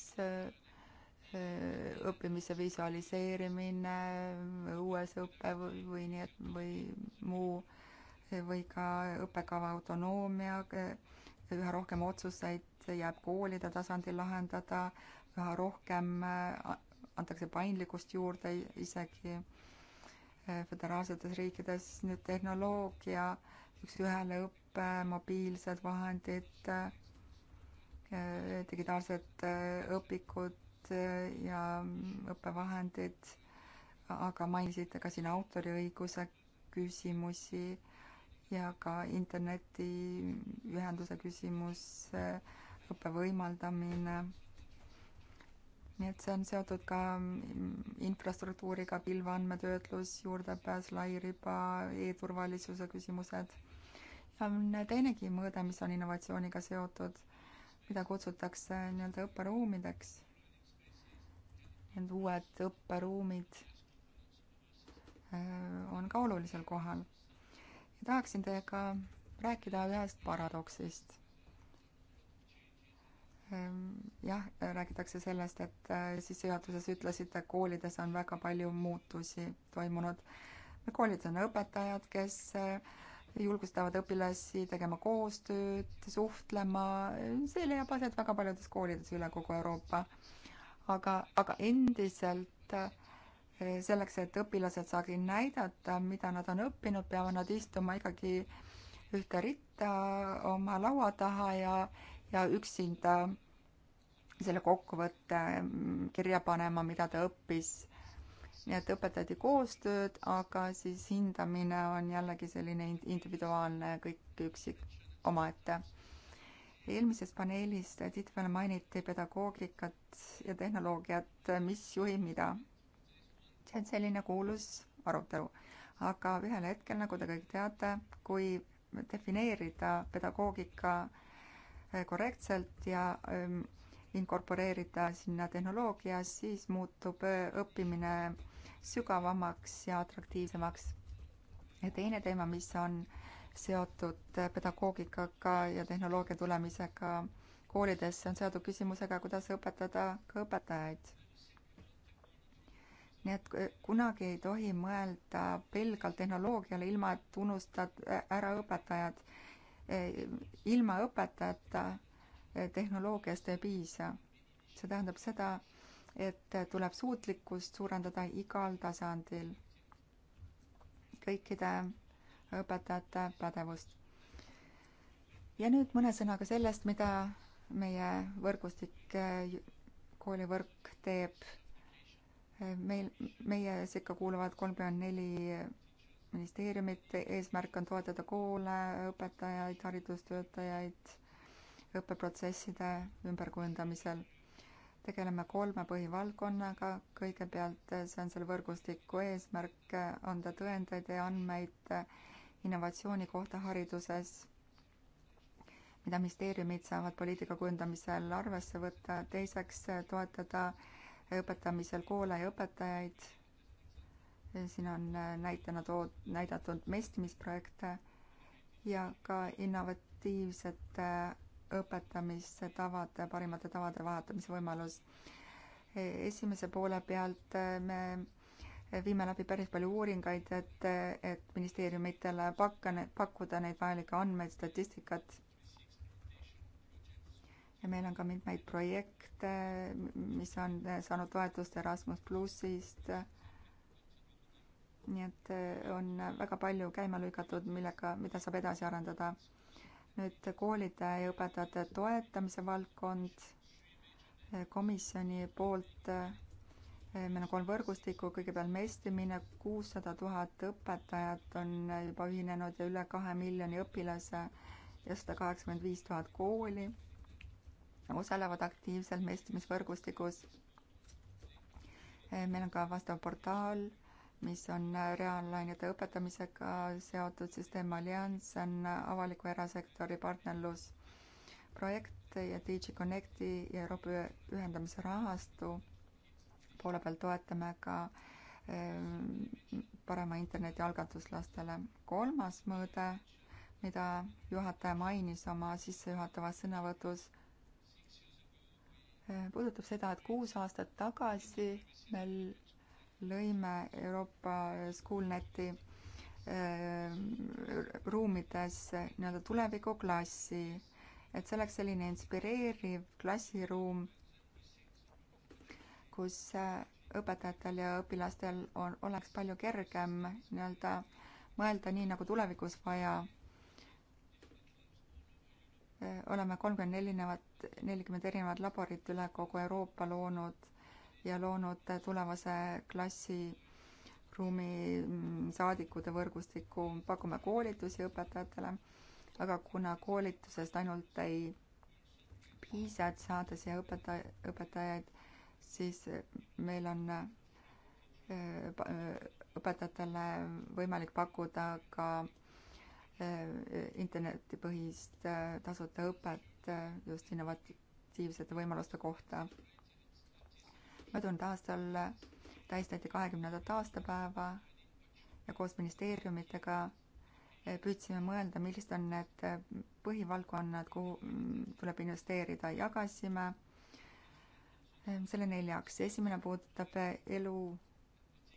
õppimise visualiseerimine, uues õpe või nii, et või muu või ka õppekava autonoomia, üha rohkem otsuseid jääb koolide tasandil lahendada, üha rohkem äh, antakse paindlikkust juurde isegi äh, föderaalsetes riikides nüüd tehnoloogia, üks-ühele õpe, mobiilsed vahendid, äh, digitaalsed õpikud, Äh, ja õppevahendid, aga mainisite ka siin autoriõiguse küsimusi ja ka internetiühenduse küsimus, õppe võimaldamine. nii et see on seotud ka infrastruktuuriga, pilveandmetöötlus, juurdepääs, lairiba e, e-turvalisuse küsimused. ja on teinegi mõõde, mis on innovatsiooniga seotud, mida kutsutakse nii-öelda õpperuumideks need uued õpperuumid äh, on ka olulisel kohal. ja tahaksin teiega rääkida ühest paradoksist. Ähm, jah, räägitakse sellest, et äh, sissejuhatuses ütlesite, koolides on väga palju muutusi toimunud. koolides on õpetajad, kes äh, julgustavad õpilasi tegema koostööd, suhtlema, see leiab aset väga paljudes koolides üle kogu Euroopa aga, aga endiselt eh, selleks, et õpilased saaksid näidata, mida nad on õppinud, peavad nad istuma ikkagi ühte ritta oma laua taha ja, ja üksinda selle kokkuvõtte mm, kirja panema, mida ta õppis. nii et õpetati koostööd, aga siis hindamine on jällegi selline individuaalne, kõik üksik omaette eelmises paneelis tihtipeale mainiti pedagoogikat ja tehnoloogiat, mis juhib mida. see on selline kuulus arutelu, aga ühel hetkel, nagu te kõik teate, kui defineerida pedagoogika eh, korrektselt ja ehm, inkorporeerida sinna tehnoloogia, siis muutub eh, õppimine sügavamaks ja atraktiivsemaks. ja teine teema, mis on äh, seotud pedagoogikaga ja tehnoloogia tulemisega koolidesse, on seotud küsimusega, kuidas õpetada ka õpetajaid. nii et kunagi ei tohi mõelda pelgalt tehnoloogiale, ilma et unustad ära õpetajad. ilma õpetajata tehnoloogiast ei piisa. see tähendab seda, et tuleb suutlikkust suurendada igal tasandil, kõikide õpetajate pädevust. ja nüüd mõne sõnaga sellest, mida meie võrgustik, koolivõrk teeb. meil, meie sekka kuuluvad kolmkümmend neli ministeeriumit, eesmärk on toetada koole, õpetajaid, haridustöötajaid õppeprotsesside ümberkujundamisel. tegeleme kolme põhivaldkonnaga, kõigepealt see on selle võrgustiku eesmärk anda tõendeid ja andmeid innovatsiooni kohta hariduses, mida ministeeriumid saavad poliitika kujundamisel arvesse võtta, teiseks toetada õpetamisel koole ja õpetajaid, siin on näitena tood-, näidatud mestimisprojekte ja ka innovatiivsete õpetamistavade, parimate tavade vahetamise võimalus. esimese poole pealt me viime läbi päris palju uuringuid, et, et ministeeriumitele pakka, pakkuda neid vajalikke andmeid, statistikat. ja meil on ka mitmeid projekte, mis on saanud toetust Erasmus plussist. nii et on väga palju käima lükatud, millega, mida saab edasi arendada. nüüd koolide ja õpetajate toetamise valdkond komisjoni poolt Äh, meil on kolm võrgustikku, kõigepealt mestimine, kuussada tuhat õpetajat on juba ühinenud ja üle kahe miljoni õpilase ja sada kaheksakümmend viis tuhat kooli osalevad aktiivselt mestimisvõrgustikus. Äh, meil on ka vastav portaal, mis on reaalainete õpetamisega seotud süsteem Allianz, on avaliku erasektori partnerlusprojekt ja DigiConnecti ja Euroopa ühendamise rahastu poole peal toetame ka ehm, parema interneti algatus lastele. kolmas mõõde, mida juhataja mainis oma sissejuhatavas sõnavõtus, eh, puudutab seda, et kuus aastat tagasi me lõime Euroopa Schoolneti ehm, ruumides nii-öelda tulevikuklassi, et see oleks selline inspireeriv klassiruum kus äh, õpetajatel ja õpilastel on, oleks palju kergem nii-öelda mõelda nii, nagu tulevikus vaja. Äh, oleme kolmkümmend erinevat, nelikümmend erinevat laborit üle kogu Euroopa loonud ja loonud äh, tulevase klassiruumi mm, saadikute võrgustiku, pakume koolitusi õpetajatele, aga kuna koolitusest ainult ei piisa, et saada siia õpetaja, õpetajaid siis eh, meil on eh, eh, õpetajatele võimalik pakkuda ka internetipõhist tasuta õpet just innovatiivsete võimaluste kohta. möödunud aastal tähistati kahekümnendat aastapäeva ja koos ministeeriumitega püüdsime mõelda, millised on need põhivaldkonnad, kuhu mm, tuleb investeerida, jagasime Ehm, selle neljaks. esimene puudutab eh, elu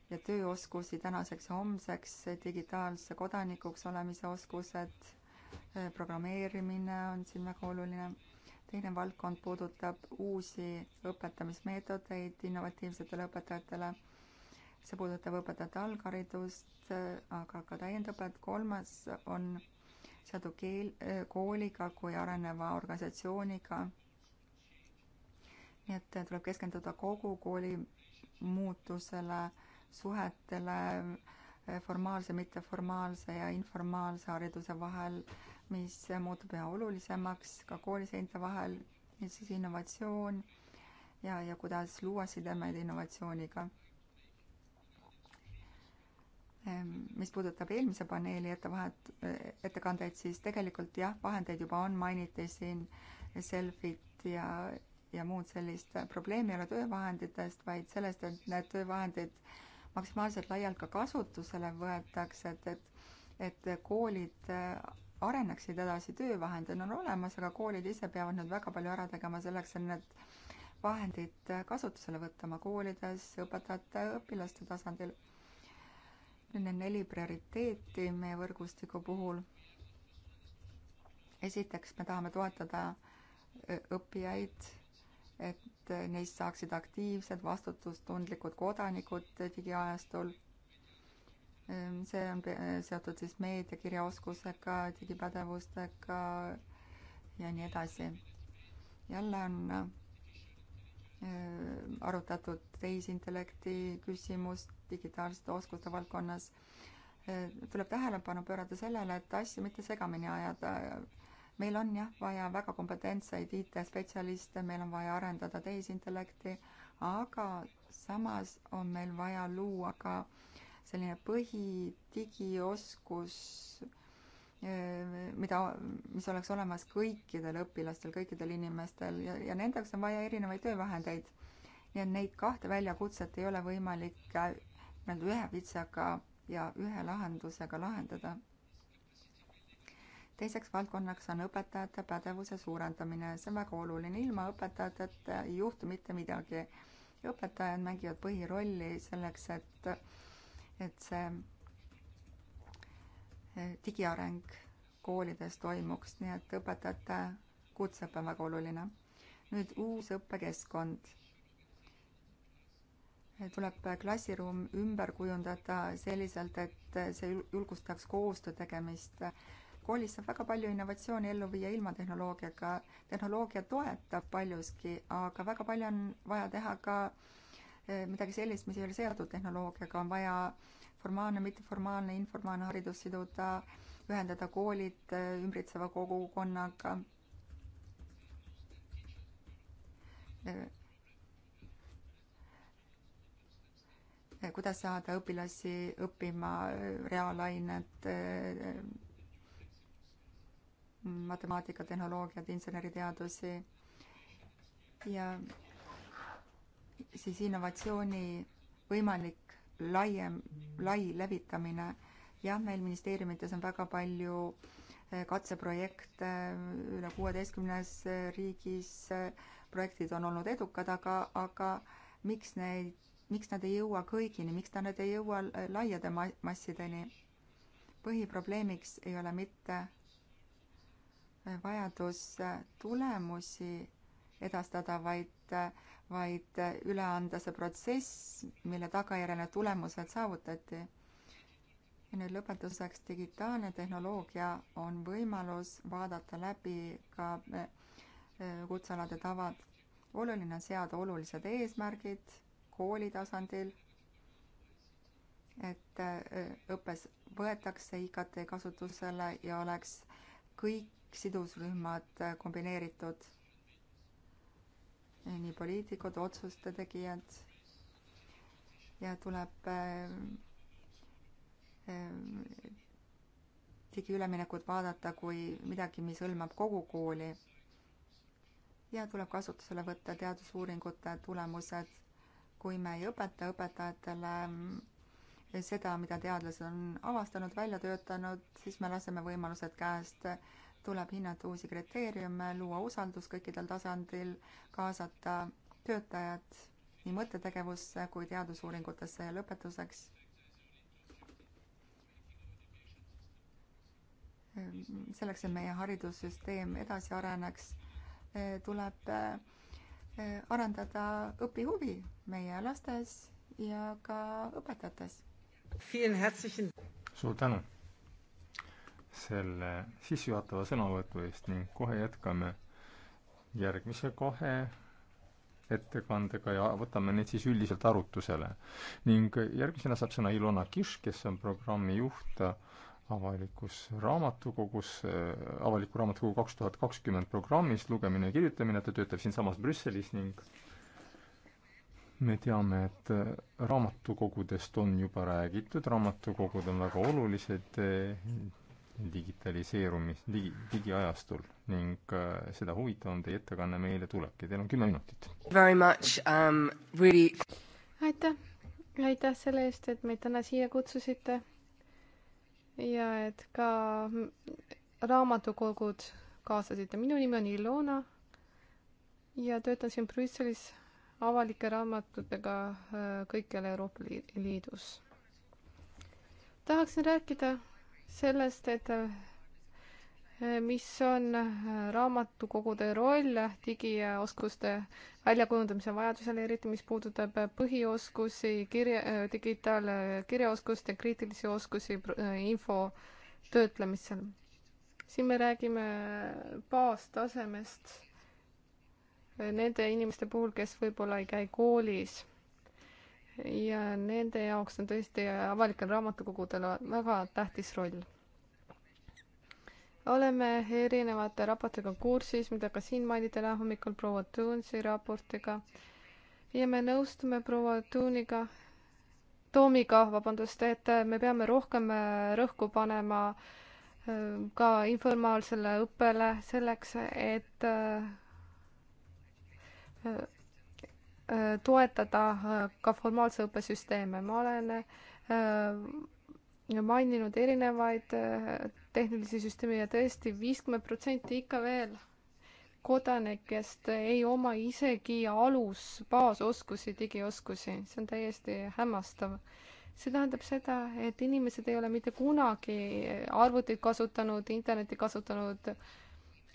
ja tööoskusi tänaseks ja homseks, digitaalse kodanikuks olemise oskused, eh, programmeerimine on siin väga oluline. teine valdkond puudutab uusi õpetamismeetodeid innovatiivsetele õpetajatele. see puudutab õpetajate algharidust, eh, aga ka täiendõpet. kolmas on seotud keel, kooliga kui areneva organisatsiooniga nii et äh, tuleb keskenduda kogu kooli muutusele, suhetele äh, formaalse, mitteformaalse ja informaalse hariduse vahel, mis äh, muutub üha olulisemaks ka kooliseinte vahel, ja siis innovatsioon ja, ja kuidas luua sidemeid innovatsiooniga. Ehm, mis puudutab eelmise paneeli ettevahet, ettekandeid, siis tegelikult jah, vahendeid juba on, mainiti siin Selfit ja, ja muud sellist. probleem ei ole töövahenditest, vaid sellest, et need töövahendid maksimaalselt laialt ka kasutusele võetakse, et, et, et koolid äh, areneksid edasi, töövahendid on olemas, aga koolid ise peavad nüüd väga palju ära tegema selleks, et need vahendid äh, kasutusele võtta oma koolides, õpetajate, õpilaste tasandil. Need on neli prioriteeti meie võrgustiku puhul. esiteks, me tahame toetada äh, õppijaid et neist saaksid aktiivsed, vastutustundlikud kodanikud digiajastul. Ehm, see on seotud siis meediakirjaoskusega, digipädevustega ja nii edasi. jälle on ehm, arutatud tehisintellekti küsimust digitaalsete oskuste valdkonnas. Ehm, tuleb tähelepanu pöörata sellele, et asju mitte segamini ajada meil on jah vaja väga kompetentseid IT-spetsialiste, meil on vaja arendada tehisintellekti, aga samas on meil vaja luua ka selline põhidigioskus, mida, mis oleks olemas kõikidel õpilastel, kõikidel inimestel ja, ja nendeks on vaja erinevaid töövahendeid. ja neid kahte väljakutset ei ole võimalik äh, nii-öelda ühe vitsaga ja ühe lahendusega lahendada teiseks valdkonnaks on õpetajate pädevuse suurendamine, see on väga oluline, ilma õpetajateta ei juhtu mitte midagi. õpetajad mängivad põhirolli selleks, et, et see eh, digiareng koolides toimuks, nii et õpetajate kutseõpe on väga oluline. nüüd uus õppekeskkond tuleb klassiruum ümber kujundada selliselt, et see julgustaks koostöö tegemist koolis saab väga palju innovatsiooni ellu viia ilma tehnoloogiaga. tehnoloogia toetab paljuski, aga väga palju on vaja teha ka eh, midagi sellist, mis ei ole seotud tehnoloogiaga, on vaja formaalne, mitteformaalne, informaalne haridus siduda, ühendada koolid eh, ümbritseva kogukonnaga. Eh, kuidas saada õpilasi õppima reaalained matemaatikatehnoloogiat, inseneriteadusi ja siis innovatsiooni võimalik laiem, lai levitamine. jah, meil ministeeriumites on väga palju katseprojekte üle kuueteistkümnes riigis, projektid on olnud edukad, aga, aga miks neid, miks nad ei jõua kõigini, miks nad ei jõua laiade massideni? põhiprobleemiks ei ole mitte vajadus äh, tulemusi edastada, vaid, äh, vaid äh, üle anda see protsess, mille tagajärjel need tulemused saavutati. ja nüüd lõpetuseks, digitaalne tehnoloogia on võimalus vaadata läbi ka kutsealade tavad. oluline on seada olulised eesmärgid kooli tasandil, et õppes võetakse IKT kasutusele ja oleks kõik kõik sidusrühmad kombineeritud, nii poliitikud, otsuste tegijad ja tuleb eh, digiüleminekut vaadata kui midagi, mis hõlmab kogu kooli. ja tuleb kasutusele võtta teadusuuringute tulemused, kui me ei õpeta õpetajatele eh, seda, mida teadlased on avastanud, välja töötanud, siis me laseme võimalused käest tuleb hinnata uusi kriteeriume, luua usaldus kõikidel tasandil, kaasata töötajad nii mõttetegevusse kui teadusuuringutesse ja lõpetuseks selleks, et meie haridussüsteem edasi areneks, tuleb eh, arendada õpihuvi meie lastes ja ka õpetajates. suur tänu! selle sissejuhatava sõnavõtu eest ning kohe jätkame järgmise kahe ettekandega ja võtame need siis üldiselt arutusele. ning järgmisena saab sõna Ilona Kiš, kes on programmi juht avalikus raamatukogus, äh, avaliku raamatukogu kaks tuhat kakskümmend programmis Lugemine ja kirjutamine, ta töötab siinsamas Brüsselis ning me teame, et äh, raamatukogudest on juba räägitud, raamatukogud on väga olulised äh, digitaliseerumis, digi, digiajastul ning äh, seda huvitavam teie ettekanne meile tulebki. Teil on kümme minutit. Very much um,, really. aitäh, aitäh selle eest, et meid täna siia kutsusite. ja et ka raamatukogud kaasasite. minu nimi on Ilona ja töötan siin Brüsselis avalike raamatutega äh, kõikjal Euroopa Liidus. tahaksin rääkida sellest, et äh, mis on äh, raamatukogude roll digioskuste väljakujundamise vajadusel, eriti mis puudutab äh, põhioskusi, kirja, digitaalkirjaoskust ja kriitilisi oskusi info töötlemisel. siin me räägime baastasemest nende inimeste puhul, kes võib-olla ei käi koolis ja nende jaoks on tõesti avalikel raamatukogudel väga tähtis roll. oleme erinevate raportiga kursis, mida ka siin mainiti täna hommikul proua Tunsi raportiga ja me nõustume proua Tuuniga, Toomiga, vabandust, et me peame rohkem rõhku panema äh, ka informaalsele õppele selleks, et äh, Äh, toetada äh, ka formaalse õppesüsteeme. ma olen äh, maininud erinevaid tehnilisi süsteeme ja tõesti viiskümmend protsenti ikka veel kodanikest ei oma isegi alus, baasoskusi, digioskusi, see on täiesti hämmastav. see tähendab seda, et inimesed ei ole mitte kunagi arvutit kasutanud, internetti kasutanud äh,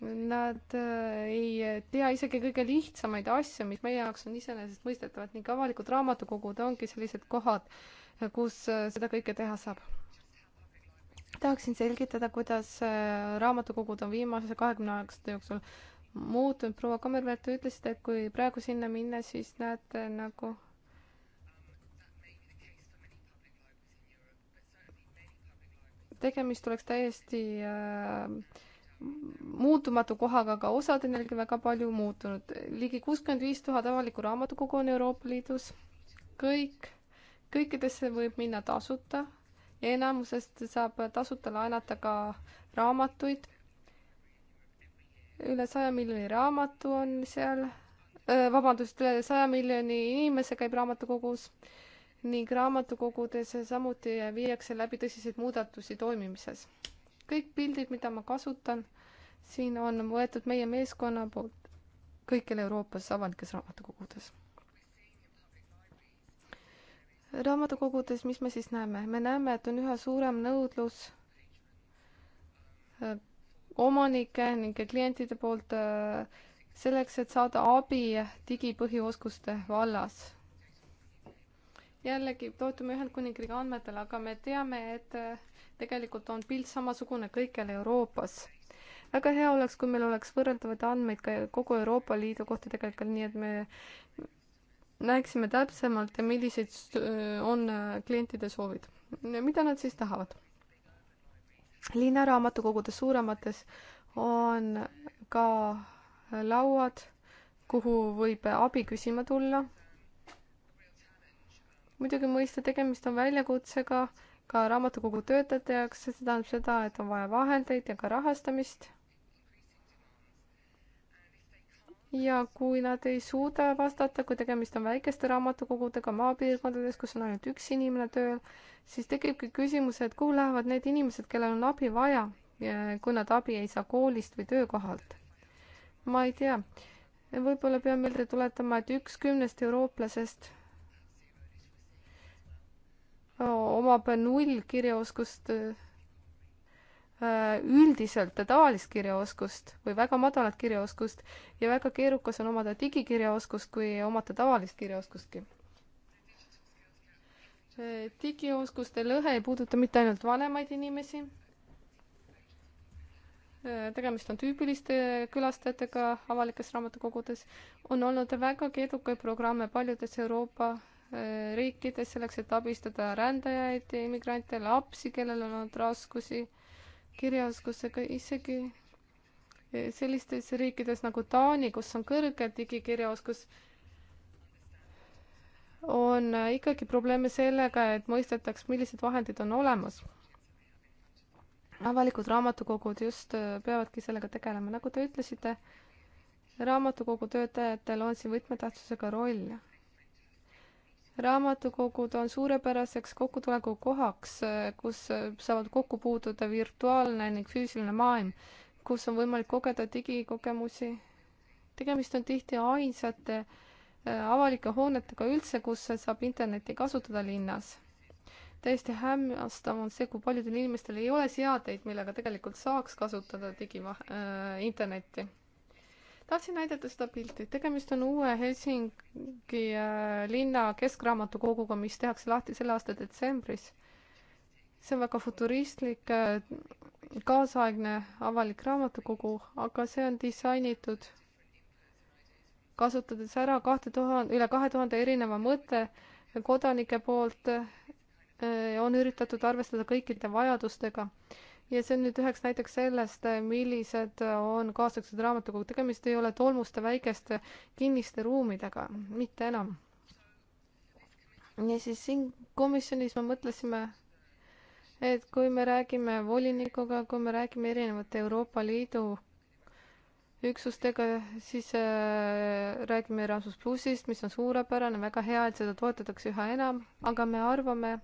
Nad äh, ei äh, tea isegi kõige lihtsamaid asju, mis meie jaoks on iseenesestmõistetavad ning avalikud raamatukogud ongi sellised kohad, äh, kus seda kõike teha saab. tahaksin selgitada, kuidas raamatukogud on viimase kahekümne aasta jooksul muutunud. proua Kammervert, te ütlesite, et kui praegu sinna minna, siis näete nagu tegemist oleks täiesti äh, muutumatu kohaga, aga osad on jällegi väga palju muutunud. ligi kuuskümmend viis tuhat avalikku raamatukogu on Euroopa Liidus. kõik, kõikidesse võib minna tasuta ja enamusest saab tasuta laenata ka raamatuid. üle saja miljoni raamatu on seal, vabandust, üle saja miljoni inimese käib raamatukogus ning raamatukogudes samuti viiakse läbi tõsiseid muudatusi toimimises kõik pildid, mida ma kasutan, siin on võetud meie meeskonna poolt kõikjal Euroopas avalikes raamatukogudes. raamatukogudes, mis me siis näeme? me näeme, et on üha suurem nõudlus äh, omanike ning klientide poolt äh, selleks, et saada abi digipõhioskuste vallas jällegi, toetume Ühendkuningriigi andmetele, aga me teame, et äh, tegelikult on pilt samasugune kõikjal Euroopas väga hea oleks, kui meil oleks võrreldavaid andmeid ka kogu Euroopa Liidu kohta tegelikult, nii et me näeksime täpsemalt, millised äh, on äh, klientide soovid, mida nad siis tahavad. linnaraamatukogudes suuremates on ka lauad, kuhu võib abi küsima tulla. muidugi mõista, tegemist on väljakutsega ka raamatukogu töötajate jaoks, see tähendab seda, et on vaja vahendeid ja ka rahastamist. ja kui nad ei suuda vastata, kui tegemist on väikeste raamatukogudega maapiirkondades, kus on ainult üks inimene tööl, siis tekibki küsimus, et kuhu lähevad need inimesed, kellel on abi vaja, kui nad abi ei saa koolist või töökohalt. ma ei tea, võib-olla pean meelde tuletama, et üks kümnest eurooplasest omab null kirjaoskust äh, üldiselt tavalist kirjaoskust või väga madalat kirjaoskust ja väga keerukas on omada digikirjaoskust, kui ei omata tavalist kirjaoskustki. digioskuste lõhe ei puuduta mitte ainult vanemaid inimesi, äh, tegemist on tüübiliste külastajatega avalikes raamatukogudes, on olnud vägagi edukaid programme paljudes Euroopa riikides selleks, et abistada rändajaid, immigrante, lapsi, kellel on olnud raskusi kirjaoskusega, isegi eh, sellistes riikides nagu Taani, kus on kõrge digikirjaoskus, on eh, ikkagi probleeme sellega, et mõistetaks, millised vahendid on olemas. avalikud raamatukogud just eh, peavadki sellega tegelema, nagu te ütlesite, raamatukogu töötajatel on siin võtmetähtsusega roll raamatukogud on suurepäraseks kokkutuleku kohaks, kus saavad kokku puutuda virtuaalne ning füüsiline maailm, kus on võimalik kogeda digikogemusi. tegemist on tihti ainsate äh, avalike hoonetega üldse, kus saab internetti kasutada linnas. täiesti hämmastav on see, kui paljudel inimestel ei ole seadeid, millega tegelikult saaks kasutada digi- äh,, internetti tahtsin näidata seda pilti, tegemist on uue Helsingi äh, linna keskraamatukoguga, mis tehakse lahti selle aasta detsembris. see on väga futuristlik, äh, kaasaegne avalik raamatukogu, aga see on disainitud kasutades ära kahte tuhande, üle kahe tuhande erineva mõtte kodanike poolt äh, on üritatud arvestada kõikide vajadustega ja see on nüüd üheks näiteks sellest, millised on kaasaegsed raamatukogud, tegemist ei ole tolmuste väikeste kinniste ruumidega, mitte enam. ja siis siin komisjonis me mõtlesime, et kui me räägime volinikuga, kui me räägime erinevate Euroopa Liidu üksustega, siis äh, räägime Erasmus plussist, mis on suurepärane, väga hea, et seda toetatakse üha enam, aga me arvame,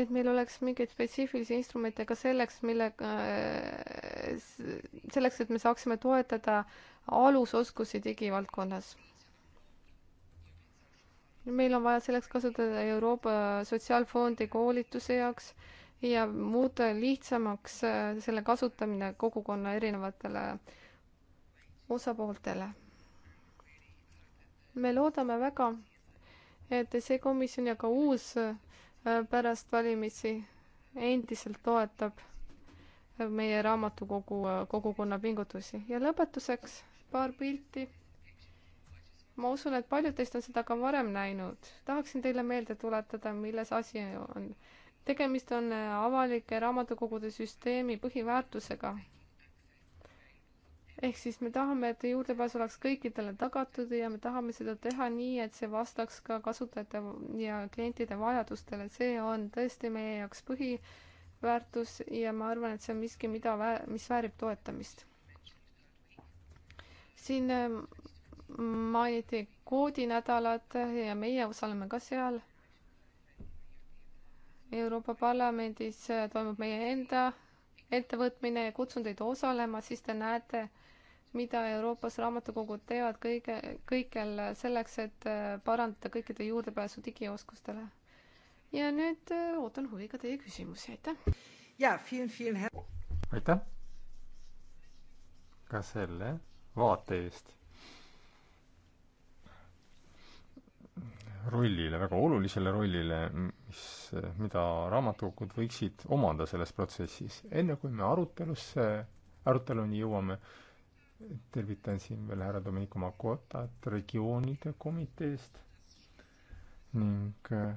et meil oleks mingeid spetsiifilisi instrumente ka selleks, millega, selleks, et me saaksime toetada alusoskusi digivaldkonnas. meil on vaja selleks kasutada Euroopa Sotsiaalfondi koolituse jaoks ja muuta lihtsamaks äh, selle kasutamine kogukonna erinevatele osapooltele. me loodame väga, et see komisjon ja ka uus Äh, pärast valimisi endiselt toetab äh, meie raamatukogu äh, kogukonna pingutusi. ja lõpetuseks paar pilti. ma usun, et paljud teist on seda ka varem näinud. tahaksin teile meelde tuletada, milles asi on. tegemist on avalike raamatukogude süsteemi põhiväärtusega ehk siis me tahame, et juurdepääs oleks kõikidele tagatud ja me tahame seda teha nii, et see vastaks ka kasutajate ja klientide vajadustele, see on tõesti meie jaoks põhiväärtus ja ma arvan, et see on miski, mida, mis väärib toetamist. siin ähm, mainiti koodinädalad ja meie osaleme ka seal. Euroopa Parlamendis äh, toimub meie enda ettevõtmine ja kutsun teid osalema, siis te näete, mida Euroopas raamatukogud teevad kõige, kõikjal selleks, et äh, parandada kõikide juurdepääsu digioskustele. ja nüüd äh, ootan huviga teie küsimusi, aitäh! jaa, aitäh ka selle vaate eest rollile, väga olulisele rollile, mis, mida raamatukogud võiksid omanda selles protsessis. enne kui me arutelusse, aruteluni jõuame, tervitan siin veel härra Domenico Makotat regioonide komiteest ning äh,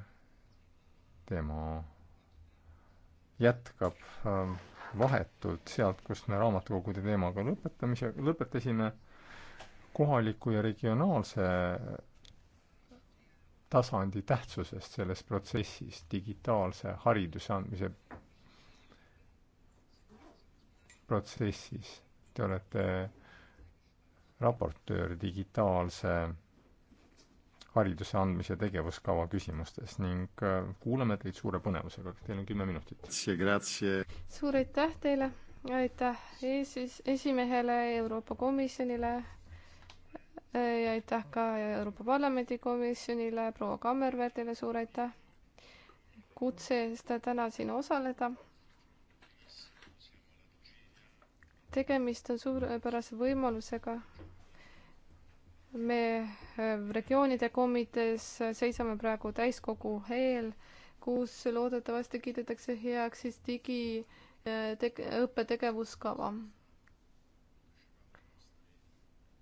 tema jätkab ähm, vahetult sealt, kus me raamatukogude teemaga lõpetamise, lõpetasime, kohaliku ja regionaalse tasandi tähtsusest selles protsessis digitaalse hariduse andmise protsessis. Te olete raportöör digitaalse hariduse andmise tegevuskava küsimustes ning äh, kuulame teid suure põnevusega. Teil on kümme minutit. suur aitäh teile, aitäh eesis-, esimehele, Euroopa Komisjonile äh, ja aitäh ka Euroopa Parlamendi komisjonile, proua Kammervärdile suur aitäh kutse eest täna siin osaleda. tegemist on suurepärase võimalusega me äh, regioonide komitees seisame praegu täiskogu eel, kus loodetavasti kiidetakse heaks siis digi äh, õppetegevuskava.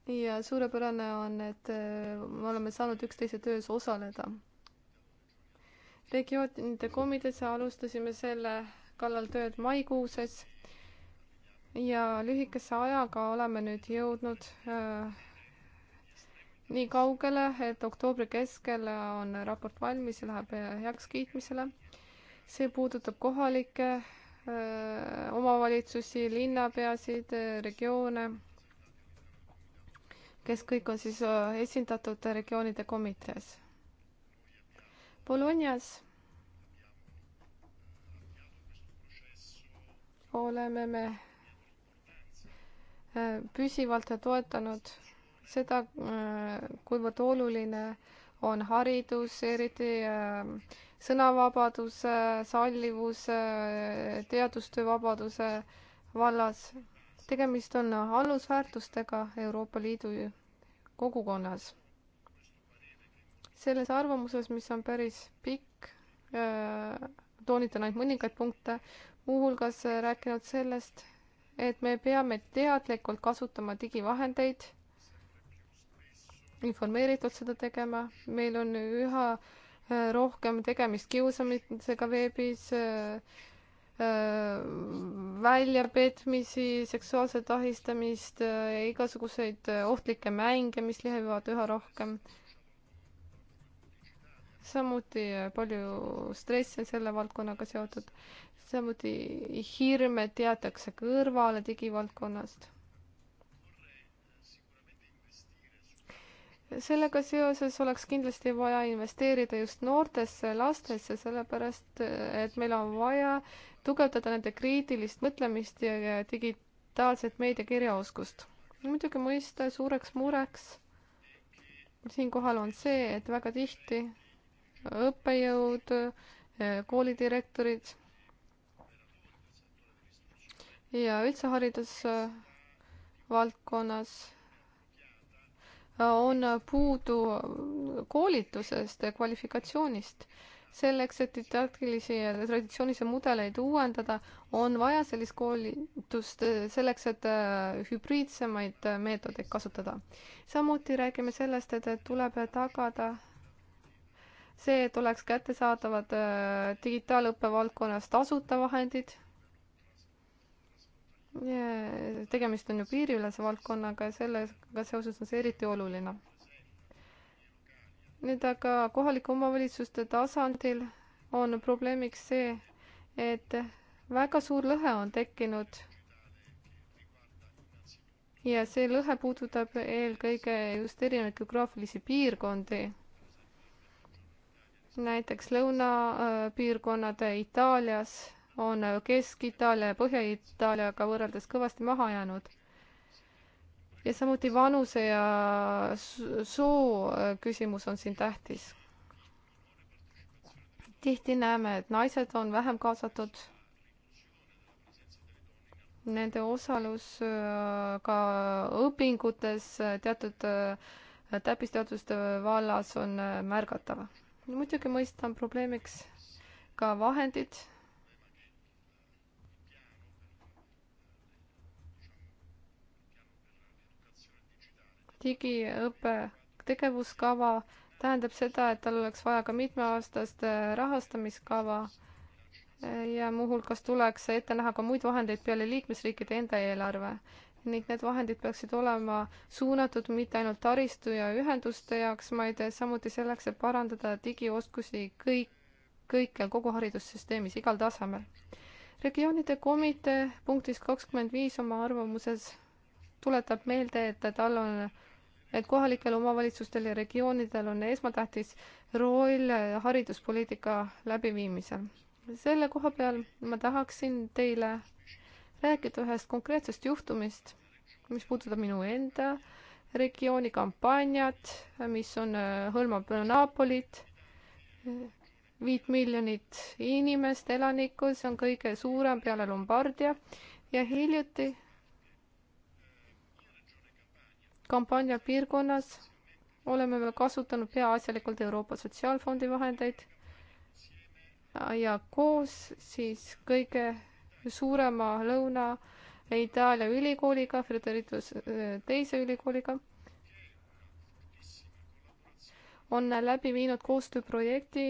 ja suurepärane on, et äh, me oleme saanud üksteise töös osaleda. regioonide komitees alustasime selle kallal tööd maikuuses ja lühikese ajaga oleme nüüd jõudnud äh, nii kaugele, et oktoobri keskel on raport valmis ja läheb heakskiitmisele. see puudutab kohalikke äh, omavalitsusi, linnapeasid, regioone, kes kõik on siis äh, esindatud regioonide komitees. Bolognas oleme me äh, püsivalt toetanud seda, äh, kuivõrd oluline on haridus, eriti äh, sõnavabaduse, äh, sallivuse, teadustöö vabaduse vallas. tegemist on alusväärtustega Euroopa Liidu kogukonnas. selles arvamuses, mis on päris pikk, toonitan ainult mõningaid punkte, muuhulgas rääkinud sellest, et me peame teadlikult kasutama digivahendeid informeeritud seda tegema, meil on üha äh, rohkem tegemist kiusamisega veebis, äh, äh, väljapetmisi, seksuaalset ahistamist, igasuguseid ohtlikke mänge, mis levivad üha rohkem. samuti palju stressi on selle valdkonnaga seotud, samuti hirm, et jäetakse kõrvale digivaldkonnast sellega seoses oleks kindlasti vaja investeerida just noortesse, lastesse, sellepärast et meil on vaja tugevdada nende kriitilist mõtlemist ja digitaalset meediakirjaoskust. muidugi mõista suureks mureks siinkohal on see, et väga tihti õppejõud, koolidirektorid ja üldse haridusvaldkonnas on puudu koolitusest, kvalifikatsioonist. selleks, et didaktilisi ja traditsioonilisi mudeleid uuendada, on vaja sellist koolitust selleks, et äh, hübriidsemaid meetodeid kasutada. samuti räägime sellest, et tuleb tagada see, et oleks kättesaadavad äh, digitaalõppe valdkonnas tasuta vahendid tegemist on ju piiriülese valdkonnaga ja sellega seoses on see eriti oluline. nüüd aga kohalike omavalitsuste tasandil on probleemiks see, et väga suur lõhe on tekkinud. ja see lõhe puudutab eelkõige just erinevaid geograafilisi piirkondi. näiteks lõunapiirkonnad Itaalias on Kesk-Itaalia ja Põhja-Itaaliaga võrreldes kõvasti maha jäänud. ja samuti vanuse ja soo äh, küsimus on siin tähtis. tihti näeme, et naised on vähem kaasatud. Nende osalus äh, ka õpingutes äh, teatud täppisteaduste vallas on märgatav. muidugi mõistan probleemiks ka vahendid digiõppe tegevuskava tähendab seda, et tal oleks vaja ka mitmeaastast äh, rahastamiskava äh, ja muuhulgas tuleks ette näha ka muid vahendeid peale liikmesriikide enda eelarve ning need vahendid peaksid olema suunatud mitte ainult taristu ja ühenduste jaoks, vaid samuti selleks, et parandada digioskusi kõik, kõikjal kogu haridussüsteemis, igal tasemel. regioonide komitee punktis kakskümmend viis oma arvamuses tuletab meelde, et tal on et kohalikel omavalitsustel ja regioonidel on esmatähtis roll hariduspoliitika läbiviimisel. selle koha peal ma tahaksin teile rääkida ühest konkreetsest juhtumist, mis puudutab minu enda regiooni kampaaniat, mis on, äh, hõlmab Napolit, viit miljonit inimest, elanikku, see on kõige suurem peale Lombardia ja hiljuti kampaania piirkonnas oleme me kasutanud peaasjalikult Euroopa Sotsiaalfondi vahendeid ja koos siis kõige suurema Lõuna-Itaalia ülikooliga, Frederitus äh, teise ülikooliga on läbi viinud koostööprojekti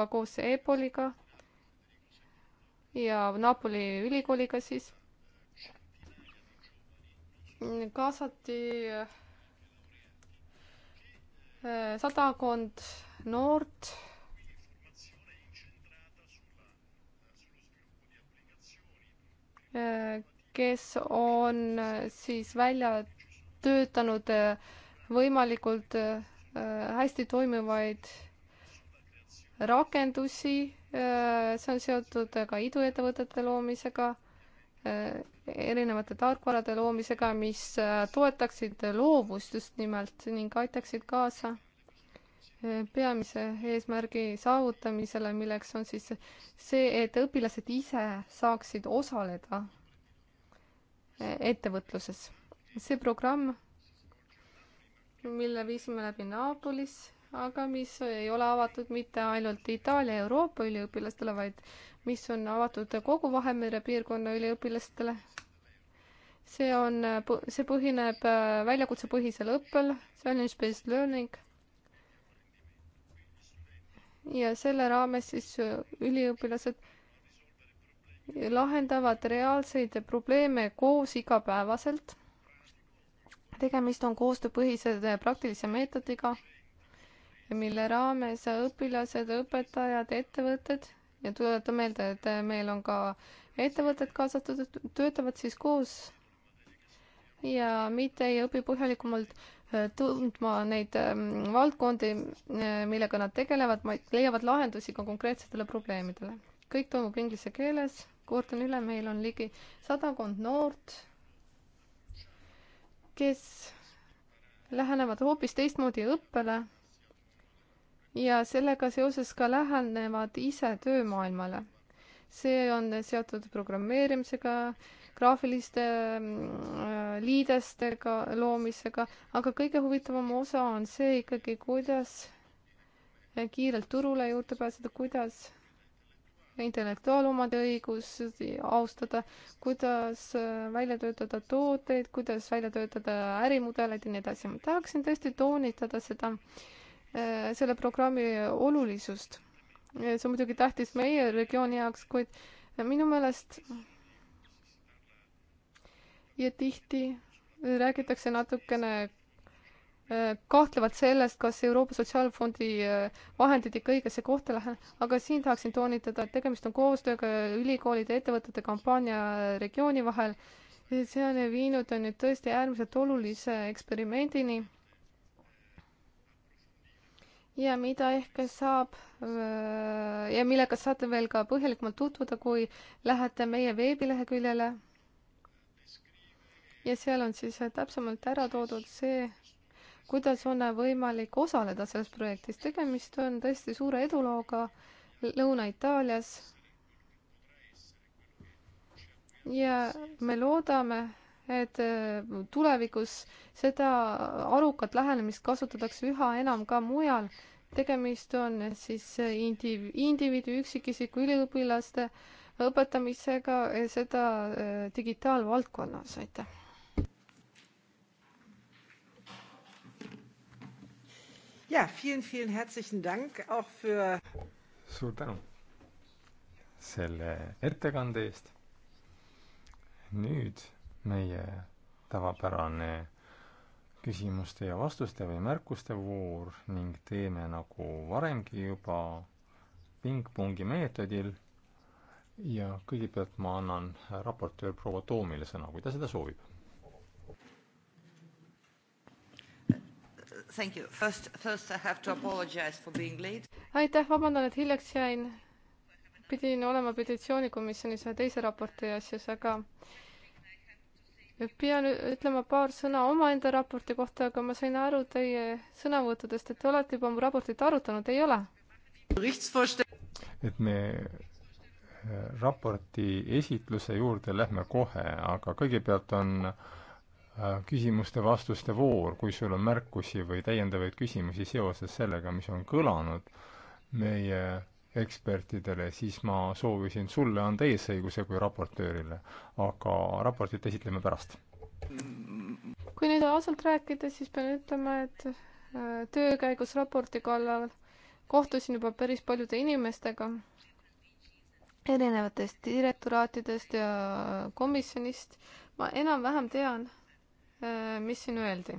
ka koos Epoliga ja Napoli ülikooliga siis kaasati äh, sadakond noort äh, kes on äh, siis välja töötanud võimalikult hästi toimivaid rakendusi, see on seotud ka iduettevõtete loomisega Äh, erinevate tarkvarade loomisega, mis äh, toetaksid loovust just nimelt ning aitaksid kaasa äh, peamise eesmärgi saavutamisele, milleks on siis see, et õpilased ise saaksid osaleda ettevõtluses. see programm, mille viisime läbi Naapolis, aga mis ei ole avatud mitte ainult Itaalia ja Euroopa üliõpilastele, vaid mis on avatud kogu Vahemere piirkonna üliõpilastele. see on, see põhineb väljakutsepõhisel õppel, challenge-based learning. ja selle raames siis üliõpilased lahendavad reaalseid probleeme koos igapäevaselt. tegemist on koostööpõhise praktilise meetodiga, mille raames õpilased, õpetajad, ettevõtted ja tuleta meelde, et äh, meil on ka ettevõtted kaasatud, töötavad siis koos ja mitte ei õpi põhjalikumalt äh, tundma neid ähm, valdkondi, äh, millega nad tegelevad, vaid leiavad lahendusi ka konkreetsetele probleemidele. kõik toimub inglise keeles, kordan üle, meil on ligi sadakond noort, kes lähenevad hoopis teistmoodi õppele ja sellega seoses ka lähenevad ise töömaailmale. see on seotud programmeerimisega, graafiliste mm, äh, liidestega loomisega, aga kõige huvitavam osa on see ikkagi, kuidas kiirelt turule juurde pääseda, kuidas intellektuaalomade õigusi austada, kuidas äh, välja töötada tooteid, kuidas välja töötada ärimudeleid ja nii edasi. ma tahaksin tõesti toonitada seda, Äh, selle programmi olulisust. see on muidugi tähtis meie regiooni jaoks, kuid minu meelest ja tihti räägitakse natukene äh, kahtlevalt sellest, kas Euroopa Sotsiaalfondi äh, vahendid ikka õigesse kohta lähevad, aga siin tahaksin toonitada, et tegemist on koostööga ülikoolide, ettevõtete kampaania regiooni vahel. see on viinud nüüd tõesti äärmiselt olulise eksperimendini ja mida ehk saab ja millega saate veel ka põhjalikumalt tutvuda, kui lähete meie veebileheküljele. ja seal on siis äh, täpsemalt ära toodud see, kuidas on äh, võimalik osaleda selles projektis. tegemist on tõesti suure edulooga Lõuna-Itaalias. ja me loodame et äh, tulevikus seda arukat lähenemist kasutatakse üha enam ka mujal. tegemist on siis äh, indiv-, indiviidi, üksikisiku, üliõpilaste õpetamisega, seda äh, digitaalvaldkonnas, aitäh. ja, vielen, vielen herzlichen Dank auch für. suur tänu selle ettekande eest. nüüd meie tavapärane küsimuste ja vastuste või märkuste voor ning teeme nagu varemgi juba pingpongi meetodil ja kõigepealt ma annan raportöör proua Toomile sõna, kui ta seda soovib. aitäh, vabandan, et hiljaks jäin. pidin olema petitsioonikomisjonis ühe teise raporti asjus, aga äh, pean ütlema paar sõna omaenda raporti kohta, aga ma sain aru teie sõnavõttudest, et te olete juba mu raportit arutanud, ei ole? et me äh, raporti esitluse juurde lähme kohe, aga kõigepealt on äh, küsimuste-vastuste voor, kui sul on märkusi või täiendavaid küsimusi seoses sellega, mis on kõlanud meie ekspertidele, siis ma soovisin sulle anda eesõiguse kui raportöörile. aga raportit esitleme pärast. kui nüüd ausalt rääkida, siis pean ütlema, et äh, töö käigus raporti kallal kohtusin juba päris paljude inimestega erinevatest direktoraatidest ja komisjonist. ma enam-vähem tean, äh, mis siin öeldi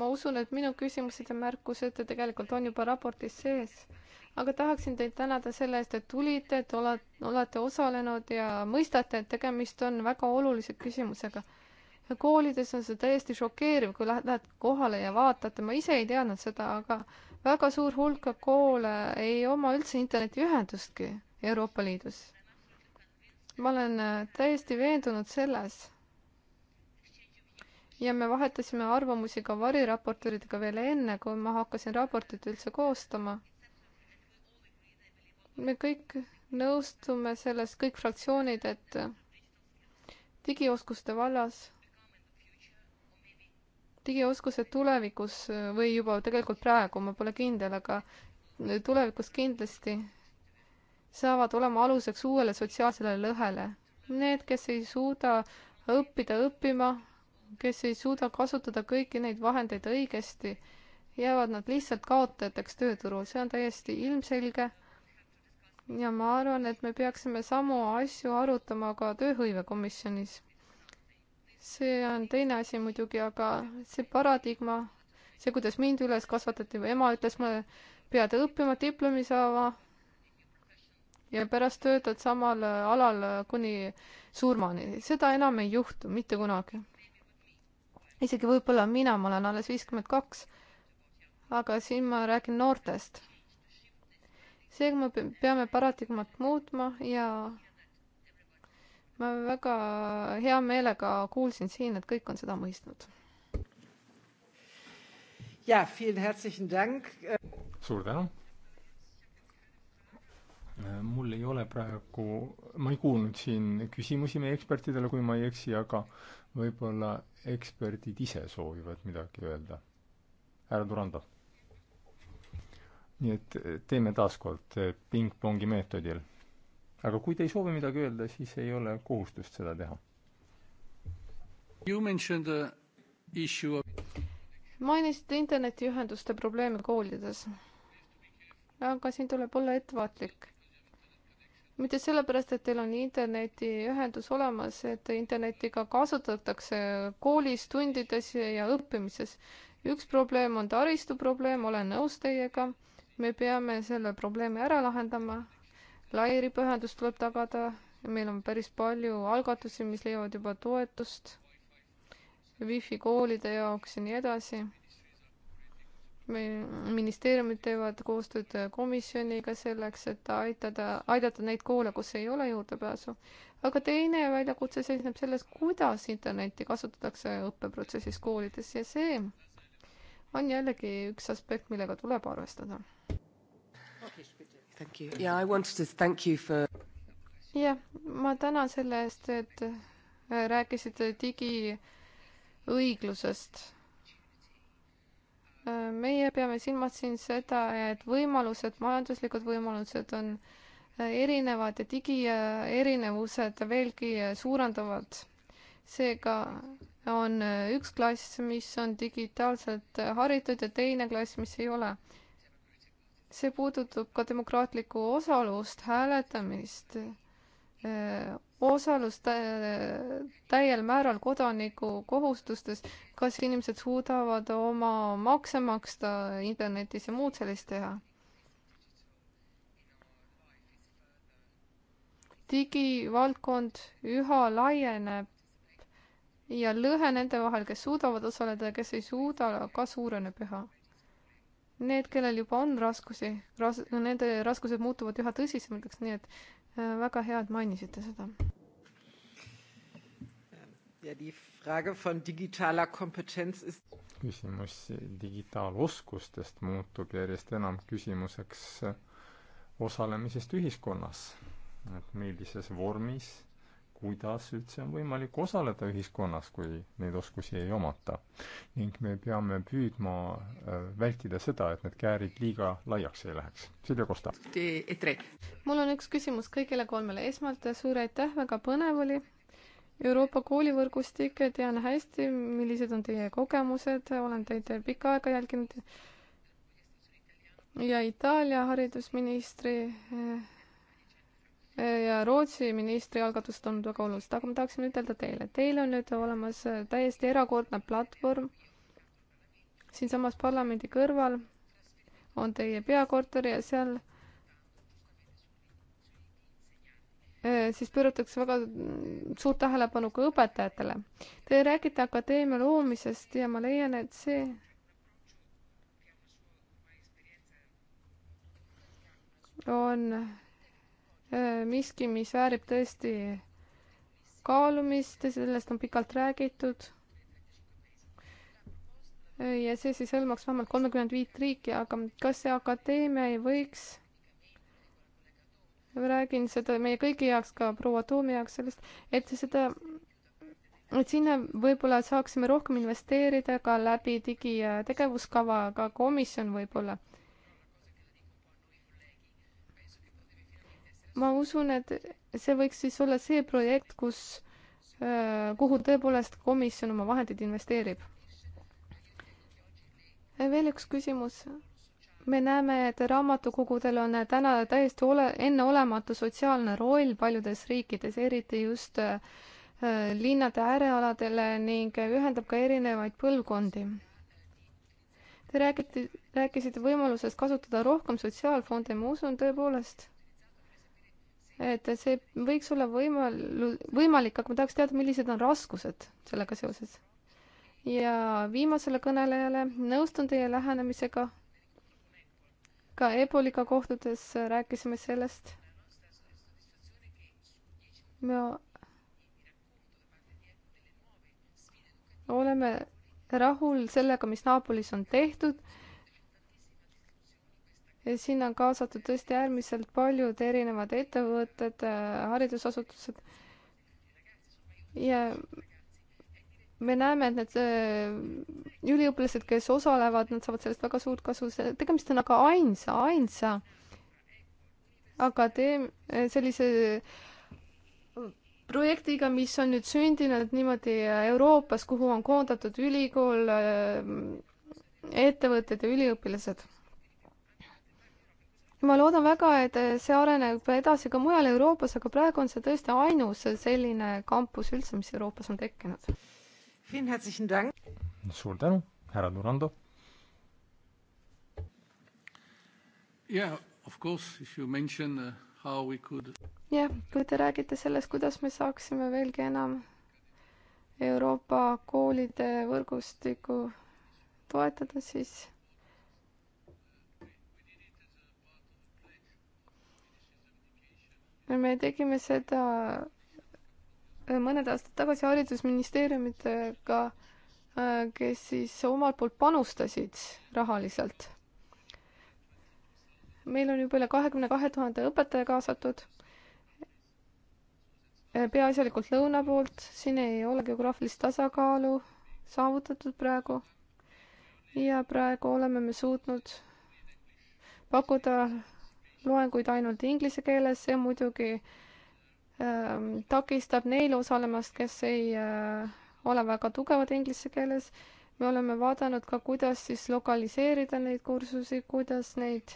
ma usun, et minu küsimused ja märkused tegelikult on juba raportis sees aga tahaksin teid tänada selle eest, et tulite, et olete osalenud ja mõistate, et tegemist on väga olulise küsimusega. koolides on see täiesti šokeeriv, kui lähed kohale ja vaatad, ma ise ei teadnud seda, aga väga suur hulk koole ei oma üldse internetiühendustki Euroopa Liidus. ma olen äh, täiesti veendunud selles. ja me vahetasime arvamusi ka variraportööridega veel enne, kui ma hakkasin raportit üldse koostama me kõik nõustume selles, kõik fraktsioonid, et digioskuste vallas digioskused tulevikus või juba tegelikult praegu, ma pole kindel, aga tulevikus kindlasti saavad olema aluseks uuele sotsiaalsele lõhele. Need, kes ei suuda õppida õppima, kes ei suuda kasutada kõiki neid vahendeid õigesti, jäävad nad lihtsalt kaotajateks tööturul, see on täiesti ilmselge ja ma arvan, et me peaksime samu asju arutama ka tööhõivekomisjonis. see on teine asi muidugi, aga see paradigma, see, kuidas mind üles kasvatati, ema ütles mulle, pead õppima, diplomi saama ja pärast töötad samal alal kuni surmani. seda enam ei juhtu mitte kunagi. isegi võib-olla mina, ma olen alles viiskümmend kaks, aga siin ma räägin noortest seega me peame paradigmat muutma ja ma väga hea meelega kuulsin siin, et kõik on seda mõistnud. ja, suur tänu. mul ei ole praegu, ma ei kuulnud siin küsimusi meie ekspertidele, kui ma ei eksi, aga võib-olla eksperdid ise soovivad midagi öelda. härra Turandov nii et eh, teeme taaskord eh, pingpongi meetodil. aga kui te ei soovi midagi öelda, siis ei ole kohustust seda teha. mainisite internetiühenduste probleeme koolides. aga siin tuleb olla ettevaatlik. mitte sellepärast, et teil on internetiühendus olemas, et internetiga kasutatakse koolis, tundides ja õppimises. üks probleem on taristu probleem, olen nõus teiega me peame selle probleemi ära lahendama, lairipühendus tuleb tagada, meil on päris palju algatusi, mis leiavad juba toetust, wifi koolide jaoks ja nii edasi. meil ministeeriumid teevad koostööd komisjoniga selleks, et aitada, aidata neid koole, kus ei ole juurdepääsu. aga teine väljakutse seisneb selles, kuidas internetti kasutatakse õppeprotsessis koolides ja see on jällegi üks aspekt, millega tuleb arvestada. jah, ma tänan selle eest, et äh, rääkisite digiõiglusest. Äh, meie peame silmas siin seda, et võimalused, majanduslikud võimalused on äh, erinevad ja digierinevused veelgi suurendavad seega on äh, üks klass, mis on digitaalselt äh, haritud ja teine klass, mis ei ole. see puudutab ka demokraatlikku osalust, hääletamist, äh, osalust täiel määral kodaniku kohustustes, kas inimesed suudavad oma makse maksta internetis ja muud sellist teha digivaldkond üha laieneb ja lõhe nende vahel, kes suudavad osaleda ja kes ei suuda, ka suureneb üha. Need, kellel juba on raskusi, ras-, nende raskused muutuvad üha tõsisemateks, nii et äh, väga hea, et mainisite seda. küsimus digitaaloskustest muutub järjest enam küsimuseks osalemisest ühiskonnas, et millises vormis kuidas üldse on võimalik osaleda ühiskonnas, kui neid oskusi ei omata. ning me peame püüdma äh, vältida seda, et need käärid liiga laiaks ei läheks. Silja Kosta. mul on üks küsimus kõigile kolmele. esmalt suur aitäh, väga põnev oli. Euroopa koolivõrgustik, tean hästi, millised on teie kogemused, olen teid pikka aega jälginud ja Itaalia haridusministri ja Rootsi ministri algatused on väga olulised, aga ma tahaksin ütelda teile, teil on nüüd olemas äh, täiesti erakordne platvorm siinsamas parlamendi kõrval on teie peakorter ja seal äh, siis pööratakse väga mm, suurt tähelepanu ka õpetajatele. Te räägite akadeemia loomisest ja ma leian, et see on Äh, miski, mis väärib tõesti kaalumist, sellest on pikalt räägitud. Äh, ja see siis hõlmaks vähemalt kolmekümmend viit riiki, aga kas see akadeemia ei võiks, räägin seda meie kõigi jaoks, ka proua Toomi jaoks sellest, et seda, et sinna võib-olla saaksime rohkem investeerida ka läbi digitegevuskava, ka komisjon võib-olla ma usun, et see võiks siis olla see projekt, kus, äh, kuhu tõepoolest komisjon oma vahendid investeerib. veel üks küsimus me näeme, et raamatukogudel on täna täiesti ole, enneolematu sotsiaalne roll paljudes riikides, eriti just äh, linnade äärealadele ning ühendab ka erinevaid põlvkondi. Te räägite, rääkisite võimalusest kasutada rohkem sotsiaalfonde, ma usun tõepoolest, et see võiks olla võimal-, võimalik, aga ma tahaks teada, millised on raskused sellega seoses. ja viimasele kõnelejale, nõustun teie lähenemisega. ka Eboliga kohtudes rääkisime sellest. me oleme rahul sellega, mis Naapolis on tehtud sinna on kaasatud tõesti äärmiselt paljud erinevad ettevõtted, äh, haridusasutused. ja me näeme, et need äh, üliõpilased, kes osalevad, nad saavad sellest väga suurt kasu, tegemist on aga ainsa, ainsa akadeem-, äh, sellise projektiga, mis on nüüd sündinud niimoodi Euroopas, kuhu on koondatud ülikool, ettevõtted ja üliõpilased ma loodan väga, et see areneb edasi ka mujal Euroopas, aga praegu on see tõesti ainus selline kampus üldse, mis Euroopas on tekkinud. suur tänu, härra Durando. Uh, jah, kui te räägite sellest, kuidas me saaksime veelgi enam Euroopa koolide võrgustikku toetada, siis me tegime seda äh, mõned aastad tagasi haridusministeeriumitega, äh, kes siis omalt poolt panustasid rahaliselt. meil on juba üle kahekümne kahe tuhande õpetaja kaasatud äh, peaasjalikult lõuna poolt, siin ei ole geograafilist tasakaalu saavutatud praegu. ja praegu oleme me suutnud pakkuda loenguid ainult inglise keeles, see muidugi ähm, takistab neil osalemast, kes ei äh, ole väga tugevad inglise keeles. me oleme vaadanud ka, kuidas siis lokaliseerida neid kursusi, kuidas neid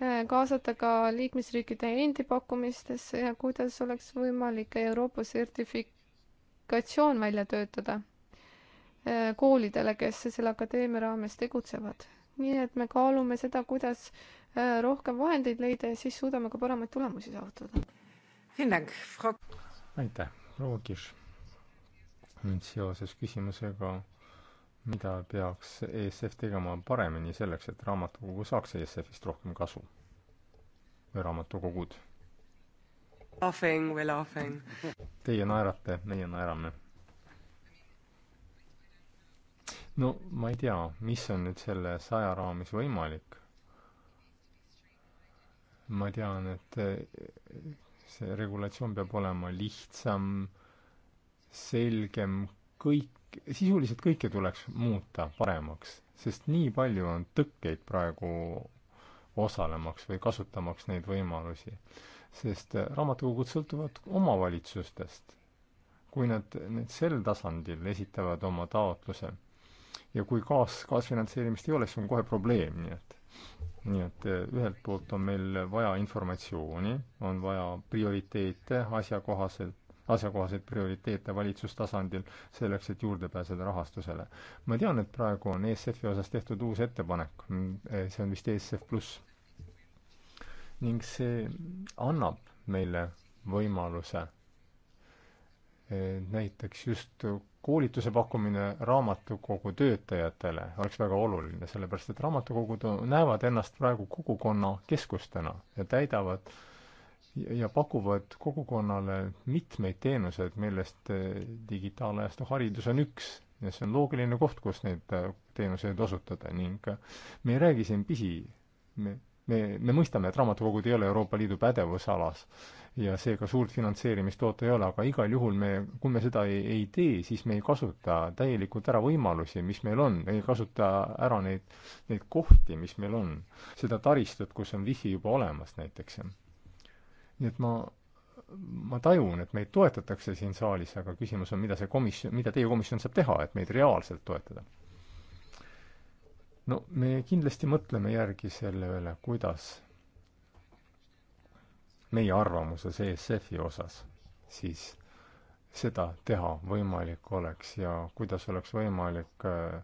äh, kaasata ka liikmesriikide endi pakkumistesse ja kuidas oleks võimalik Euroopa sertifikatsioon välja töötada äh, koolidele, kes selle akadeemia raames tegutsevad nii et me kaalume seda, kuidas Äh, rohkem vahendeid leida ja siis suudame ka paremaid tulemusi saavutada. aitäh, proua Kirš. nüüd seoses küsimusega, mida peaks ESF tegema paremini selleks, et raamatukogu saaks ESF-ist rohkem kasu või raamatukogud? Laughing, we laughing. Teie naerate, meie naerame. no ma ei tea, mis on nüüd selle saja raamis võimalik ma tean, et eh, see regulatsioon peab olema lihtsam, selgem, kõik, sisuliselt kõike tuleks muuta paremaks, sest nii palju on tõkkeid praegu osalemaks või kasutamaks neid võimalusi. sest eh, raamatukogud sõltuvad omavalitsustest. kui nad nüüd sel tasandil esitavad oma taotluse ja kui kaas, kaasfinantseerimist ei ole, siis on kohe probleem, nii et nii et eh, ühelt poolt on meil vaja informatsiooni, on vaja prioriteete asjakohaselt, asjakohaseid prioriteete valitsustasandil selleks, et juurde pääseda rahastusele. ma tean, et praegu on ESF-i osas tehtud uus ettepanek, mm, eh, see on vist ESF pluss. ning see annab meile võimaluse eh, näiteks just koolituse pakkumine raamatukogu töötajatele oleks väga oluline, sellepärast et raamatukogud näevad ennast praegu kogukonnakeskustena ja täidavad ja pakuvad kogukonnale mitmeid teenuseid, millest eh, digitaalajastu haridus on üks. ja see on loogiline koht, kus neid eh, teenuseid osutada ning eh, me ei räägi siin pisi, me me, me mõistame, et raamatukogud ei ole Euroopa Liidu pädevusalas ja seega suurt finantseerimist oota ei ole, aga igal juhul me, kui me seda ei, ei tee, siis me ei kasuta täielikult ära võimalusi, mis meil on, ei kasuta ära neid, neid kohti, mis meil on. seda taristut, kus on wifi juba olemas näiteks. nii et ma, ma tajun, et meid toetatakse siin saalis, aga küsimus on, mida see komisjon, mida teie komisjon saab teha, et meid reaalselt toetada no me kindlasti mõtleme järgi selle üle, kuidas meie arvamuses ESF-i osas siis seda teha võimalik oleks ja kuidas oleks võimalik äh,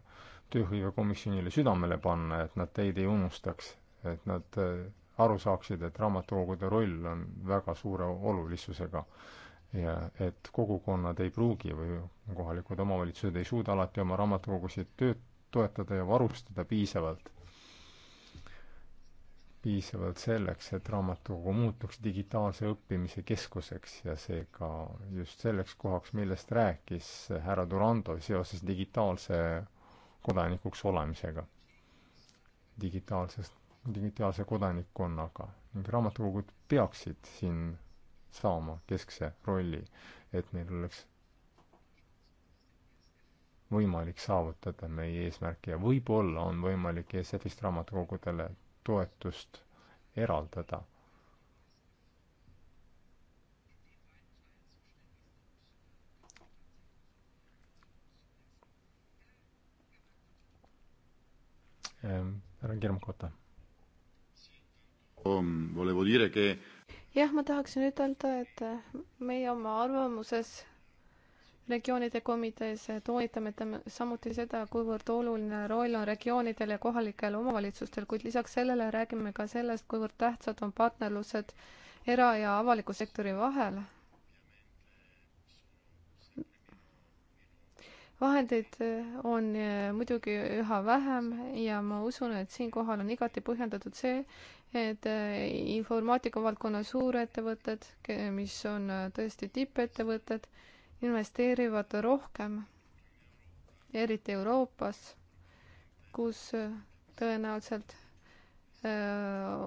tööhõivekomisjonile südamele panna, et nad teid ei unustaks, et nad äh, aru saaksid, et raamatukogude roll on väga suure olulisusega ja et kogukonnad ei pruugi või kohalikud omavalitsused ei suuda alati oma raamatukogusid tööd toetada ja varustada piisavalt, piisavalt selleks, et raamatukogu muutuks digitaalse õppimise keskuseks ja seega just selleks kohaks, millest rääkis härra Durando seoses digitaalse kodanikuks olemisega, digitaalsest, digitaalse kodanikkonnaga ning raamatukogud peaksid siin saama keskse rolli, et meil oleks võimalik saavutada meie eesmärke ja võib-olla on võimalik ESF-ist raamatukogudele toetust eraldada. Ehm, härra Kirmkota. Um, jah, ma tahaksin ütelda, et meie oma arvamuses regioonide komitees toonitame samuti seda, kuivõrd oluline roll on regioonidel ja kohalikel omavalitsustel, kuid lisaks sellele räägime ka sellest, kuivõrd tähtsad on partnerlused era- ja avaliku sektori vahel. vahendeid eh, on eh, muidugi üha vähem ja ma usun, et siinkohal on igati põhjendatud see, et eh, informaatika valdkonna suurettevõtted, mis on tõesti tippettevõtted, investeerivad rohkem, eriti Euroopas, kus äh, tõenäoliselt öö, äh,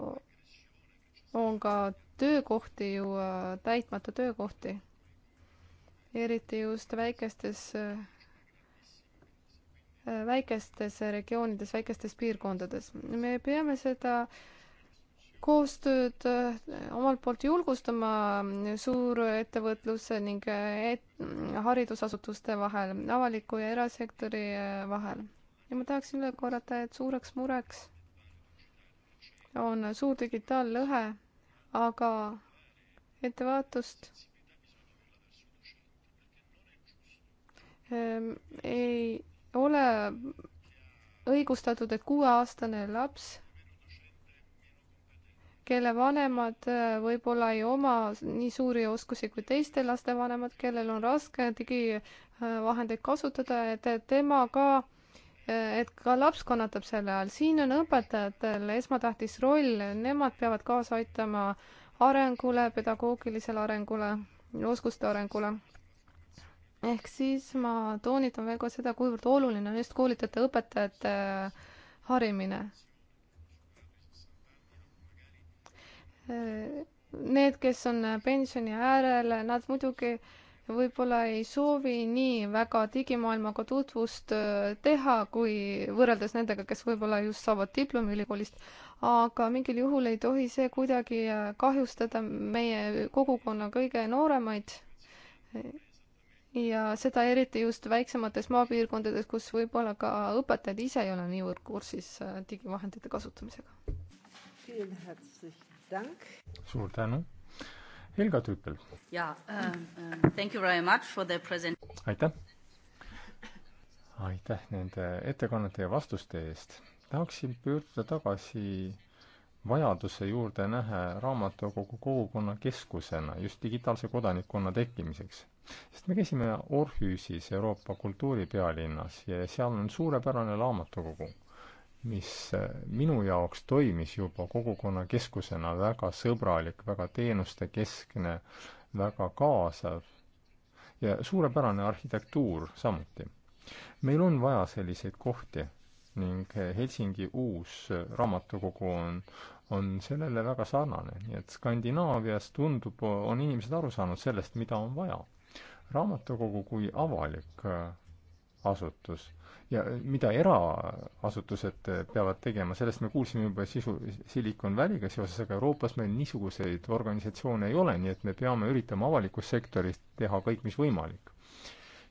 on ka töökohti ju, äh, täitmata töökohti. eriti just väikestes, väikestes regioonides, väikestes piirkondades. me peame seda öö, koostööd äh, omalt poolt julgustama suurettevõtluse ning äh, et, mm, haridusasutuste vahel, avaliku ja erasektori äh, vahel. ja ma tahaksin üle korrata, et suureks mureks on suur digitaallõhe, aga ettevaatust ähm, ei ole õigustatud, et kuueaastane laps kelle vanemad äh, võib-olla ei oma nii suuri oskusi kui teiste laste vanemad, kellel on raske digivahendeid äh, kasutada, et tema ka, äh, et ka laps kannatab selle all. siin on õpetajatel esmatähtis roll, nemad peavad kaasa aitama arengule, pedagoogilisele arengule, oskuste arengule. ehk siis ma toonitan veel kord seda, kuivõrd oluline on just koolitajate, õpetajate harimine Need, kes on pensioni äärel, nad muidugi võib-olla ei soovi nii väga digimaailmaga tutvust äh, teha, kui võrreldes nendega, kes võib-olla just saavad diplomi ülikoolist, aga mingil juhul ei tohi see kuidagi äh, kahjustada meie kogukonna kõige nooremaid. ja seda eriti just väiksemates maapiirkondades, kus võib-olla ka õpetajad ise ei ole niivõrd kursis äh, digivahendite kasutamisega suur tänu. Helga Tüüpel. jaa, ähm, ähm, thank you very much for the present-. aitäh. aitäh nende ettekannete ja vastuste eest. tahaksin pöörduda tagasi vajaduse juurde näha raamatukogu kogukonnakeskusena just digitaalse kodanikkonna tekkimiseks. sest me käisime Orhüsis, Euroopa kultuuripealinnas ja seal on suurepärane raamatukogu mis äh, minu jaoks toimis juba kogukonnakeskusena väga sõbralik, väga teenustekeskne, väga kaasav ja suurepärane arhitektuur samuti. meil on vaja selliseid kohti ning Helsingi uus raamatukogu on, on sellele väga sarnane, nii et Skandinaavias tundub, on inimesed aru saanud sellest, mida on vaja. raamatukogu kui avalik äh, asutus ja mida eraasutused peavad tegema, sellest me kuulsime juba sisu, Silicon Valley'ga seoses, aga Euroopas meil niisuguseid organisatsioone ei ole, nii et me peame üritama avalikus sektoris teha kõik, mis võimalik.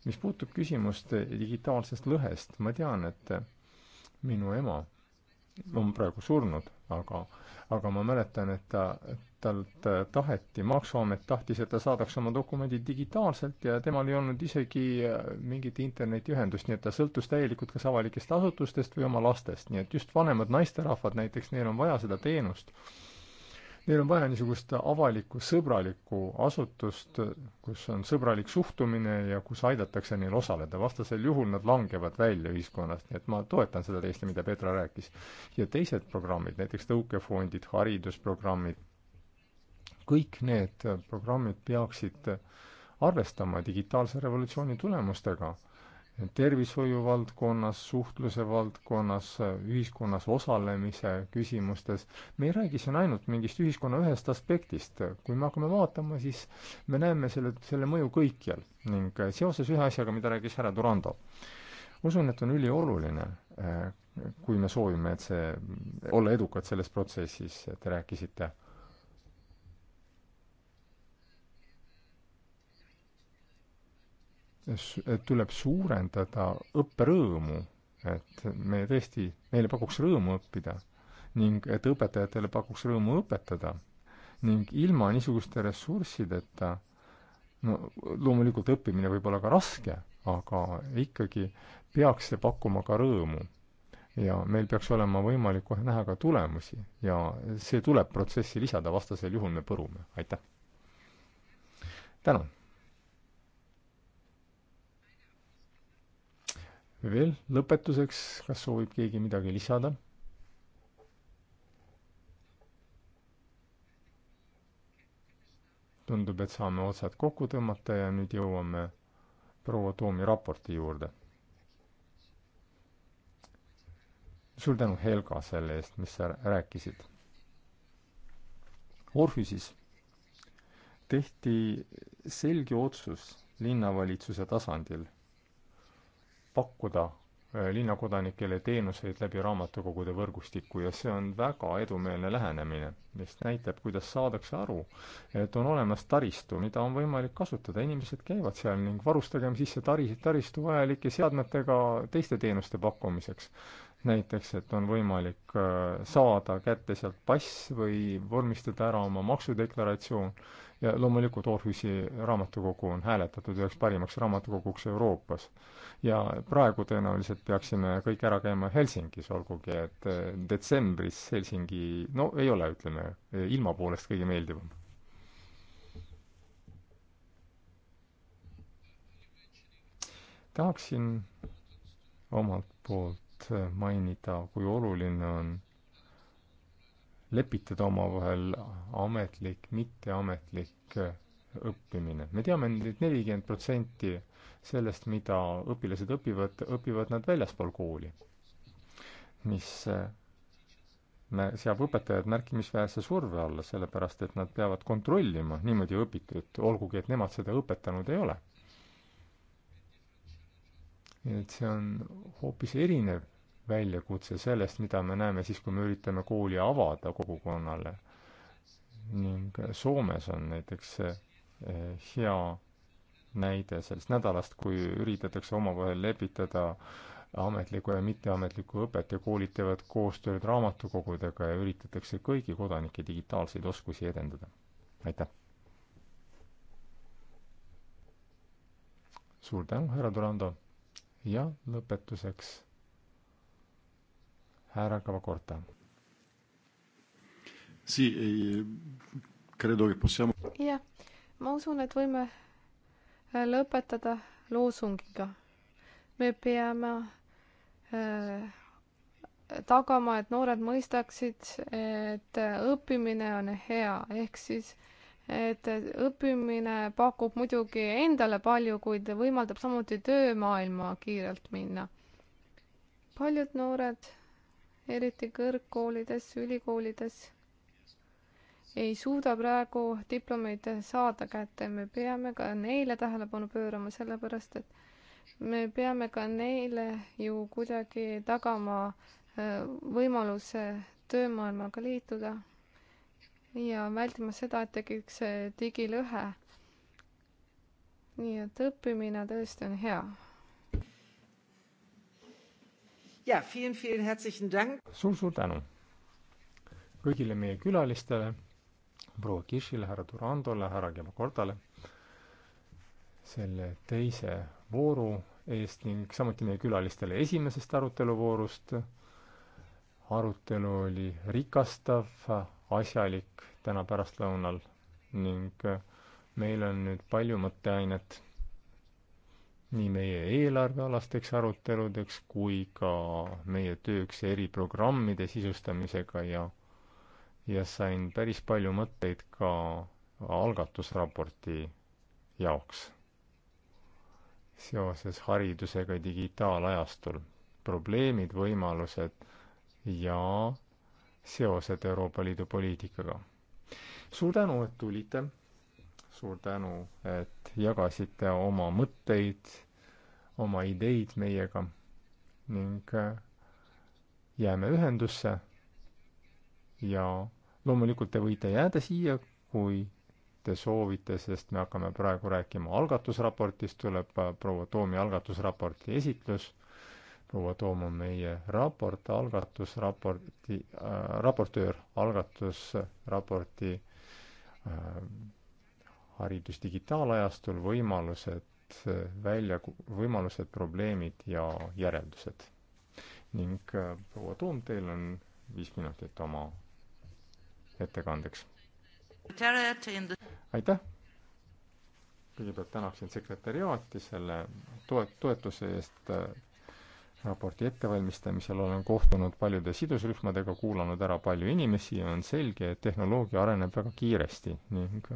mis puutub küsimust digitaalsest lõhest, ma tean, et minu ema on praegu surnud, aga, aga ma mäletan, et ta, talt äh, taheti, Maksuamet tahtis, et ta saadaks oma dokumendid digitaalselt ja temal ei olnud isegi äh, mingit internetiühendust, nii et ta sõltus täielikult kas avalikest asutustest või oma lastest, nii et just vanemad naisterahvad näiteks, neil on vaja seda teenust. Neil on vaja niisugust avalikku sõbralikku asutust, kus on sõbralik suhtumine ja kus aidatakse neil osaleda, vastasel juhul nad langevad välja ühiskonnast, nii et ma toetan seda täiesti, mida Petra rääkis. ja teised programmid, näiteks tõukefondid, haridusprogrammid, kõik need programmid peaksid arvestama digitaalse revolutsiooni tulemustega tervishoiu valdkonnas, suhtluse valdkonnas, ühiskonnas osalemise küsimustes. me ei räägi siin ainult mingist ühiskonna ühest aspektist. kui me hakkame vaatama, siis me näeme selle, selle mõju kõikjal ning seoses ühe asjaga, mida rääkis härra Durando, usun, et on ülioluline, eh, kui me soovime, et see, olla edukad selles protsessis, te rääkisite tuleb suurendada õpperõõmu, et me tõesti, meile pakuks rõõmu õppida ning et õpetajatele pakuks rõõmu õpetada ning ilma niisuguste ressurssideta, no loomulikult õppimine võib olla ka raske, aga ikkagi peaks see pakkuma ka rõõmu. ja meil peaks olema võimalik kohe näha ka tulemusi ja see tuleb protsessi lisada, vastasel juhul me põrume, aitäh! tänan! veel lõpetuseks, kas soovib keegi midagi lisada? tundub, et saame otsad kokku tõmmata ja nüüd jõuame proua Toomi raporti juurde. suur tänu, Helga, selle eest, mis sa rääkisid. Orhüsis tehti selge otsus linnavalitsuse tasandil pakkuda äh, linnakodanikele teenuseid läbi raamatukogude võrgustiku ja see on väga edumeelne lähenemine, mis näitab, kuidas saadakse aru, et on olemas taristu, mida on võimalik kasutada, inimesed käivad seal ning varustagem siis see tari, taristu vajalike seadmetega teiste teenuste pakkumiseks. näiteks, et on võimalik äh, saada kätte sealt pass või vormistada ära oma maksudeklaratsioon ja loomulikult Orhusi raamatukogu on hääletatud üheks parimaks raamatukoguks Euroopas ja praegu tõenäoliselt peaksime kõik ära käima Helsingis, olgugi et eh, detsembris Helsingi, no ei ole, ütleme, eh, ilma poolest kõige meeldivam. tahaksin omalt poolt eh, mainida, kui oluline on lepitada omavahel ametlik, mitteametlik õppimine. me teame nüüd, et nelikümmend protsenti sellest, mida õpilased õpivad, õpivad nad väljaspool kooli, mis eh, seab õpetajad märkimisväärse surve alla, sellepärast et nad peavad kontrollima niimoodi õpitut, olgugi et nemad seda õpetanud ei ole. nii et see on hoopis erinev väljakutse sellest, mida me näeme siis, kui me üritame kooli avada kogukonnale. ning Soomes on näiteks eh, hea näide sellest nädalast, kui üritatakse omavahel lepitada ametlikku ja mitteametlikku õpet ja koolid teevad koostööd raamatukogudega ja üritatakse kõigi kodanike digitaalseid oskusi edendada. aitäh! suur tänu, härra Durando! ja lõpetuseks härra Kavakorta. Eh, jah, ma usun, et võime lõpetada loosungiga. me peame äh, tagama, et noored mõistaksid, et õppimine on hea, ehk siis et õppimine pakub muidugi endale palju, kuid võimaldab samuti töömaailma kiirelt minna. paljud noored, eriti kõrgkoolides, ülikoolides ei suuda praegu diplomeid saada kätte, me peame ka neile tähelepanu pöörama, sellepärast et me peame ka neile ju kuidagi tagama äh, võimaluse töömaailmaga liituda ja vältima seda, et tekiks äh, digilõhe. nii et õppimine tõesti on hea. ja, suur-suur tänu kõigile meie külalistele proua Kishile, härra Durandole, härra Gemacordale selle teise vooru eest ning samuti meie külalistele esimesest aruteluvoorust. arutelu oli rikastav, asjalik täna pärastlõunal ning meil on nüüd palju mõtteainet nii meie eelarvealasteks aruteludeks kui ka meie tööks eriprogrammide sisustamisega ja ja sain päris palju mõtteid ka algatusraporti jaoks seoses haridusega digitaalajastul, probleemid, võimalused ja seosed Euroopa Liidu poliitikaga. suur tänu, et tulite, suur tänu, et jagasite oma mõtteid, oma ideid meiega ning jääme ühendusse ja loomulikult te võite jääda siia, kui te soovite, sest me hakkame praegu rääkima algatusraportist, tuleb äh, proua Toomi algatusraporti esitlus. proua Toom on meie raport, algatusraporti äh,, raportöör algatusraporti äh, haridus digitaalajastul, võimalused äh, välja, võimalused, probleemid ja järeldused. ning äh, proua Toom, teil on viis minutit oma ettekandeks. aitäh! kõigepealt tänaksin sekretäriaati selle toet-, toetuse eest äh, raporti ettevalmistamisel olen kohtunud paljude sidusrühmadega, kuulanud ära palju inimesi ja on selge, et tehnoloogia areneb väga kiiresti ning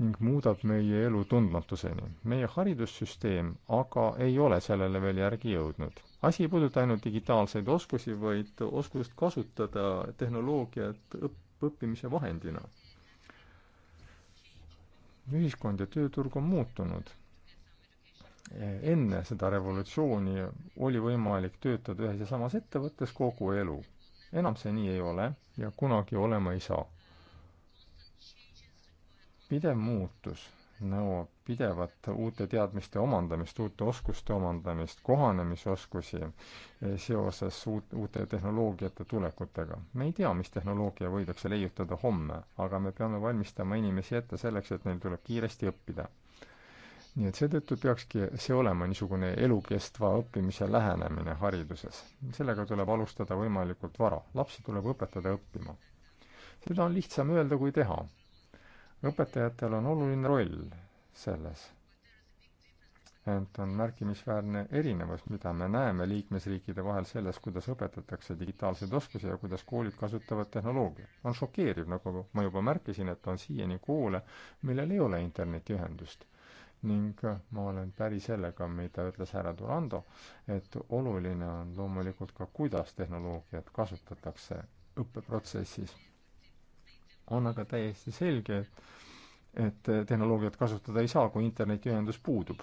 ning muudab meie elu tundmatuseni. meie haridussüsteem aga ei ole sellele veel järgi jõudnud. asi ei puuduta ainult digitaalseid oskusi, vaid oskust kasutada tehnoloogiat õpp-, õppimise vahendina. ühiskond ja tööturg on muutunud enne seda revolutsiooni oli võimalik töötada ühes ja samas ettevõttes kogu elu. enam see nii ei ole ja kunagi olema ei saa pidev muutus nõuab pidevat uute teadmiste omandamist, uute oskuste omandamist, kohanemisoskusi eh, seoses uut, uute tehnoloogiate tulekutega. me ei tea, mis tehnoloogia võidakse leiutada homme, aga me peame valmistama inimesi ette selleks, et neil tuleb kiiresti õppida. nii et seetõttu peakski see olema niisugune elukestva õppimise lähenemine hariduses. sellega tuleb alustada võimalikult vara, lapsi tuleb õpetada õppima. seda on lihtsam öelda kui teha õpetajatel on oluline roll selles. ent on märkimisväärne erinevus, mida me näeme liikmesriikide vahel selles, kuidas õpetatakse digitaalseid oskusi ja kuidas koolid kasutavad tehnoloogiat. on šokeeriv, nagu ma juba märkisin, et on siiani koole, millel ei ole internetiühendust ning ma olen päri sellega, mida ütles härra Durando, et oluline on loomulikult ka, kuidas tehnoloogiat kasutatakse õppeprotsessis on aga täiesti selge, et et tehnoloogiat kasutada ei saa, kui internetiühendus puudub.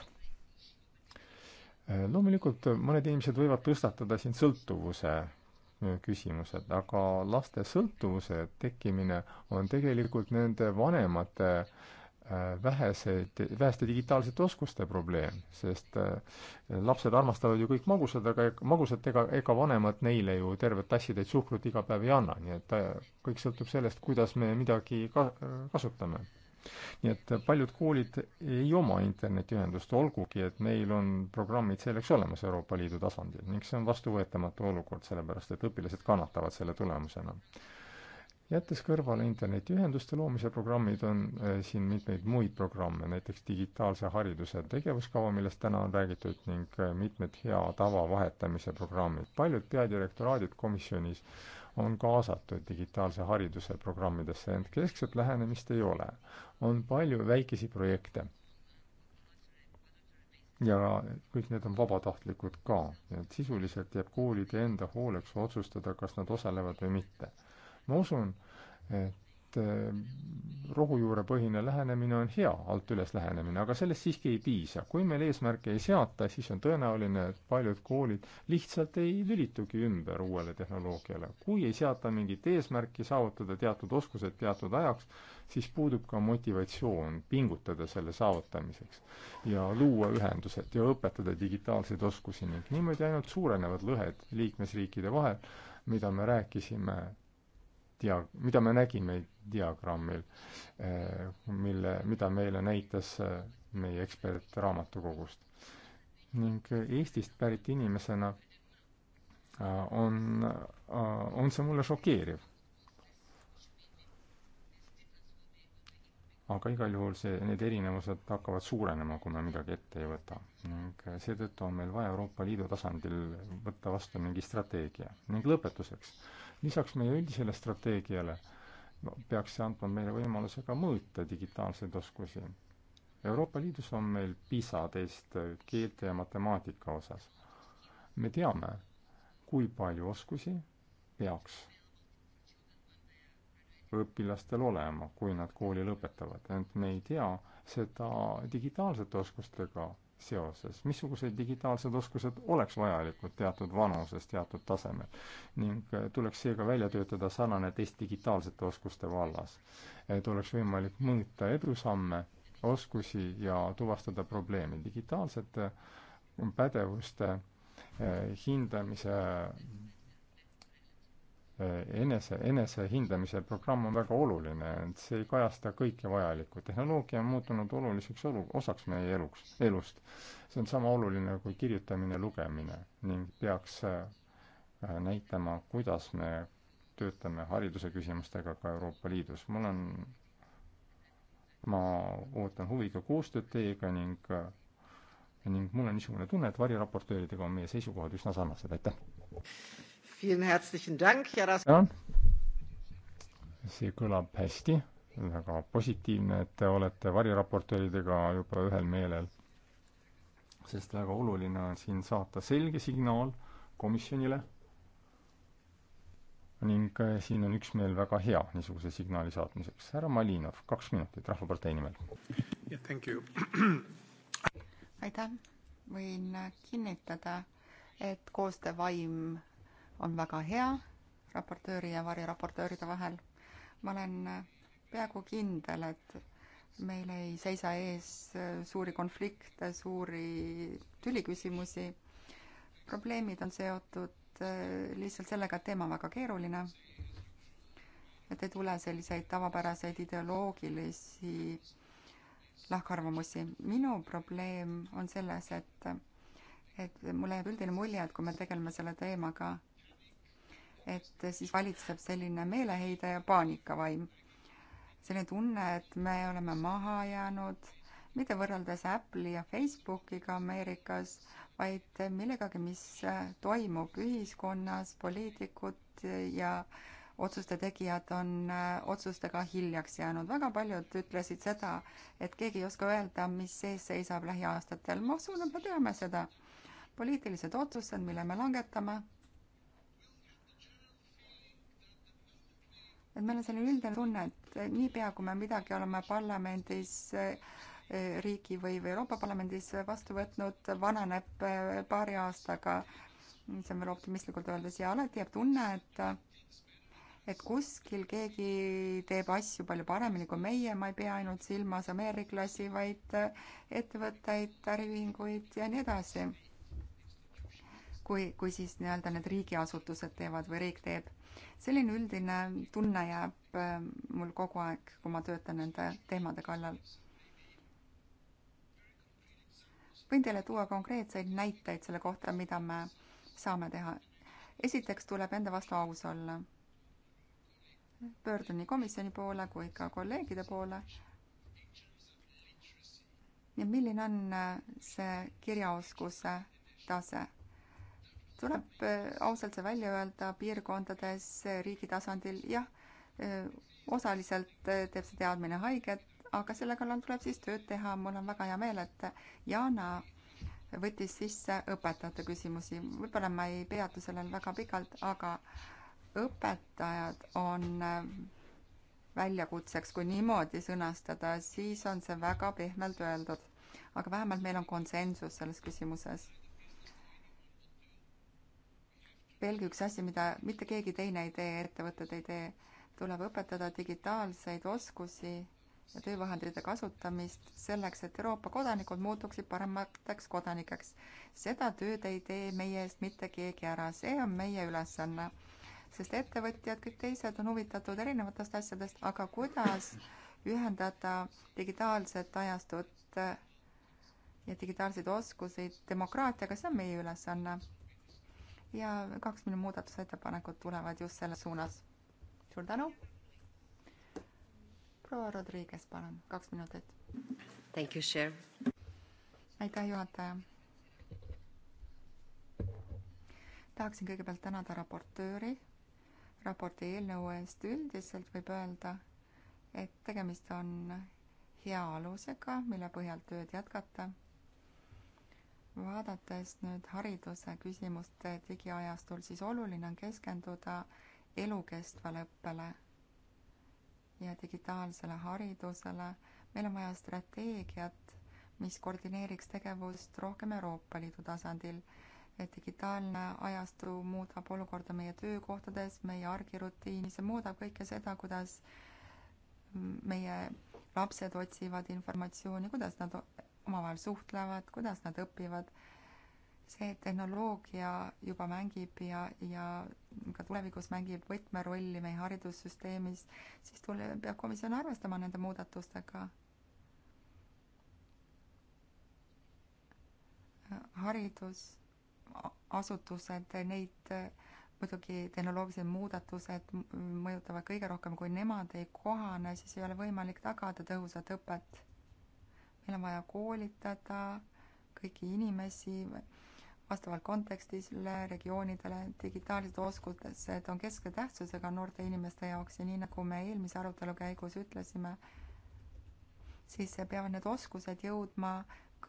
loomulikult mõned inimesed võivad tõstatada siin sõltuvuse küsimused, aga laste sõltuvuse tekkimine on tegelikult nende vanemate äh, väheseid, väheste digitaalsete oskuste probleem, sest äh, lapsed armastavad ju kõik magusad, aga magusat ega, ega vanemad neile ju tervet tassitäit suhkrut iga päev ei anna, nii et äh, kõik sõltub sellest, kuidas me midagi ka-, kasutame. nii et paljud koolid ei oma internetiühendust, olgugi et meil on programmid selleks olemas Euroopa Liidu tasandil ning see on vastuvõetamatu olukord, sellepärast et õpilased kannatavad selle tulemusena jättes kõrvale internetiühenduste loomise programmid, on eh, siin mitmeid muid programme, näiteks digitaalse hariduse tegevuskava, millest täna on räägitud, ning eh, mitmed hea tava vahetamise programmid. paljud peadirektoraadid komisjonis on kaasatud digitaalse hariduse programmidesse, ent keskset lähenemist ei ole. on palju väikesi projekte. ja kõik need on vabatahtlikud ka, nii et sisuliselt jääb koolide enda hooleks otsustada, kas nad osalevad või mitte ma usun, et äh, rohujuurepõhine lähenemine on hea, alt üles lähenemine, aga sellest siiski ei piisa. kui meil eesmärke ei seata, siis on tõenäoline, et paljud koolid lihtsalt ei lülitugi ümber uuele tehnoloogiale. kui ei seata mingit eesmärki saavutada teatud oskused teatud ajaks, siis puudub ka motivatsioon pingutada selle saavutamiseks ja luua ühendused ja õpetada digitaalseid oskusi ning niimoodi ainult suurenevad lõhed liikmesriikide vahel, mida me rääkisime dia-, mida me nägime diagrammil, eh, mille, mida meile näitas eh, meie ekspert raamatukogust. ning Eestist pärit inimesena eh, on, on see mulle šokeeriv. aga igal juhul see, need erinevused hakkavad suurenema, kui me midagi ette ei võta. ning seetõttu on meil vaja Euroopa Liidu tasandil võtta vastu mingi strateegia. ning lõpetuseks lisaks meie üldisele strateegiale peaks see andma meile võimaluse ka mõõta digitaalseid oskusi. Euroopa Liidus on meil PISA test keelte ja matemaatika osas. me teame, kui palju oskusi peaks õpilastel olema, kui nad kooli lõpetavad, ent me ei tea seda digitaalsete oskustega seoses, missugused digitaalsed oskused oleks vajalikud teatud vanuses, teatud tasemel. ning äh, tuleks seega välja töötada sarnane test digitaalsete oskuste vallas, et oleks võimalik mõõta edusamme, oskusi ja tuvastada probleeme. digitaalsete pädevuste äh, hindamise Äh, enese, enesehindamise programm on väga oluline, et see ei kajasta kõike vajalikku. tehnoloogia on muutunud oluliseks olu-, osaks meie eluks, elust. see on sama oluline kui kirjutamine, lugemine ning peaks äh, näitama, kuidas me töötame hariduse küsimustega ka Euroopa Liidus. mul on, ma ootan huviga koostööd teiega ning, äh, ning mul on niisugune tunne, et variraportööridega on meie seisukohad üsna sarnased, aitäh! jah, see kõlab hästi, väga positiivne, et te olete variraportööridega juba ühel meelel. sest väga oluline on siin saata selge signaal komisjonile ning äh, siin on üksmeel väga hea niisuguse signaali saatmiseks. härra Malinov, kaks minutit Rahvapartei nimel. jah, thank you. aitäh, võin kinnitada, et koostöövaim on väga hea raportööri ja variraportööride vahel. ma olen peaaegu kindel, et meil ei seisa ees suuri konflikte, suuri tüliküsimusi. probleemid on seotud äh, lihtsalt sellega, et teema on väga keeruline. et ei tule selliseid tavapäraseid ideoloogilisi lahkarvamusi. minu probleem on selles, et, et mulle jääb üldine mulje, et kui me tegeleme selle teemaga, et siis valitseb selline meeleheide ja paanikavaim. selline tunne, et me oleme maha jäänud, mitte võrreldes Apple'i ja Facebookiga Ameerikas, vaid millegagi, mis toimub ühiskonnas, poliitikud ja otsuste tegijad on otsustega hiljaks jäänud. väga paljud ütlesid seda, et keegi ei oska öelda, mis ees seisab lähiaastatel. ma usun, et me teame seda. poliitilised otsused, mille me langetame et meil on selline üldine tunne, et niipea, kui me midagi oleme parlamendis eh, riigi või, või Euroopa Parlamendis vastu võtnud, vananeb eh, paari aastaga, see on veel optimistlikult öeldes, ja alati jääb tunne, et et kuskil keegi teeb asju palju paremini kui meie, ma ei pea ainult silmas ameeriklasi, vaid eh, ettevõtteid, äriühinguid ja nii edasi. kui, kui siis nii-öelda need riigiasutused teevad või riik teeb selline üldine tunne jääb äh, mul kogu aeg, kui ma töötan nende teemade kallal. võin teile tuua konkreetseid näiteid selle kohta, mida me saame teha. esiteks tuleb enda vastu aus olla. pöördun nii komisjoni poole kui ka kolleegide poole. ja milline on äh, see kirjaoskuse tase? tuleb äh, ausalt see välja öelda piirkondades, äh, riigi tasandil, jah, äh, osaliselt teeb see teadmine haiget, aga selle kallal tuleb siis tööd teha, mul on väga hea meel, et Jana võttis sisse õpetajate küsimusi, võib-olla ma ei peatu sellel väga pikalt, aga õpetajad on väljakutseks, kui niimoodi sõnastada, siis on see väga pehmelt öeldud. aga vähemalt meil on konsensus selles küsimuses veelgi üks asi, mida mitte keegi teine ei tee, ettevõtted ei tee, tuleb õpetada digitaalseid oskusi ja töövahendite kasutamist selleks, et Euroopa kodanikud muutuksid paremateks kodanikeks. seda tööd ei tee meie eest mitte keegi ära, see on meie ülesanne. sest ettevõtjad, kõik teised on huvitatud erinevatest asjadest, aga kuidas ühendada digitaalset ajastut ja digitaalseid oskusi demokraatiaga, see on meie ülesanne ja kaks minu muudatusettepanekut tulevad just selles suunas. suur tänu. proua Rodriguez, palun, kaks minutit. Thank you, Cher. aitäh, juhataja. tahaksin kõigepealt tänada raportööri raporti eelnõu eest üldiselt võib öelda, et tegemist on hea alusega, mille põhjal tööd jätkata vaadates nüüd hariduse küsimust digiajastul, siis oluline on keskenduda elukestvale õppele ja digitaalsele haridusele. meil on vaja strateegiat, mis koordineeriks tegevust rohkem Euroopa Liidu tasandil. digitaalne ajastu muudab olukorda meie töökohtades, meie argirutiinis ja muudab kõike seda, kuidas meie lapsed otsivad informatsiooni, kuidas nad omavahel suhtlevad, kuidas nad õpivad. see tehnoloogia juba mängib ja, ja ka tulevikus mängib võtmerolli meie haridussüsteemis, siis tule, peab komisjon arvestama nende muudatustega. haridusasutused, neid muidugi tehnoloogilised muudatused mõjutavad kõige rohkem, kui nemad ei kohane, siis ei ole võimalik tagada tõhusat õpet meil on vaja koolitada kõiki inimesi vastavalt kontekstile, regioonidele, digitaalsed oskused on keskse tähtsusega noorte inimeste jaoks ja nii, nagu me eelmise arutelu käigus ütlesime, siis peavad need oskused jõudma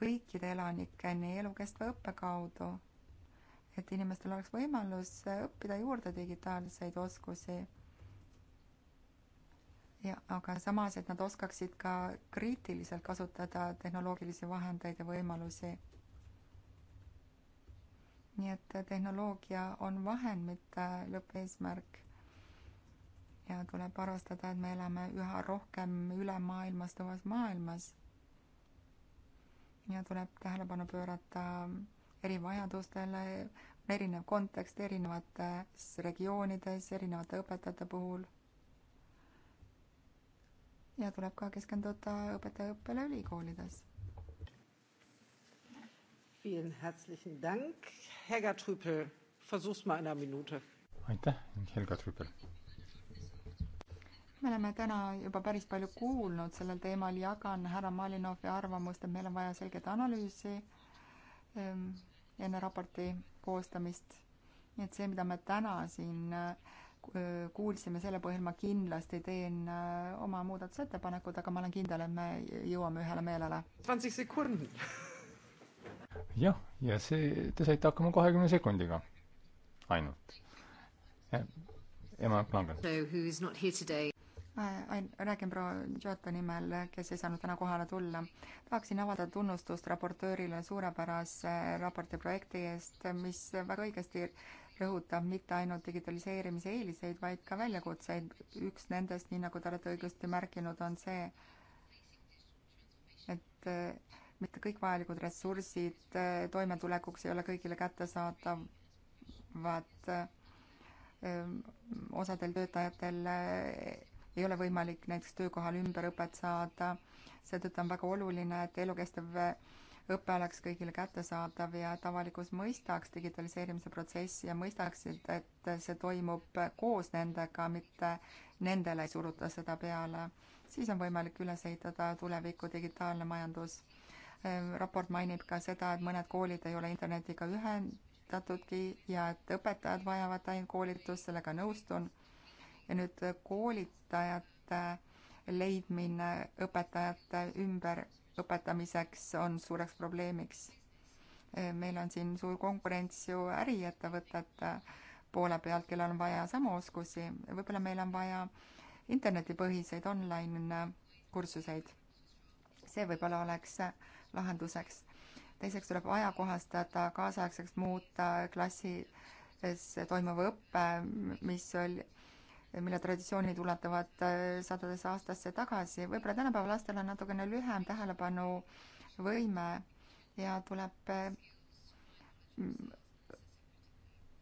kõikide elanikeni elukestva õppe kaudu. et inimestel oleks võimalus õppida juurde digitaalseid oskusi ja aga samas, et nad oskaksid ka kriitiliselt kasutada tehnoloogilisi vahendeid ja võimalusi. nii et tehnoloogia on vahend, mitte lõppeesmärk. ja tuleb arvestada, et me elame üha rohkem ülemaailmastuvas maailmas. ja tuleb tähelepanu pöörata erivajadustele, erinev kontekst erinevates regioonides, erinevate õpetajate puhul ja tuleb ka keskenduda õpetajaõppele ülikoolides. aitäh, Helga Trüpel. me oleme täna juba päris palju kuulnud sellel teemal, jagan härra Malinovi arvamust, et meil on vaja selget analüüsi ehm, enne raporti koostamist. nii et see, mida me täna siin äh, Äh, kuulsime, selle põhjal ma kindlasti teen äh, oma muudatusettepanekud, aga ma olen kindel, et me jõuame ühele meelele. jah, ja see, te saite hakkama kahekümne sekundiga ainult. ema Klangen no,. Ain-, räägin proua Giotto nimel, kes ei saanud täna kohale tulla. tahaksin avaldada tunnustust raportöörile suurepärase raporti projekti eest, mis väga õigesti rõhutab mitte ainult digitaliseerimise eeliseid, vaid ka väljakutseid. üks nendest, nii nagu te olete õigesti märkinud, on see, et eh, mitte kõik vajalikud ressursid eh, toimetulekuks ei ole kõigile kättesaadavad. Eh, osadel töötajatel ei ole võimalik näiteks töökohal ümberõpet saada, seetõttu on väga oluline, et elukestev õpe oleks kõigile kättesaadav ja et avalikkus mõistaks digitaliseerimise protsessi ja mõistaksid, et see toimub koos nendega, mitte nendele ei suruta seda peale. siis on võimalik üles ehitada tuleviku digitaalne majandus. Äh, raport mainib ka seda, et mõned koolid ei ole internetiga ühendatudki ja et õpetajad vajavad täiendkoolitust, sellega nõustun. ja nüüd koolitajate leidmine õpetajate ümber lõpetamiseks on suureks probleemiks. meil on siin suur konkurents ju äriettevõtete poole pealt, kellel on vaja samu oskusi, võib-olla meil on vaja internetipõhiseid online kursuseid. see võib-olla oleks lahenduseks. teiseks tuleb ajakohastada, kaasaegseks muuta klassis toimuva õppe, mis oli mille traditsioonid ulatuvad äh, sadadesse aastasse tagasi. võib-olla tänapäeva lastel on natukene lühem tähelepanuvõime ja tuleb äh,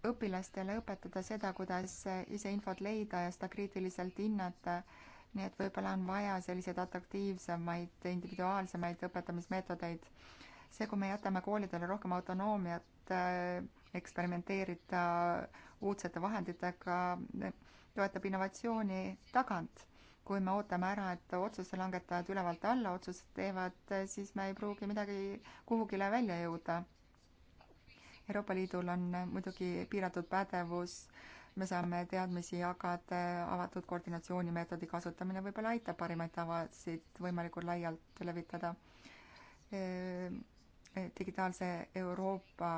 õpilastele õpetada seda, kuidas äh, ise infot leida ja seda kriitiliselt hinnata. nii et võib-olla on vaja selliseid atraktiivsemaid, individuaalsemaid õpetamismeetodeid. see, kui me jätame koolidele rohkem autonoomiat eksperimenteerida uudsete vahenditega, toetab innovatsiooni tagant. kui me ootame ära, et otsuse langetavad ülevalt alla otsused teevad, siis me ei pruugi midagi kuhugile välja jõuda. Euroopa Liidul on muidugi piiratud pädevus, me saame teadmisi jagada, avatud koordinatsioonimeetodi kasutamine võib-olla aitab parimaid tavasid võimalikult laialt levitada digitaalse Euroopa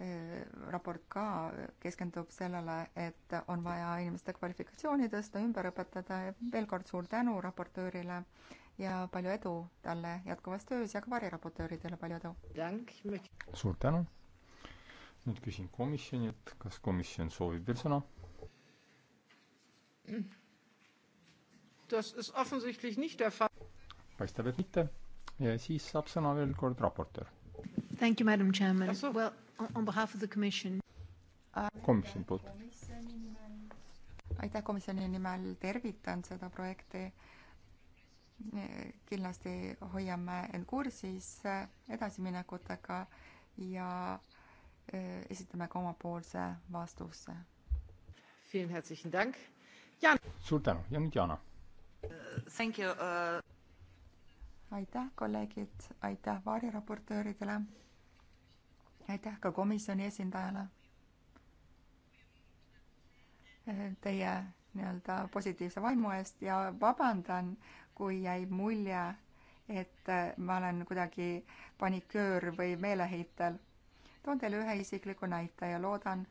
Äh, raport ka keskendub sellele, et on vaja inimeste kvalifikatsiooni tõsta, ümber õpetada ja veel kord suur tänu raportöörile ja palju edu talle jätkuvas töös ja ka variraportööridele palju edu! suur tänu! nüüd küsin komisjonilt, kas komisjon soovib veel sõna? paistab, et mitte. ja siis saab sõna veel kord raportöör. Thank you, madam chairman. Well on behalf of the commission. komisjoni poolt. aitäh komisjoni nimel, tervitan seda projekti. kindlasti hoiame end kursis edasiminekutega ja e, esitame ka omapoolse vastuse. suur tänu ja nüüd Jana. Uh- aitäh, kolleegid, aitäh variraportööridele aitäh ka komisjoni esindajale teie nii-öelda positiivse vaimu eest ja vabandan, kui jäi mulje, et ma olen kuidagi paniköör või meeleheitel. toon teile ühe isikliku näite ja loodan,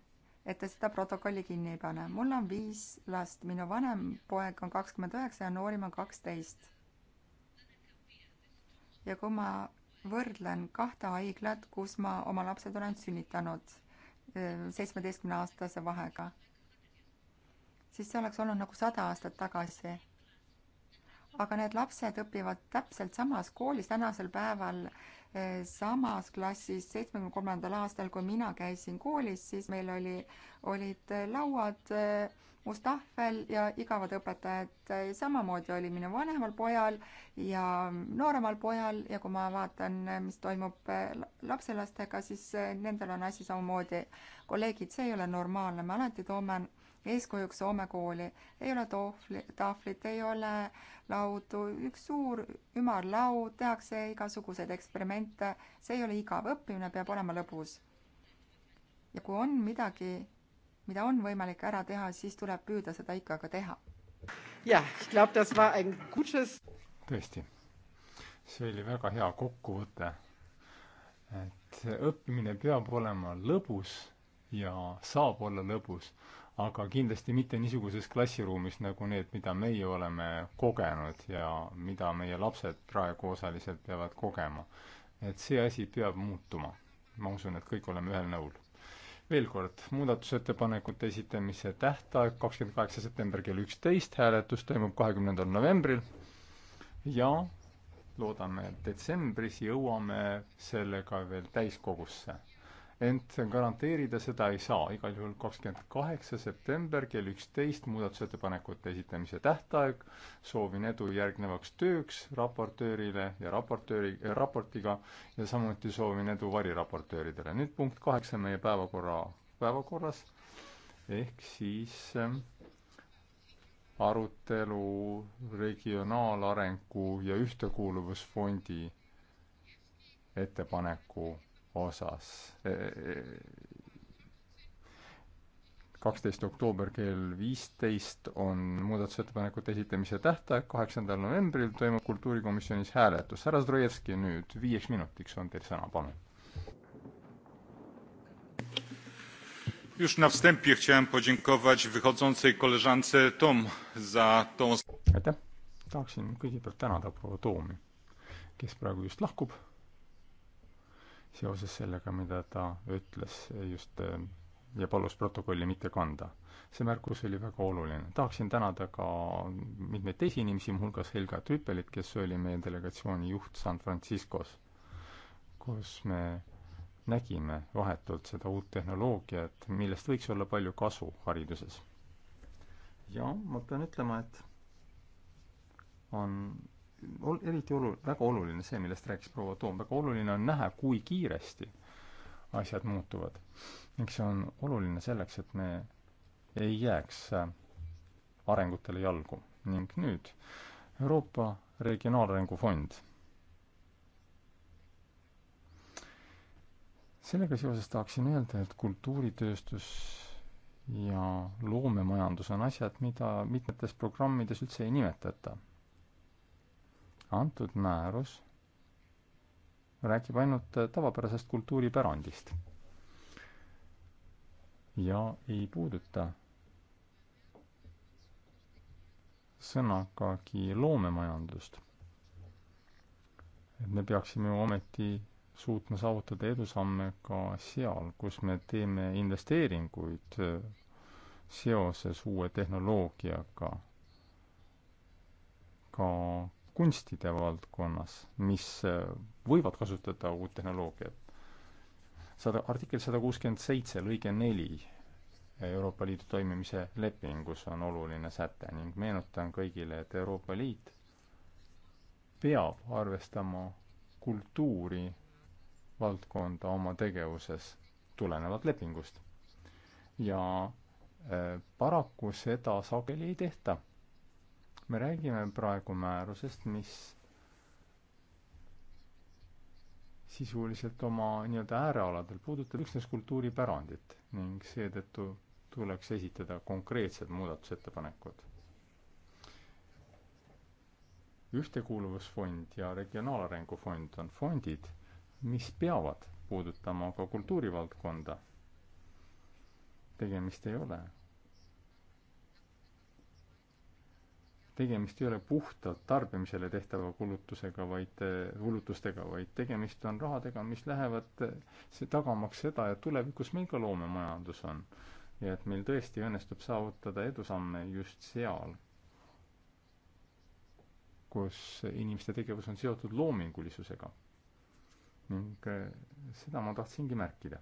et te seda protokolli kinni ei pane. mul on viis last, minu vanem poeg on kakskümmend üheksa ja noorim on kaksteist. ja kui ma võrdlen kahte haiglat, kus ma oma lapsed olen sünnitanud ehm, seitsmeteistkümne aastase vahega, siis see oleks olnud nagu sada aastat tagasi. aga need lapsed õpivad täpselt samas koolis tänasel päeval samas klassis seitsmekümne kolmandal aastal, kui mina käisin koolis, siis meil oli, olid lauad, äh, must tahvel ja igavad õpetajad. samamoodi oli minu vanemal pojal ja nooremal pojal ja kui ma vaatan, mis toimub äh, lapselastega, siis äh, nendel on asi samamoodi. kolleegid, see ei ole normaalne, me alati toome eeskujuks Soome kooli. ei ole tohvli, tahvlit, ei ole laudu, üks suur ümarlaud, tehakse igasuguseid eksperimente, see ei ole igav, õppimine peab olema lõbus. ja kui on midagi, mida on võimalik ära teha, siis tuleb püüda seda ikka ka teha. jah, tõesti, see oli väga hea kokkuvõte et õppimine peab olema lõbus ja saab olla lõbus, aga kindlasti mitte niisuguses klassiruumis nagu need, mida meie oleme kogenud ja mida meie lapsed praegu osaliselt peavad kogema. et see asi peab muutuma. ma usun, et kõik oleme ühel nõul. veel kord, muudatusettepanekute esitamise tähtaeg kakskümmend kaheksa september kell üksteist, hääletus toimub kahekümnendal novembril ja loodame, et detsembris jõuame sellega veel täiskogusse ent garanteerida seda ei saa. igal juhul kakskümmend kaheksa september kell üksteist muudatusettepanekute esitamise tähtaeg. soovin edu järgnevaks tööks raportöörile ja raportööri äh,, raportiga ja samuti soovin edu variraportööridele. nüüd punkt kaheksa meie päevakorra, päevakorras ehk siis äh, arutelu regionaalarengu ja ühtekuuluvusfondi ettepaneku osas. kaksteist oktoober kell viisteist on muudatusettepanekute esitamise tähtaeg, kaheksandal novembril toimub kultuurikomisjonis hääletus. härra Zdrojevski, nüüd viieks minutiks on teil sõna, palun. Już na wstępie chciałem podziękować wychodzącej koleżance Tom za tą... aitäh, tahaksin kõigepealt tänada proua Toomi, kes praegu just lahkub seoses sellega, mida ta ütles just ja palus protokolli mitte kanda. see märkus oli väga oluline. tahaksin tänada ka mitmeid teisi inimesi, muuhulgas Helga Trüppelit, kes oli meie delegatsiooni juht San Franciscos, kus me nägime vahetult seda uut tehnoloogiat, millest võiks olla palju kasu hariduses. ja ma pean ütlema, et on ol-, eriti olu-, väga oluline see, millest rääkis proua Toom, väga oluline on näha, kui kiiresti asjad muutuvad. eks see on oluline selleks, et me ei jääks äh, arengutele jalgu. ning nüüd Euroopa Regionaalarengu Fond. sellega seoses tahaksin öelda, et kultuuritööstus ja loomemajandus on asjad, mida mitmetes programmides üldse ei nimetata antud määrus räägib ainult tavapärasest kultuuripärandist ja ei puuduta sõnagagi loomemajandust. et me peaksime ju ometi suutma saavutada edusamme ka seal, kus me teeme investeeringuid seoses uue tehnoloogiaga, ka kunstide valdkonnas, mis äh, võivad kasutada uut tehnoloogiat. sada, artikkel sada kuuskümmend seitse lõige neli Euroopa Liidu toimimise lepingus on oluline säte ning meenutan kõigile, et Euroopa Liit peab arvestama kultuuri valdkonda oma tegevuses tulenevalt lepingust. ja äh, paraku seda sageli ei tehta me räägime praegu määrusest, mis sisuliselt oma nii-öelda äärealadel puudutab üksnes kultuuripärandit ning seetõttu tuleks esitada konkreetsed muudatusettepanekud. ühtekuuluvusfond ja Regionaalarengu Fond on fondid, mis peavad puudutama ka kultuurivaldkonda. tegemist ei ole tegemist ei ole puhtalt tarbimisele tehtava kulutusega, vaid, kulutustega, vaid tegemist on rahadega, mis lähevad see tagamaks seda, et tulevikus meil ka loomemajandus on. ja et meil tõesti õnnestub saavutada edusamme just seal, kus inimeste tegevus on seotud loomingulisusega. ning eh, seda ma tahtsingi märkida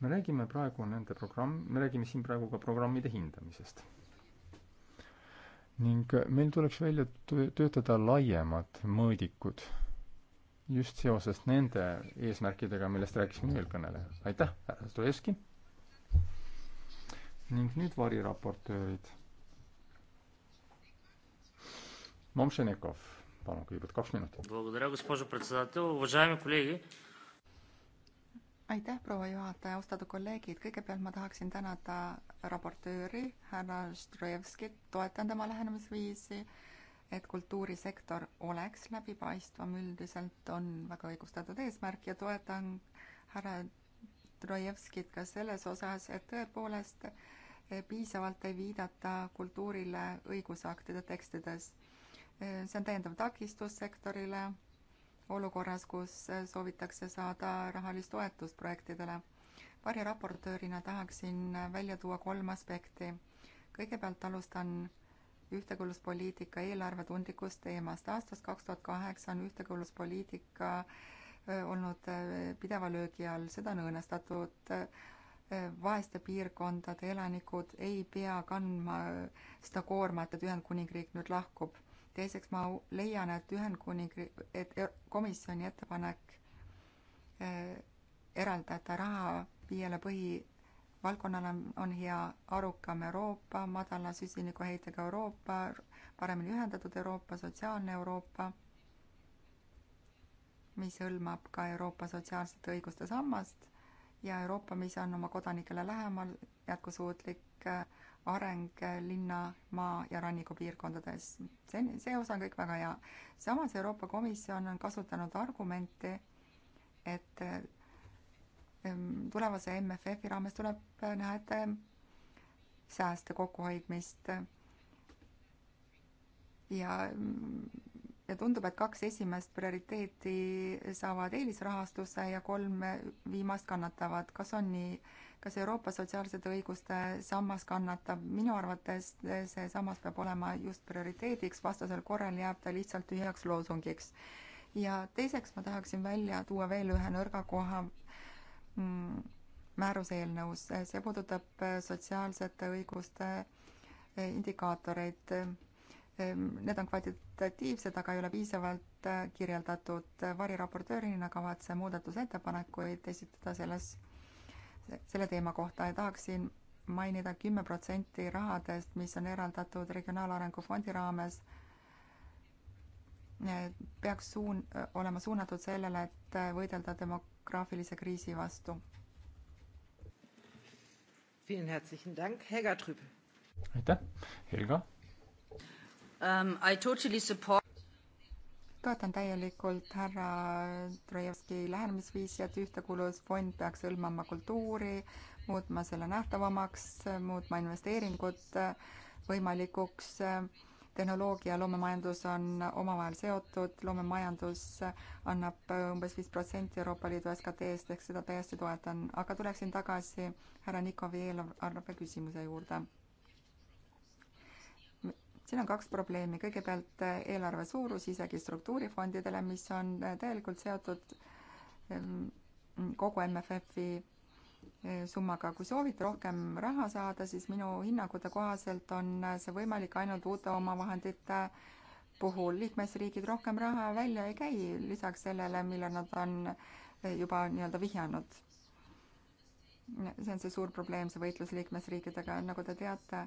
me räägime praegu nende programm, me räägime siin praegu ka programmide hindamisest. ning meil tuleks välja töötada laiemad mõõdikud just seoses nende eesmärkidega, millest rääkis minu eelkõneleja. aitäh, härra Zdrojevski! ning nüüd variraportöörid. Momšenikov, palun kõigepealt kaks minutit aitäh, proua juhataja, austatud kolleegid, kõigepealt ma tahaksin tänada raportööri härra Strojevskit, toetan tema lähenemisviisi, et kultuurisektor oleks läbipaistvam, üldiselt on väga õigustatud eesmärk ja toetan härra Strojevskit ka selles osas, et tõepoolest eh, piisavalt ei viidata kultuurile õigusaktide tekstides. Eh, see on täiendav takistus sektorile olukorras, kus soovitakse saada rahalist toetust projektidele. variraportöörina tahaksin välja tuua kolm aspekti. kõigepealt alustan ühtekuuluvuspoliitika eelarvetundlikust teemast. aastast kaks tuhat kaheksa on ühtekuuluvuspoliitika äh, olnud äh, pideva löögi all, seda on õõnestatud. Äh, vaeste piirkondade elanikud ei pea kandma seda koormat, et Ühendkuningriik nüüd lahkub teiseks ma leian, et Ühendkuningri-, et komisjoni ettepanek eh, eraldada raha viiele põhivaldkonnale on, on hea, arukam Euroopa, madala süsinikuheitega Euroopa, paremini ühendatud Euroopa, sotsiaalne Euroopa, mis hõlmab ka Euroopa sotsiaalsete õiguste sammast ja Euroopa, mis on oma kodanikele lähemal, jätkusuutlik äh, areng äh, linna, maa ja rannikupiirkondades. see, see osa on kõik väga hea. samas Euroopa Komisjon on kasutanud argumenti, et äh, tulevase MFF-i raames tuleb äh, näha ette sääste kokkuhoidmist. ja, ja tundub, et kaks esimest prioriteeti saavad eelisrahastuse ja kolm viimast kannatavad. kas on nii? kas Euroopa sotsiaalsete õiguste sammas kannatab. minu arvates see sammas peab olema just prioriteediks, vastasel korral jääb ta lihtsalt tühjaks loosungiks. ja teiseks ma tahaksin välja tuua veel ühe nõrga koha mm, määruse eelnõus, see puudutab äh, sotsiaalsete õiguste äh, indikaatoreid. Ähm, need on kvantitatiivsed, aga ei ole piisavalt äh, kirjeldatud. variraportöörina kavatse muudatusettepanekuid esitada selles selle teema kohta ja tahaksin mainida kümme protsenti rahadest, mis on eraldatud Regionaalarengu Fondi raames, peaks suun-, olema suunatud sellele, et võidelda demograafilise kriisi vastu. aitäh, Helga um,. I totally support toetan täielikult härra Trojevski lähenemisviisi, et ühtekuuluvusfond peaks hõlmama kultuuri, muutma selle nähtavamaks, muutma investeeringud võimalikuks. tehnoloogia ja loomemajandus on omavahel seotud, loomemajandus annab umbes viis protsenti Euroopa Liidu SKT-st ehk seda täiesti toetan, aga tuleksin tagasi härra Nikovi eelarve küsimuse juurde siin on kaks probleemi, kõigepealt eh, eelarve suurus isegi struktuurifondidele, mis on eh, täielikult seotud ehm, kogu MFF-i eh, summaga, kui soovite rohkem raha saada, siis minu hinnangute kohaselt on see võimalik ainult uute omavahendite puhul, liikmesriigid rohkem raha välja ei käi, lisaks sellele, mille nad on juba nii-öelda vihjanud. see on see suur probleem, see võitlus liikmesriikidega, nagu te teate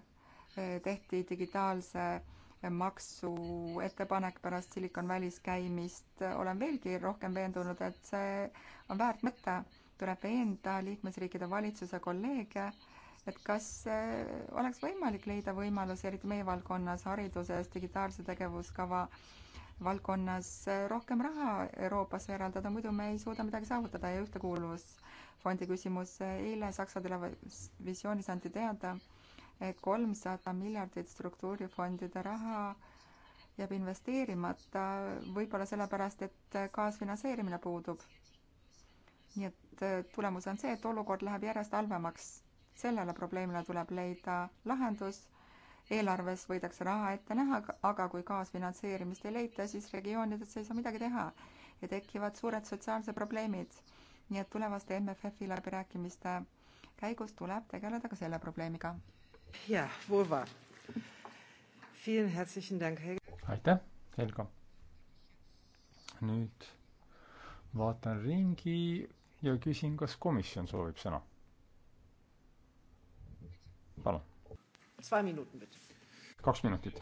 tehti digitaalse maksu ettepanek pärast Silicon Valley's käimist, olen veelgi rohkem veendunud, et see on väärt mõte. tuleb veenda liikmesriikide valitsuse kolleege, et kas eh, oleks võimalik leida võimalusi, eriti meie valdkonnas, hariduses, digitaalse tegevuskava valdkonnas, eh, rohkem raha Euroopasse eraldada, muidu me ei suuda midagi saavutada ja ühtekuuluvusfondi küsimus, eile Saksa televisioonis anti teada, kolmsada miljardit struktuurifondide raha jääb investeerimata, võib-olla sellepärast, et kaasfinantseerimine puudub. nii et äh, tulemus on see, et olukord läheb järjest halvemaks. sellele probleemile tuleb leida lahendus eelarves võidakse raha ette näha, aga kui kaasfinantseerimist ei leita, siis regioonides ei saa midagi teha ja tekivad suured sotsiaalsed probleemid. nii et tulevaste MFF-i läbirääkimiste käigus tuleb tegeleda ka selle probleemiga jah, Vova. aitäh, Helga. nüüd vaatan ringi ja küsin, kas komisjon soovib sõna. palun. kaks minutit.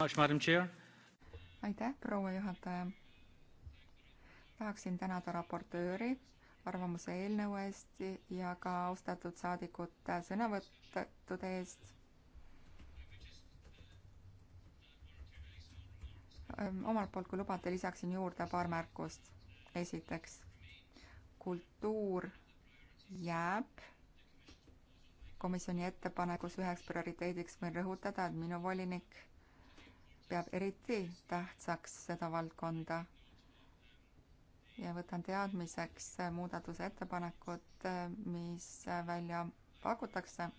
aitäh, proua juhataja. tahaksin tänada raportööri arvamuse eelnõu eest ja ka austatud saadikute sõnavõttude eest omalt poolt, kui lubate, lisaksin juurde paar märkust. esiteks, kultuur jääb komisjoni ettepanekus üheks prioriteediks, võin rõhutada, et minu volinik peab eriti tähtsaks seda valdkonda ja võtan teadmiseks muudatuse ettepanekud, mis välja pakutakse.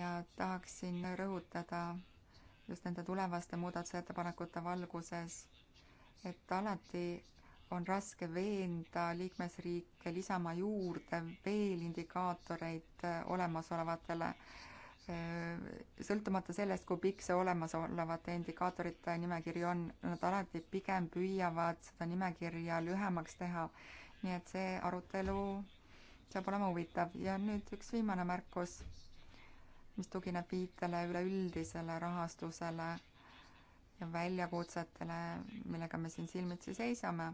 ja tahaksin rõhutada just nende tulevaste muudatusettepanekute valguses, et alati on raske veenda liikmesriike lisama juurde veel indikaatoreid olemasolevatele, sõltumata sellest, kui pikk see olemasolevate indikaatorite nimekiri on, nad alati pigem püüavad seda nimekirja lühemaks teha. nii et see arutelu saab olema huvitav ja nüüd üks viimane märkus mis tugineb viitele üleüldisele rahastusele ja väljakutsetele, millega me siin silmitsi seisame.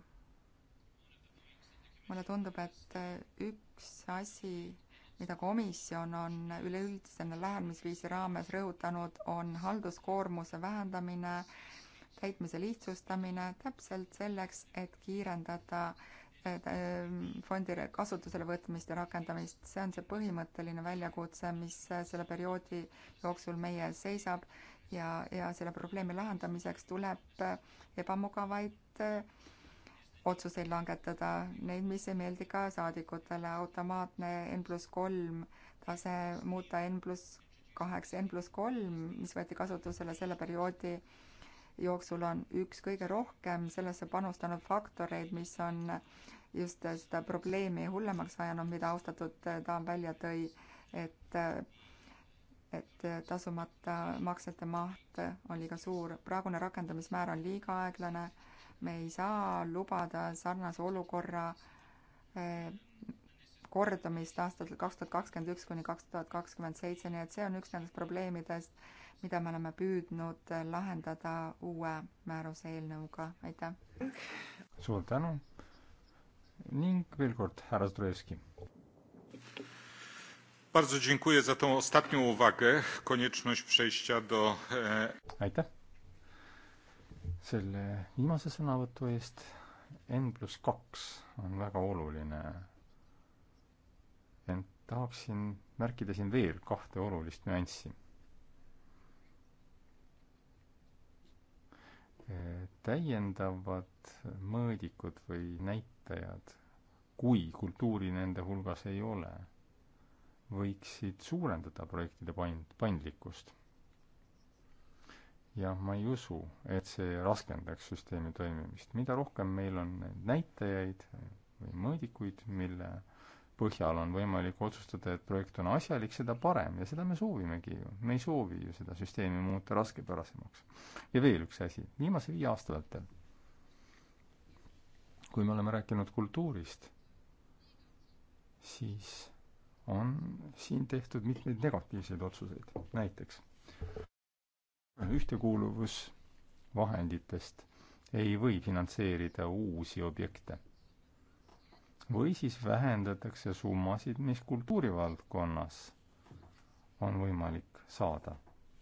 mulle tundub, et üks asi, mida komisjon on üleüldisena lähenemisviisi raames rõhutanud, on halduskoormuse vähendamine, täitmise lihtsustamine, täpselt selleks, et kiirendada äh, Äh, fondi kasutusele võtmist ja rakendamist, see on see põhimõtteline väljakutse, mis äh, selle perioodi jooksul meie ees seisab ja, ja selle probleemi lahendamiseks tuleb äh, ebamugavaid otsuseid langetada, neid, mis ei meeldi ka saadikutele, automaatne N pluss kolm tase muuta N pluss kaheks, N pluss kolm, mis võeti kasutusele selle perioodi äh, jooksul on üks kõige rohkem sellesse panustanud faktoreid, mis on just seda probleemi hullemaks ajanud, mida austatud daam välja tõi, et et tasumata maksete maht on liiga suur, praegune rakendamismäär on liiga aeglane, me ei saa lubada sarnase olukorra eh, kordumist aastatel kaks tuhat kakskümmend üks kuni kaks tuhat kakskümmend seitse, nii et see on üks nendest probleemidest, mida me oleme püüdnud lahendada uue määruse eelnõuga, aitäh! suur tänu ning veel kord härra Zdrojevski. Bardzo dziękuję za tą ostatnią uwagę, konieczność przejścia do e, aitäh selle viimase sõnavõtu eest. N pluss kaks on väga oluline. ent tahaksin märkida siin veel kahte olulist nüanssi täiendavad mõõdikud või näitajad, kui kultuuri nende hulgas ei ole, võiksid suurendada projektide paind, paindlikkust. ja ma ei usu, et see raskendaks süsteemi toimimist. mida rohkem meil on näitajaid või mõõdikuid, mille põhjal on võimalik otsustada, et projekt on asjalik, seda parem ja seda me soovimegi ju. me ei soovi ju seda süsteemi muuta raskepärasemaks. ja veel üks asi, viimase viie aasta vältel, kui me oleme rääkinud kultuurist, siis on siin tehtud mitmeid negatiivseid otsuseid, näiteks ühtekuuluvusvahenditest ei või finantseerida uusi objekte või siis vähendatakse summasid, mis kultuurivaldkonnas on võimalik saada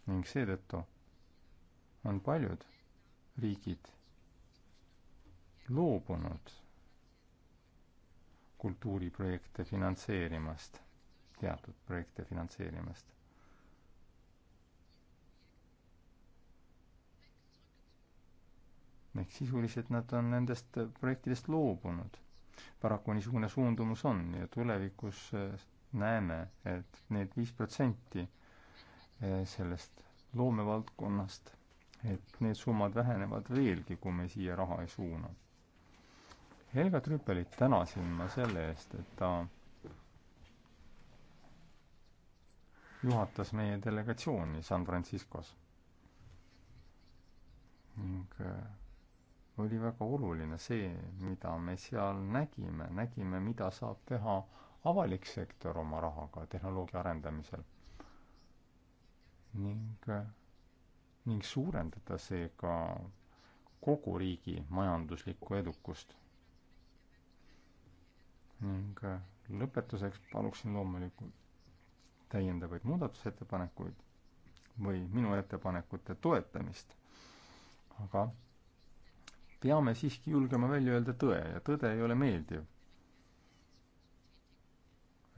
ning seetõttu on paljud riigid loobunud kultuuriprojekte finantseerimast, teatud projekte finantseerimast. ehk sisuliselt nad on nendest projektidest loobunud paraku niisugune suundumus on ja tulevikus eh, näeme, et need viis protsenti eh, sellest loomevaldkonnast, et need summad vähenevad veelgi, kui me siia raha ei suuna. Helga Trüppelit tänasin ma selle eest, et ta juhatas meie delegatsiooni San Franciscos ning eh, oli väga oluline see, mida me seal nägime, nägime, mida saab teha avalik sektor oma rahaga tehnoloogia arendamisel. ning, ning suurendada seega kogu riigi majanduslikku edukust. ning lõpetuseks paluksin loomulikult täiendavaid muudatusettepanekuid või minu ettepanekute toetamist, aga peame siiski julgema välja öelda tõe ja tõde ei ole meeldiv.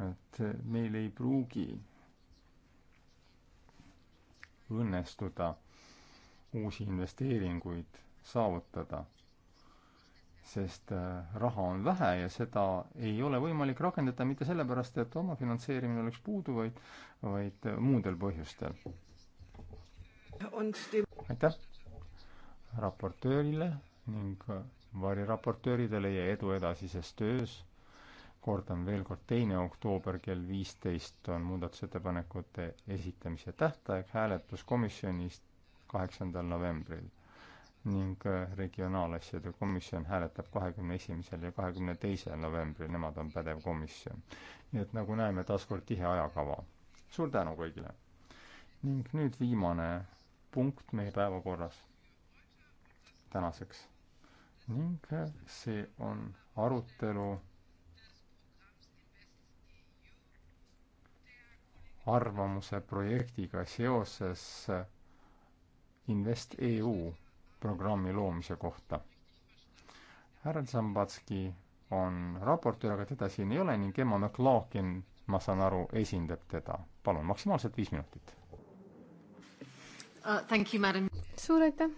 et meil ei pruugi õnnestuda uusi investeeringuid saavutada, sest äh, raha on vähe ja seda ei ole võimalik rakendada mitte sellepärast, et omafinantseerimine oleks puudu, vaid, vaid äh, muudel põhjustel. aitäh raportöörile ning äh, variraportööridele ja edu edasises töös. kordan veel kord, teine oktoober kell viisteist on muudatusettepanekute esitamise tähtaeg, hääletus komisjonis kaheksandal novembril ning äh, Regionaalasjade Komisjon hääletab kahekümne esimesel ja kahekümne teisel novembril, nemad on pädev komisjon. nii et nagu näeme, taaskord tihe ajakava. suur tänu kõigile! ning nüüd viimane punkt meie päevakorras tänaseks ning see on arutelu arvamuse projektiga seoses InvestEU programmi loomise kohta. härra Zambatski on raportöör, aga teda siin ei ole ning Emma McLaughlin, ma saan aru, esindab teda. palun, maksimaalselt viis minutit uh,. suur aitäh!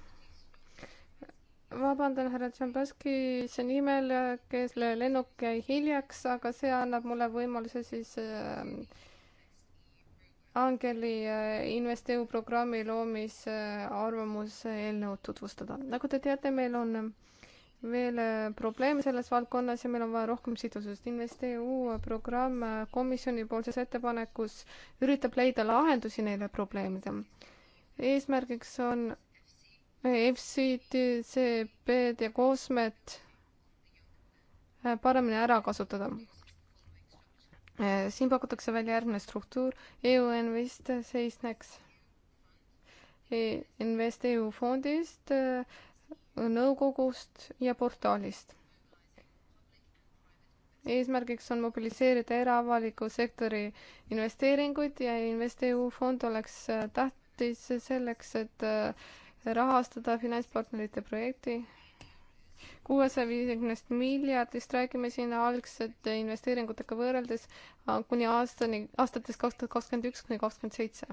vabandan härra Tšambaskise nimel, kes lennuk jäi hiljaks, aga see annab mulle võimaluse siis äh, Angeli äh, investeeringu programmi loomise äh, arvamuse eelnõu tutvustada. nagu te teate, meil on veel äh, probleeme selles valdkonnas ja meil on vaja rohkem sidusust. investeeringu äh, programm äh, komisjonipoolses ettepanekus üritab leida lahendusi neile probleemidele. eesmärgiks on E FC-d, CP-d ja koosmet äh, paremini ära kasutada. Äh, siin pakutakse välja järgmine struktuur, EU Invest seisneks e Invest EU fondist, äh, nõukogust ja portaalist eesmärgiks on mobiliseerida eraavaliku sektori investeeringuid ja InvestEU fond oleks tähtis selleks, et rahastada finantspartnerite projekti. kuuesaja viiekümnest miljardist räägime siin algsete investeeringutega võrreldes kuni aastani, aastatest kaks tuhat kakskümmend üks kuni kakskümmend seitse.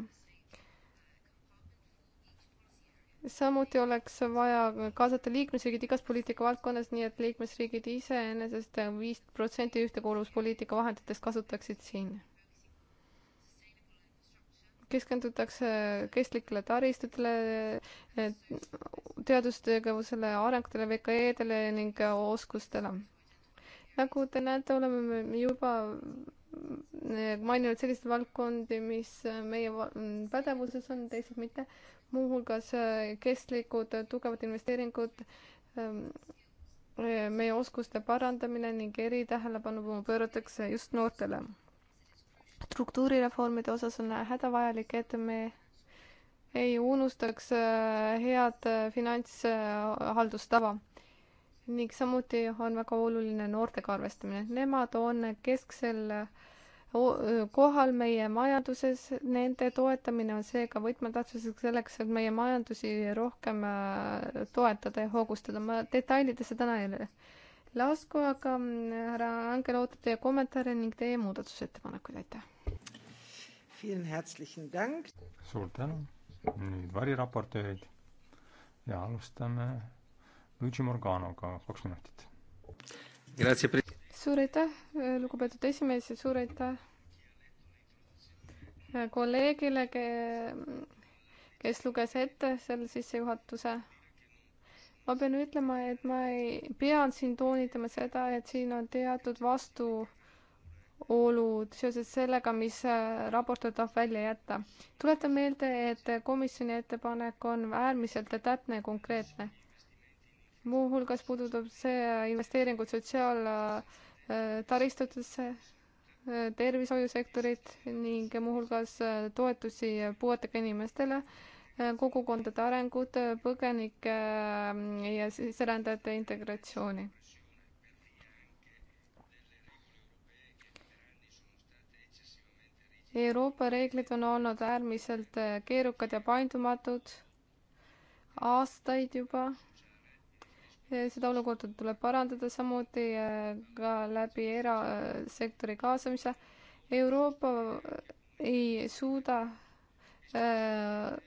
samuti oleks vaja kaasata liikmesriigid igas poliitikavaldkonnas, nii et liikmesriigid iseenesest viis protsenti ühtekuuluvuspoliitika vahenditest kasutaksid siin keskendutakse kestlikele taristutele, teadustegevusele, arengutele, VKE-dele ning oskustele. nagu te näete, oleme me juba maininud selliseid valdkondi, mis meie pädevuses on, teised mitte, muuhulgas äh, kestlikud tugevad investeeringud, ähm, äh, meie oskuste parandamine ning eritähelepanu pööratakse just noortele struktuurireformide osas on hädavajalik, et me ei unustaks äh, head äh, finantshaldustava ning samuti on väga oluline noortega arvestamine. Nemad on kesksel äh, kohal meie majanduses, nende toetamine on seega võtmetähtsusega selleks, et meie majandusi rohkem toetada ja hoogustada. ma detailidesse täna ei Lasku, aga mm, härra Ankel ootab teie kommentaare ning teie muudatusettepanekuid, aitäh! suur tänu, nüüd variraportöörid ja alustame Luigi Morganoga, kaks minutit. suur aitäh, lugupeetud esimees ja suur aitäh kolleegile, kes luges ette selle sissejuhatuse ma pean ütlema, et ma ei, pean siin toonitama seda, et siin on teatud vastuolud seoses sellega, mis raport tahab välja jätta. tuletan meelde, et komisjoni ettepanek on äärmiselt täpne ja konkreetne. muuhulgas puudutab see investeeringut sotsiaaltaristutesse, tervishoiusektorit ning muuhulgas toetusi puuetega inimestele kogukondade arengut, põgenike äh, ja sisserändajate integratsiooni. Euroopa reeglid on olnud äärmiselt äh, keerukad ja paindumatud aastaid juba. seda olukorda tuleb parandada samuti äh, ka läbi erasektori kaasamise. Euroopa ei suuda Äh,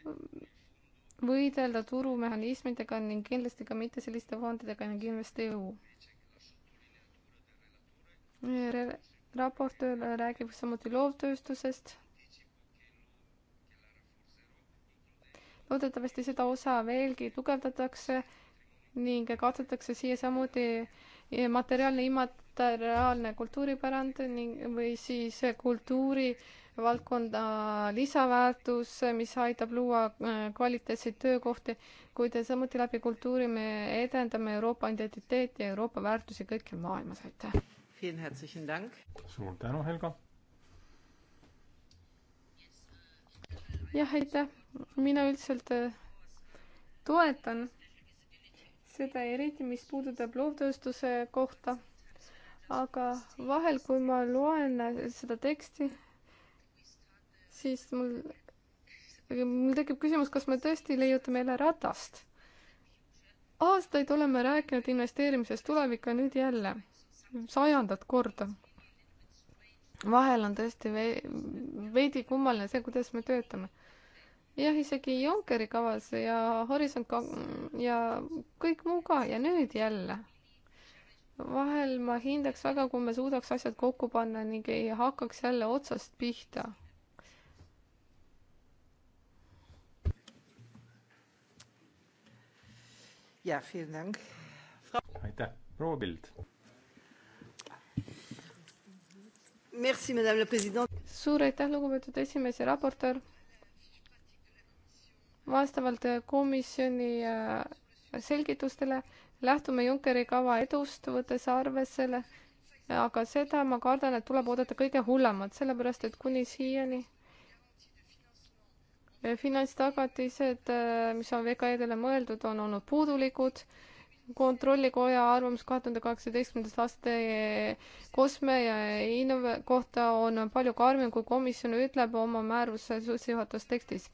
võidelda turumehhanismidega ning kindlasti ka mitte selliste fondidega nagu InvestEU. raportöör räägib samuti loovtööstusest. loodetavasti seda osa veelgi tugevdatakse ning katsutakse siia samuti materiaalne, immateriaalne kultuuripärand ning, või siis kultuuri äh, valdkonda lisaväärtus, mis aitab luua äh, kvaliteetseid töökohti, kuid samuti läbi kultuuri me edendame Euroopa identiteeti ja Euroopa väärtusi kõikjal maailmas, aitäh! suur tänu, Helga! jah, aitäh! mina üldiselt äh, toetan seda, eriti mis puudutab loovtööstuse kohta, aga vahel, kui ma loen äh, seda teksti, siis mul, mul tekib küsimus, kas me tõesti leiutame jälle ratast. aastaid oleme rääkinud investeerimisest tulevikku ja nüüd jälle, sajandat korda. vahel on tõesti veidi kummaline see, kuidas me töötame jah, isegi Junckeri kavas ja Horisont ka- ja kõik muu ka ja nüüd jälle. vahel ma hindaks väga, kui me suudaks asjad kokku panna ning ei hakkaks jälle otsast pihta. aitäh, proua Pild. suur aitäh, lugupeetud esimees ja raportöör. vastavalt komisjoni äh, selgitustele lähtume Junckeri kava edust, võttes arvesse, aga seda ma kardan, et tuleb oodata kõige hullemat, sellepärast et kuni siiani finantstagatised, äh, mis on VKE-dele mõeldud, on olnud puudulikud. kontrollikoja arvamus kahe tuhande kaheksateistkümnendast aasta kosme ja innov kohta on palju karmim, kui komisjon ütleb oma määruse sissejuhatustekstis.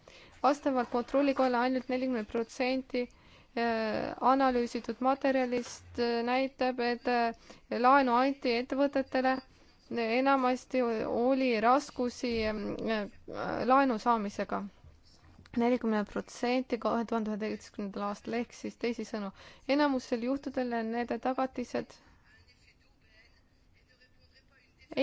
vastavalt kontrollikojale ainult nelikümmend protsenti äh, analüüsitud materjalist äh, näitab, et laenu anti ettevõtetele enamasti oli raskusi laenu saamisega nelikümmend protsenti kahe tuhande üheteistkümnendal aastal, ehk siis teisisõnu, enamusel juhtudel need tagatised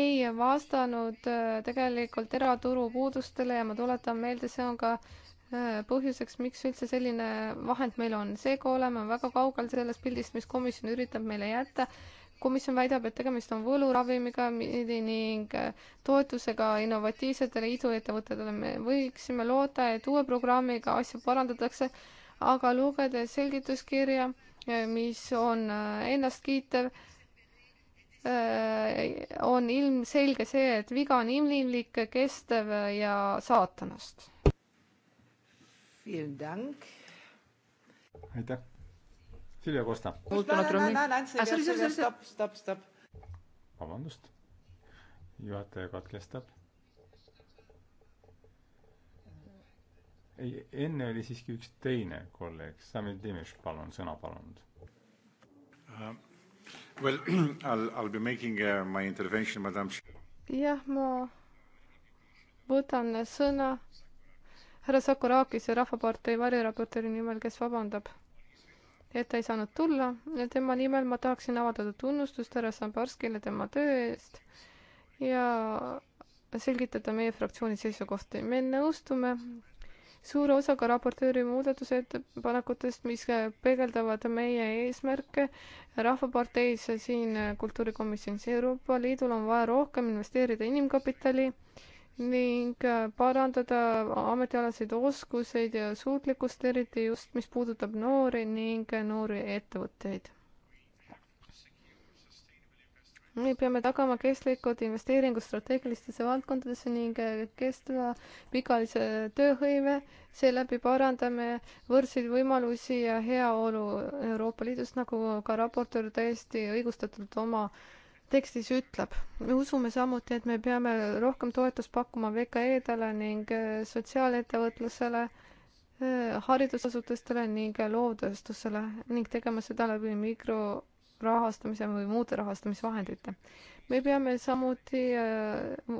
ei vastanud äh, tegelikult eraturu puudustele ja ma tuletan meelde, see on ka äh, põhjuseks, miks üldse selline vahend meil on. seega oleme väga kaugel sellest pildist, mis komisjon üritab meile jätta komisjon väidab, et tegemist on võluravimiga ning äh, toetusega innovatiivsetele iduettevõtetele. me võiksime loota, et uue programmiga asju parandatakse, aga lugedes selgituskirja, äh, mis on äh, ennastkiitev, on ilmselge see, et viga on inimlik, kestev ja saatanast. aitäh! Silvia Kosta. muutunud ruumi. vabandust, juhataja katkestab. ei, enne oli siiski üks teine kolleeg, Samil Dimiš, palun, sõna palunud uh,. Well, I'll, I'll be making uh, my intervention, madam. jah, ma võtan sõna härra Sakuraakis ja Rahvapartei variraportööri nimel, kes vabandab et ta ei saanud tulla ja tema nimel ma tahaksin avaldada tunnustust härra Sambarskile tema töö eest ja selgitada meie fraktsiooni seisukohti. me nõustume suure osaga raportööri muudatusettepanekutest, mis peegeldavad meie eesmärke Rahvaparteis siin kultuurikomisjonis. Euroopa Liidul on vaja rohkem investeerida inimkapitali ning äh, parandada ametialaseid oskuseid ja suutlikkust, eriti just, mis puudutab noori ning äh, noori ettevõtteid. me peame tagama kestlikud investeeringud strateegilistesse valdkondadesse ning äh, kestva pikaajalise tööhõive, seeläbi parandame võrdseid võimalusi ja heaolu Euroopa Liidus, nagu ka raportöör täiesti õigustatult oma äh, tekstis ütleb. me usume samuti, et me peame rohkem toetust pakkuma VKE-dele ning äh, sotsiaalettevõtlusele, äh, haridusasutustele ning loovtööstusele ning tegema seda läbi mikrorahastamise või muude rahastamisvahendite. me peame samuti äh,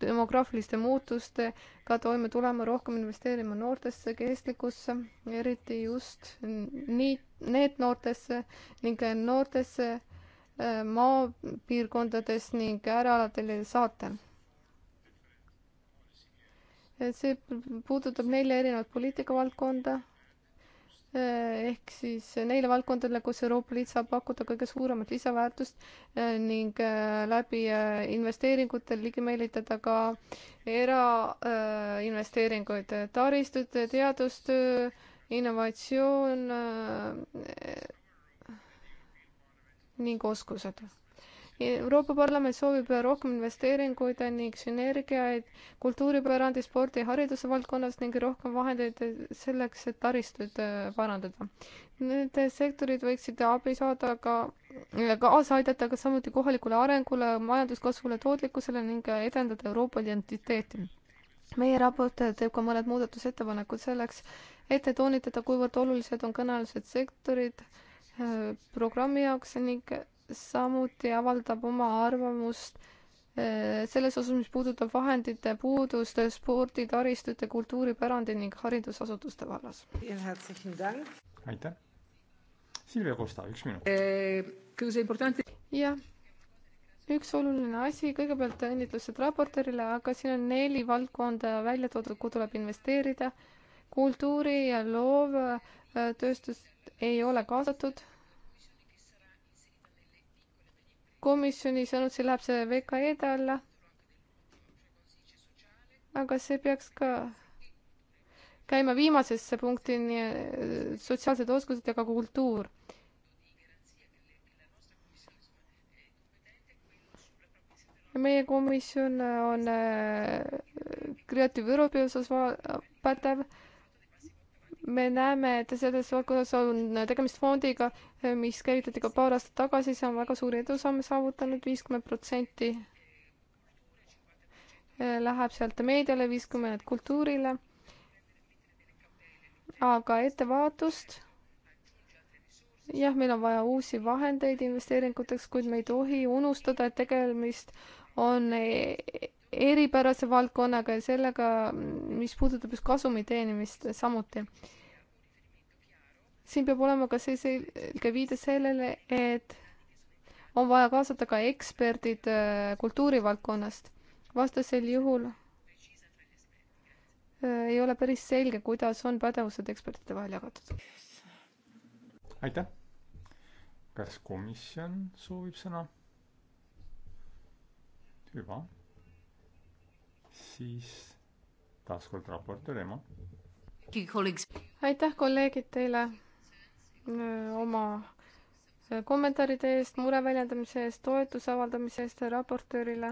demograafiliste muutustega toime tulema, rohkem investeerima noortesse kestlikkusse, eriti just nii, NEET noortesse ning noortesse Äh, maapiirkondades ning äärealadel ja saatel. see puudutab nelja erinevat poliitikavaldkonda äh, ehk siis neile valdkondadele, kus Euroopa Liit saab pakkuda kõige suuremat lisaväärtust äh, ning läbi investeeringute ligi meelitada ka erainvesteeringuid, taristud, teadustöö, innovatsioon ning oskused. Euroopa Parlament soovib rohkem investeeringuid ning sünergiaid kultuuripärandi, spordi ja hariduse valdkonnas ning rohkem vahendeid selleks, et taristuid äh, parandada. Need sektorid võiksid abi saada ka, kaasa aidata ka samuti kohalikule arengule, majanduskasvule, tootlikkusele ning edendada Euroopa identiteeti meie raport teeb ka mõned muudatusettepanekud selleks, et toonitada, kuivõrd olulised on kõnealused sektorid programmi jaoks ning samuti avaldab oma arvamust eh, selles osas, mis puudutab vahendite puudust spordi, taristute, kultuuripärandi ning haridusasutuste vallas. aitäh. Silvia Kosta, üks minut. Eh, jah, üks oluline asi, kõigepealt õnnitlused raportöörile, aga siin on neli valdkonda välja toodud, kuhu tuleb investeerida. kultuuri ja loovtööstust ei ole kaasatud komisjoni sõnutsi läheb see VKE-de alla. aga see peaks ka käima viimasesse punktini, äh, sotsiaalsed oskused ja ka kultuur. meie komisjon on äh, Creative Europe'i osas pädev me näeme, et selles valdkonnas on tegemist fondiga, mis käivitati ka paar aastat tagasi, see on väga suuri edusamme saavutanud, viiskümmend protsenti läheb sealt meediale, viiskümmend kultuurile. aga ettevaatust. jah, meil on vaja uusi vahendeid investeeringuteks, kuid me ei tohi unustada, et tegemist on e-, eripärase valdkonnaga ja sellega, mis puudutab just kasumi teenimist samuti siin peab olema ka see selge viide sellele, et on vaja kaasata ka eksperdid äh, kultuurivaldkonnast. vastasel juhul äh, ei ole päris selge, kuidas on pädevused ekspertide vahel jagatud. aitäh. kas komisjon soovib sõna? hüva. siis taaskord raportöör Ema. aitäh, kolleegid, teile Äh, oma äh, kommentaaride eest, mure väljendamise eest, toetuse avaldamise eest raportöörile.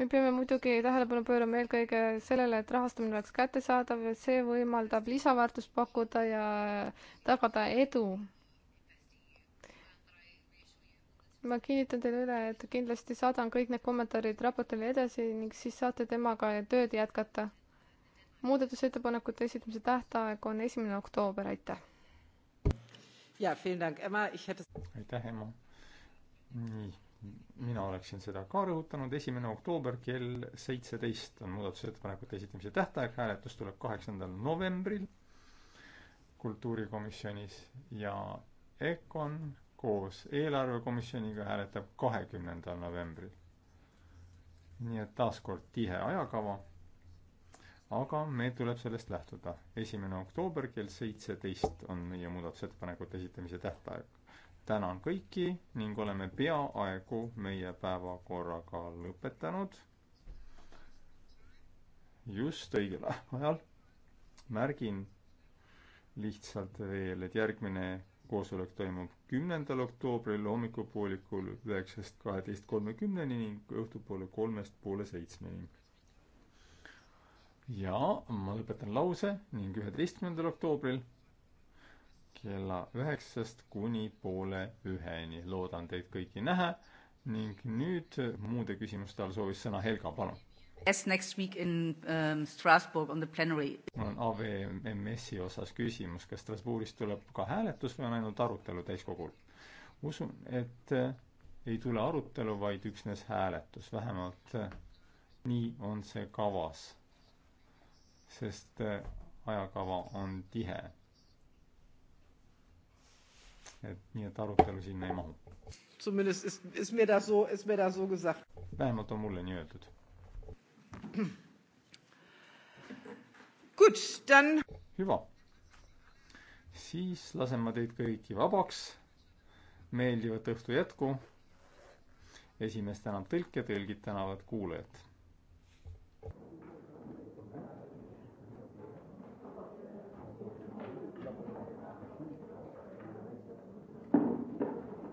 me peame muidugi tähelepanu pöörama eelkõige sellele, et rahastamine oleks kättesaadav ja see võimaldab lisaväärtust pakkuda ja äh, tagada edu. ma kinnitan teile üle, et kindlasti saadan kõik need kommentaarid raportile edasi ning siis saate temaga tööd jätkata muudatusettepanekute esitamise tähtaeg on esimene oktoober, aitäh! aitäh, Emma! nii, mina oleksin seda ka rõhutanud, esimene oktoober kell seitseteist on muudatusettepanekute esitamise tähtaeg, hääletus tuleb kaheksandal novembril kultuurikomisjonis ja EKON koos eelarvekomisjoniga hääletab kahekümnendal novembril. nii et taaskord tihe ajakava aga meil tuleb sellest lähtuda. esimene oktoober kell seitseteist on meie muudatusettepanekute esitamise tähtaeg. tänan kõiki ning oleme peaaegu meie päevakorraga lõpetanud. just õigel ajal. märgin lihtsalt veel, et järgmine koosolek toimub kümnendal oktoobril hommikupoolikul üheksast kaheteist kolmekümneni ning õhtupoole kolmest poole seitsmeni ja ma lõpetan lause ning üheteistkümnendal oktoobril kella üheksast kuni poole üheni loodan teid kõiki näha ning nüüd muude küsimuste all soovis sõna Helga, palun. Yes, next week in um, Strasbourg on the plenary. mul on AVMS-i osas küsimus, kas Strasbourgis tuleb ka hääletus või on ainult arutelu täiskogul? usun, et äh, ei tule arutelu, vaid üksnes hääletus, vähemalt äh, nii on see kavas sest äh, ajakava on tihe. et nii, et arutelu sinna ei mahu. Zumindest ist, ist mir das so, ist mir das so gesagt. vähemalt on mulle nii öeldud. Gut, dann. hüva. siis lasen ma teid kõiki vabaks. meeldivat õhtu jätku. esimees tänab tõlke, tõlgid tänavad kuulajat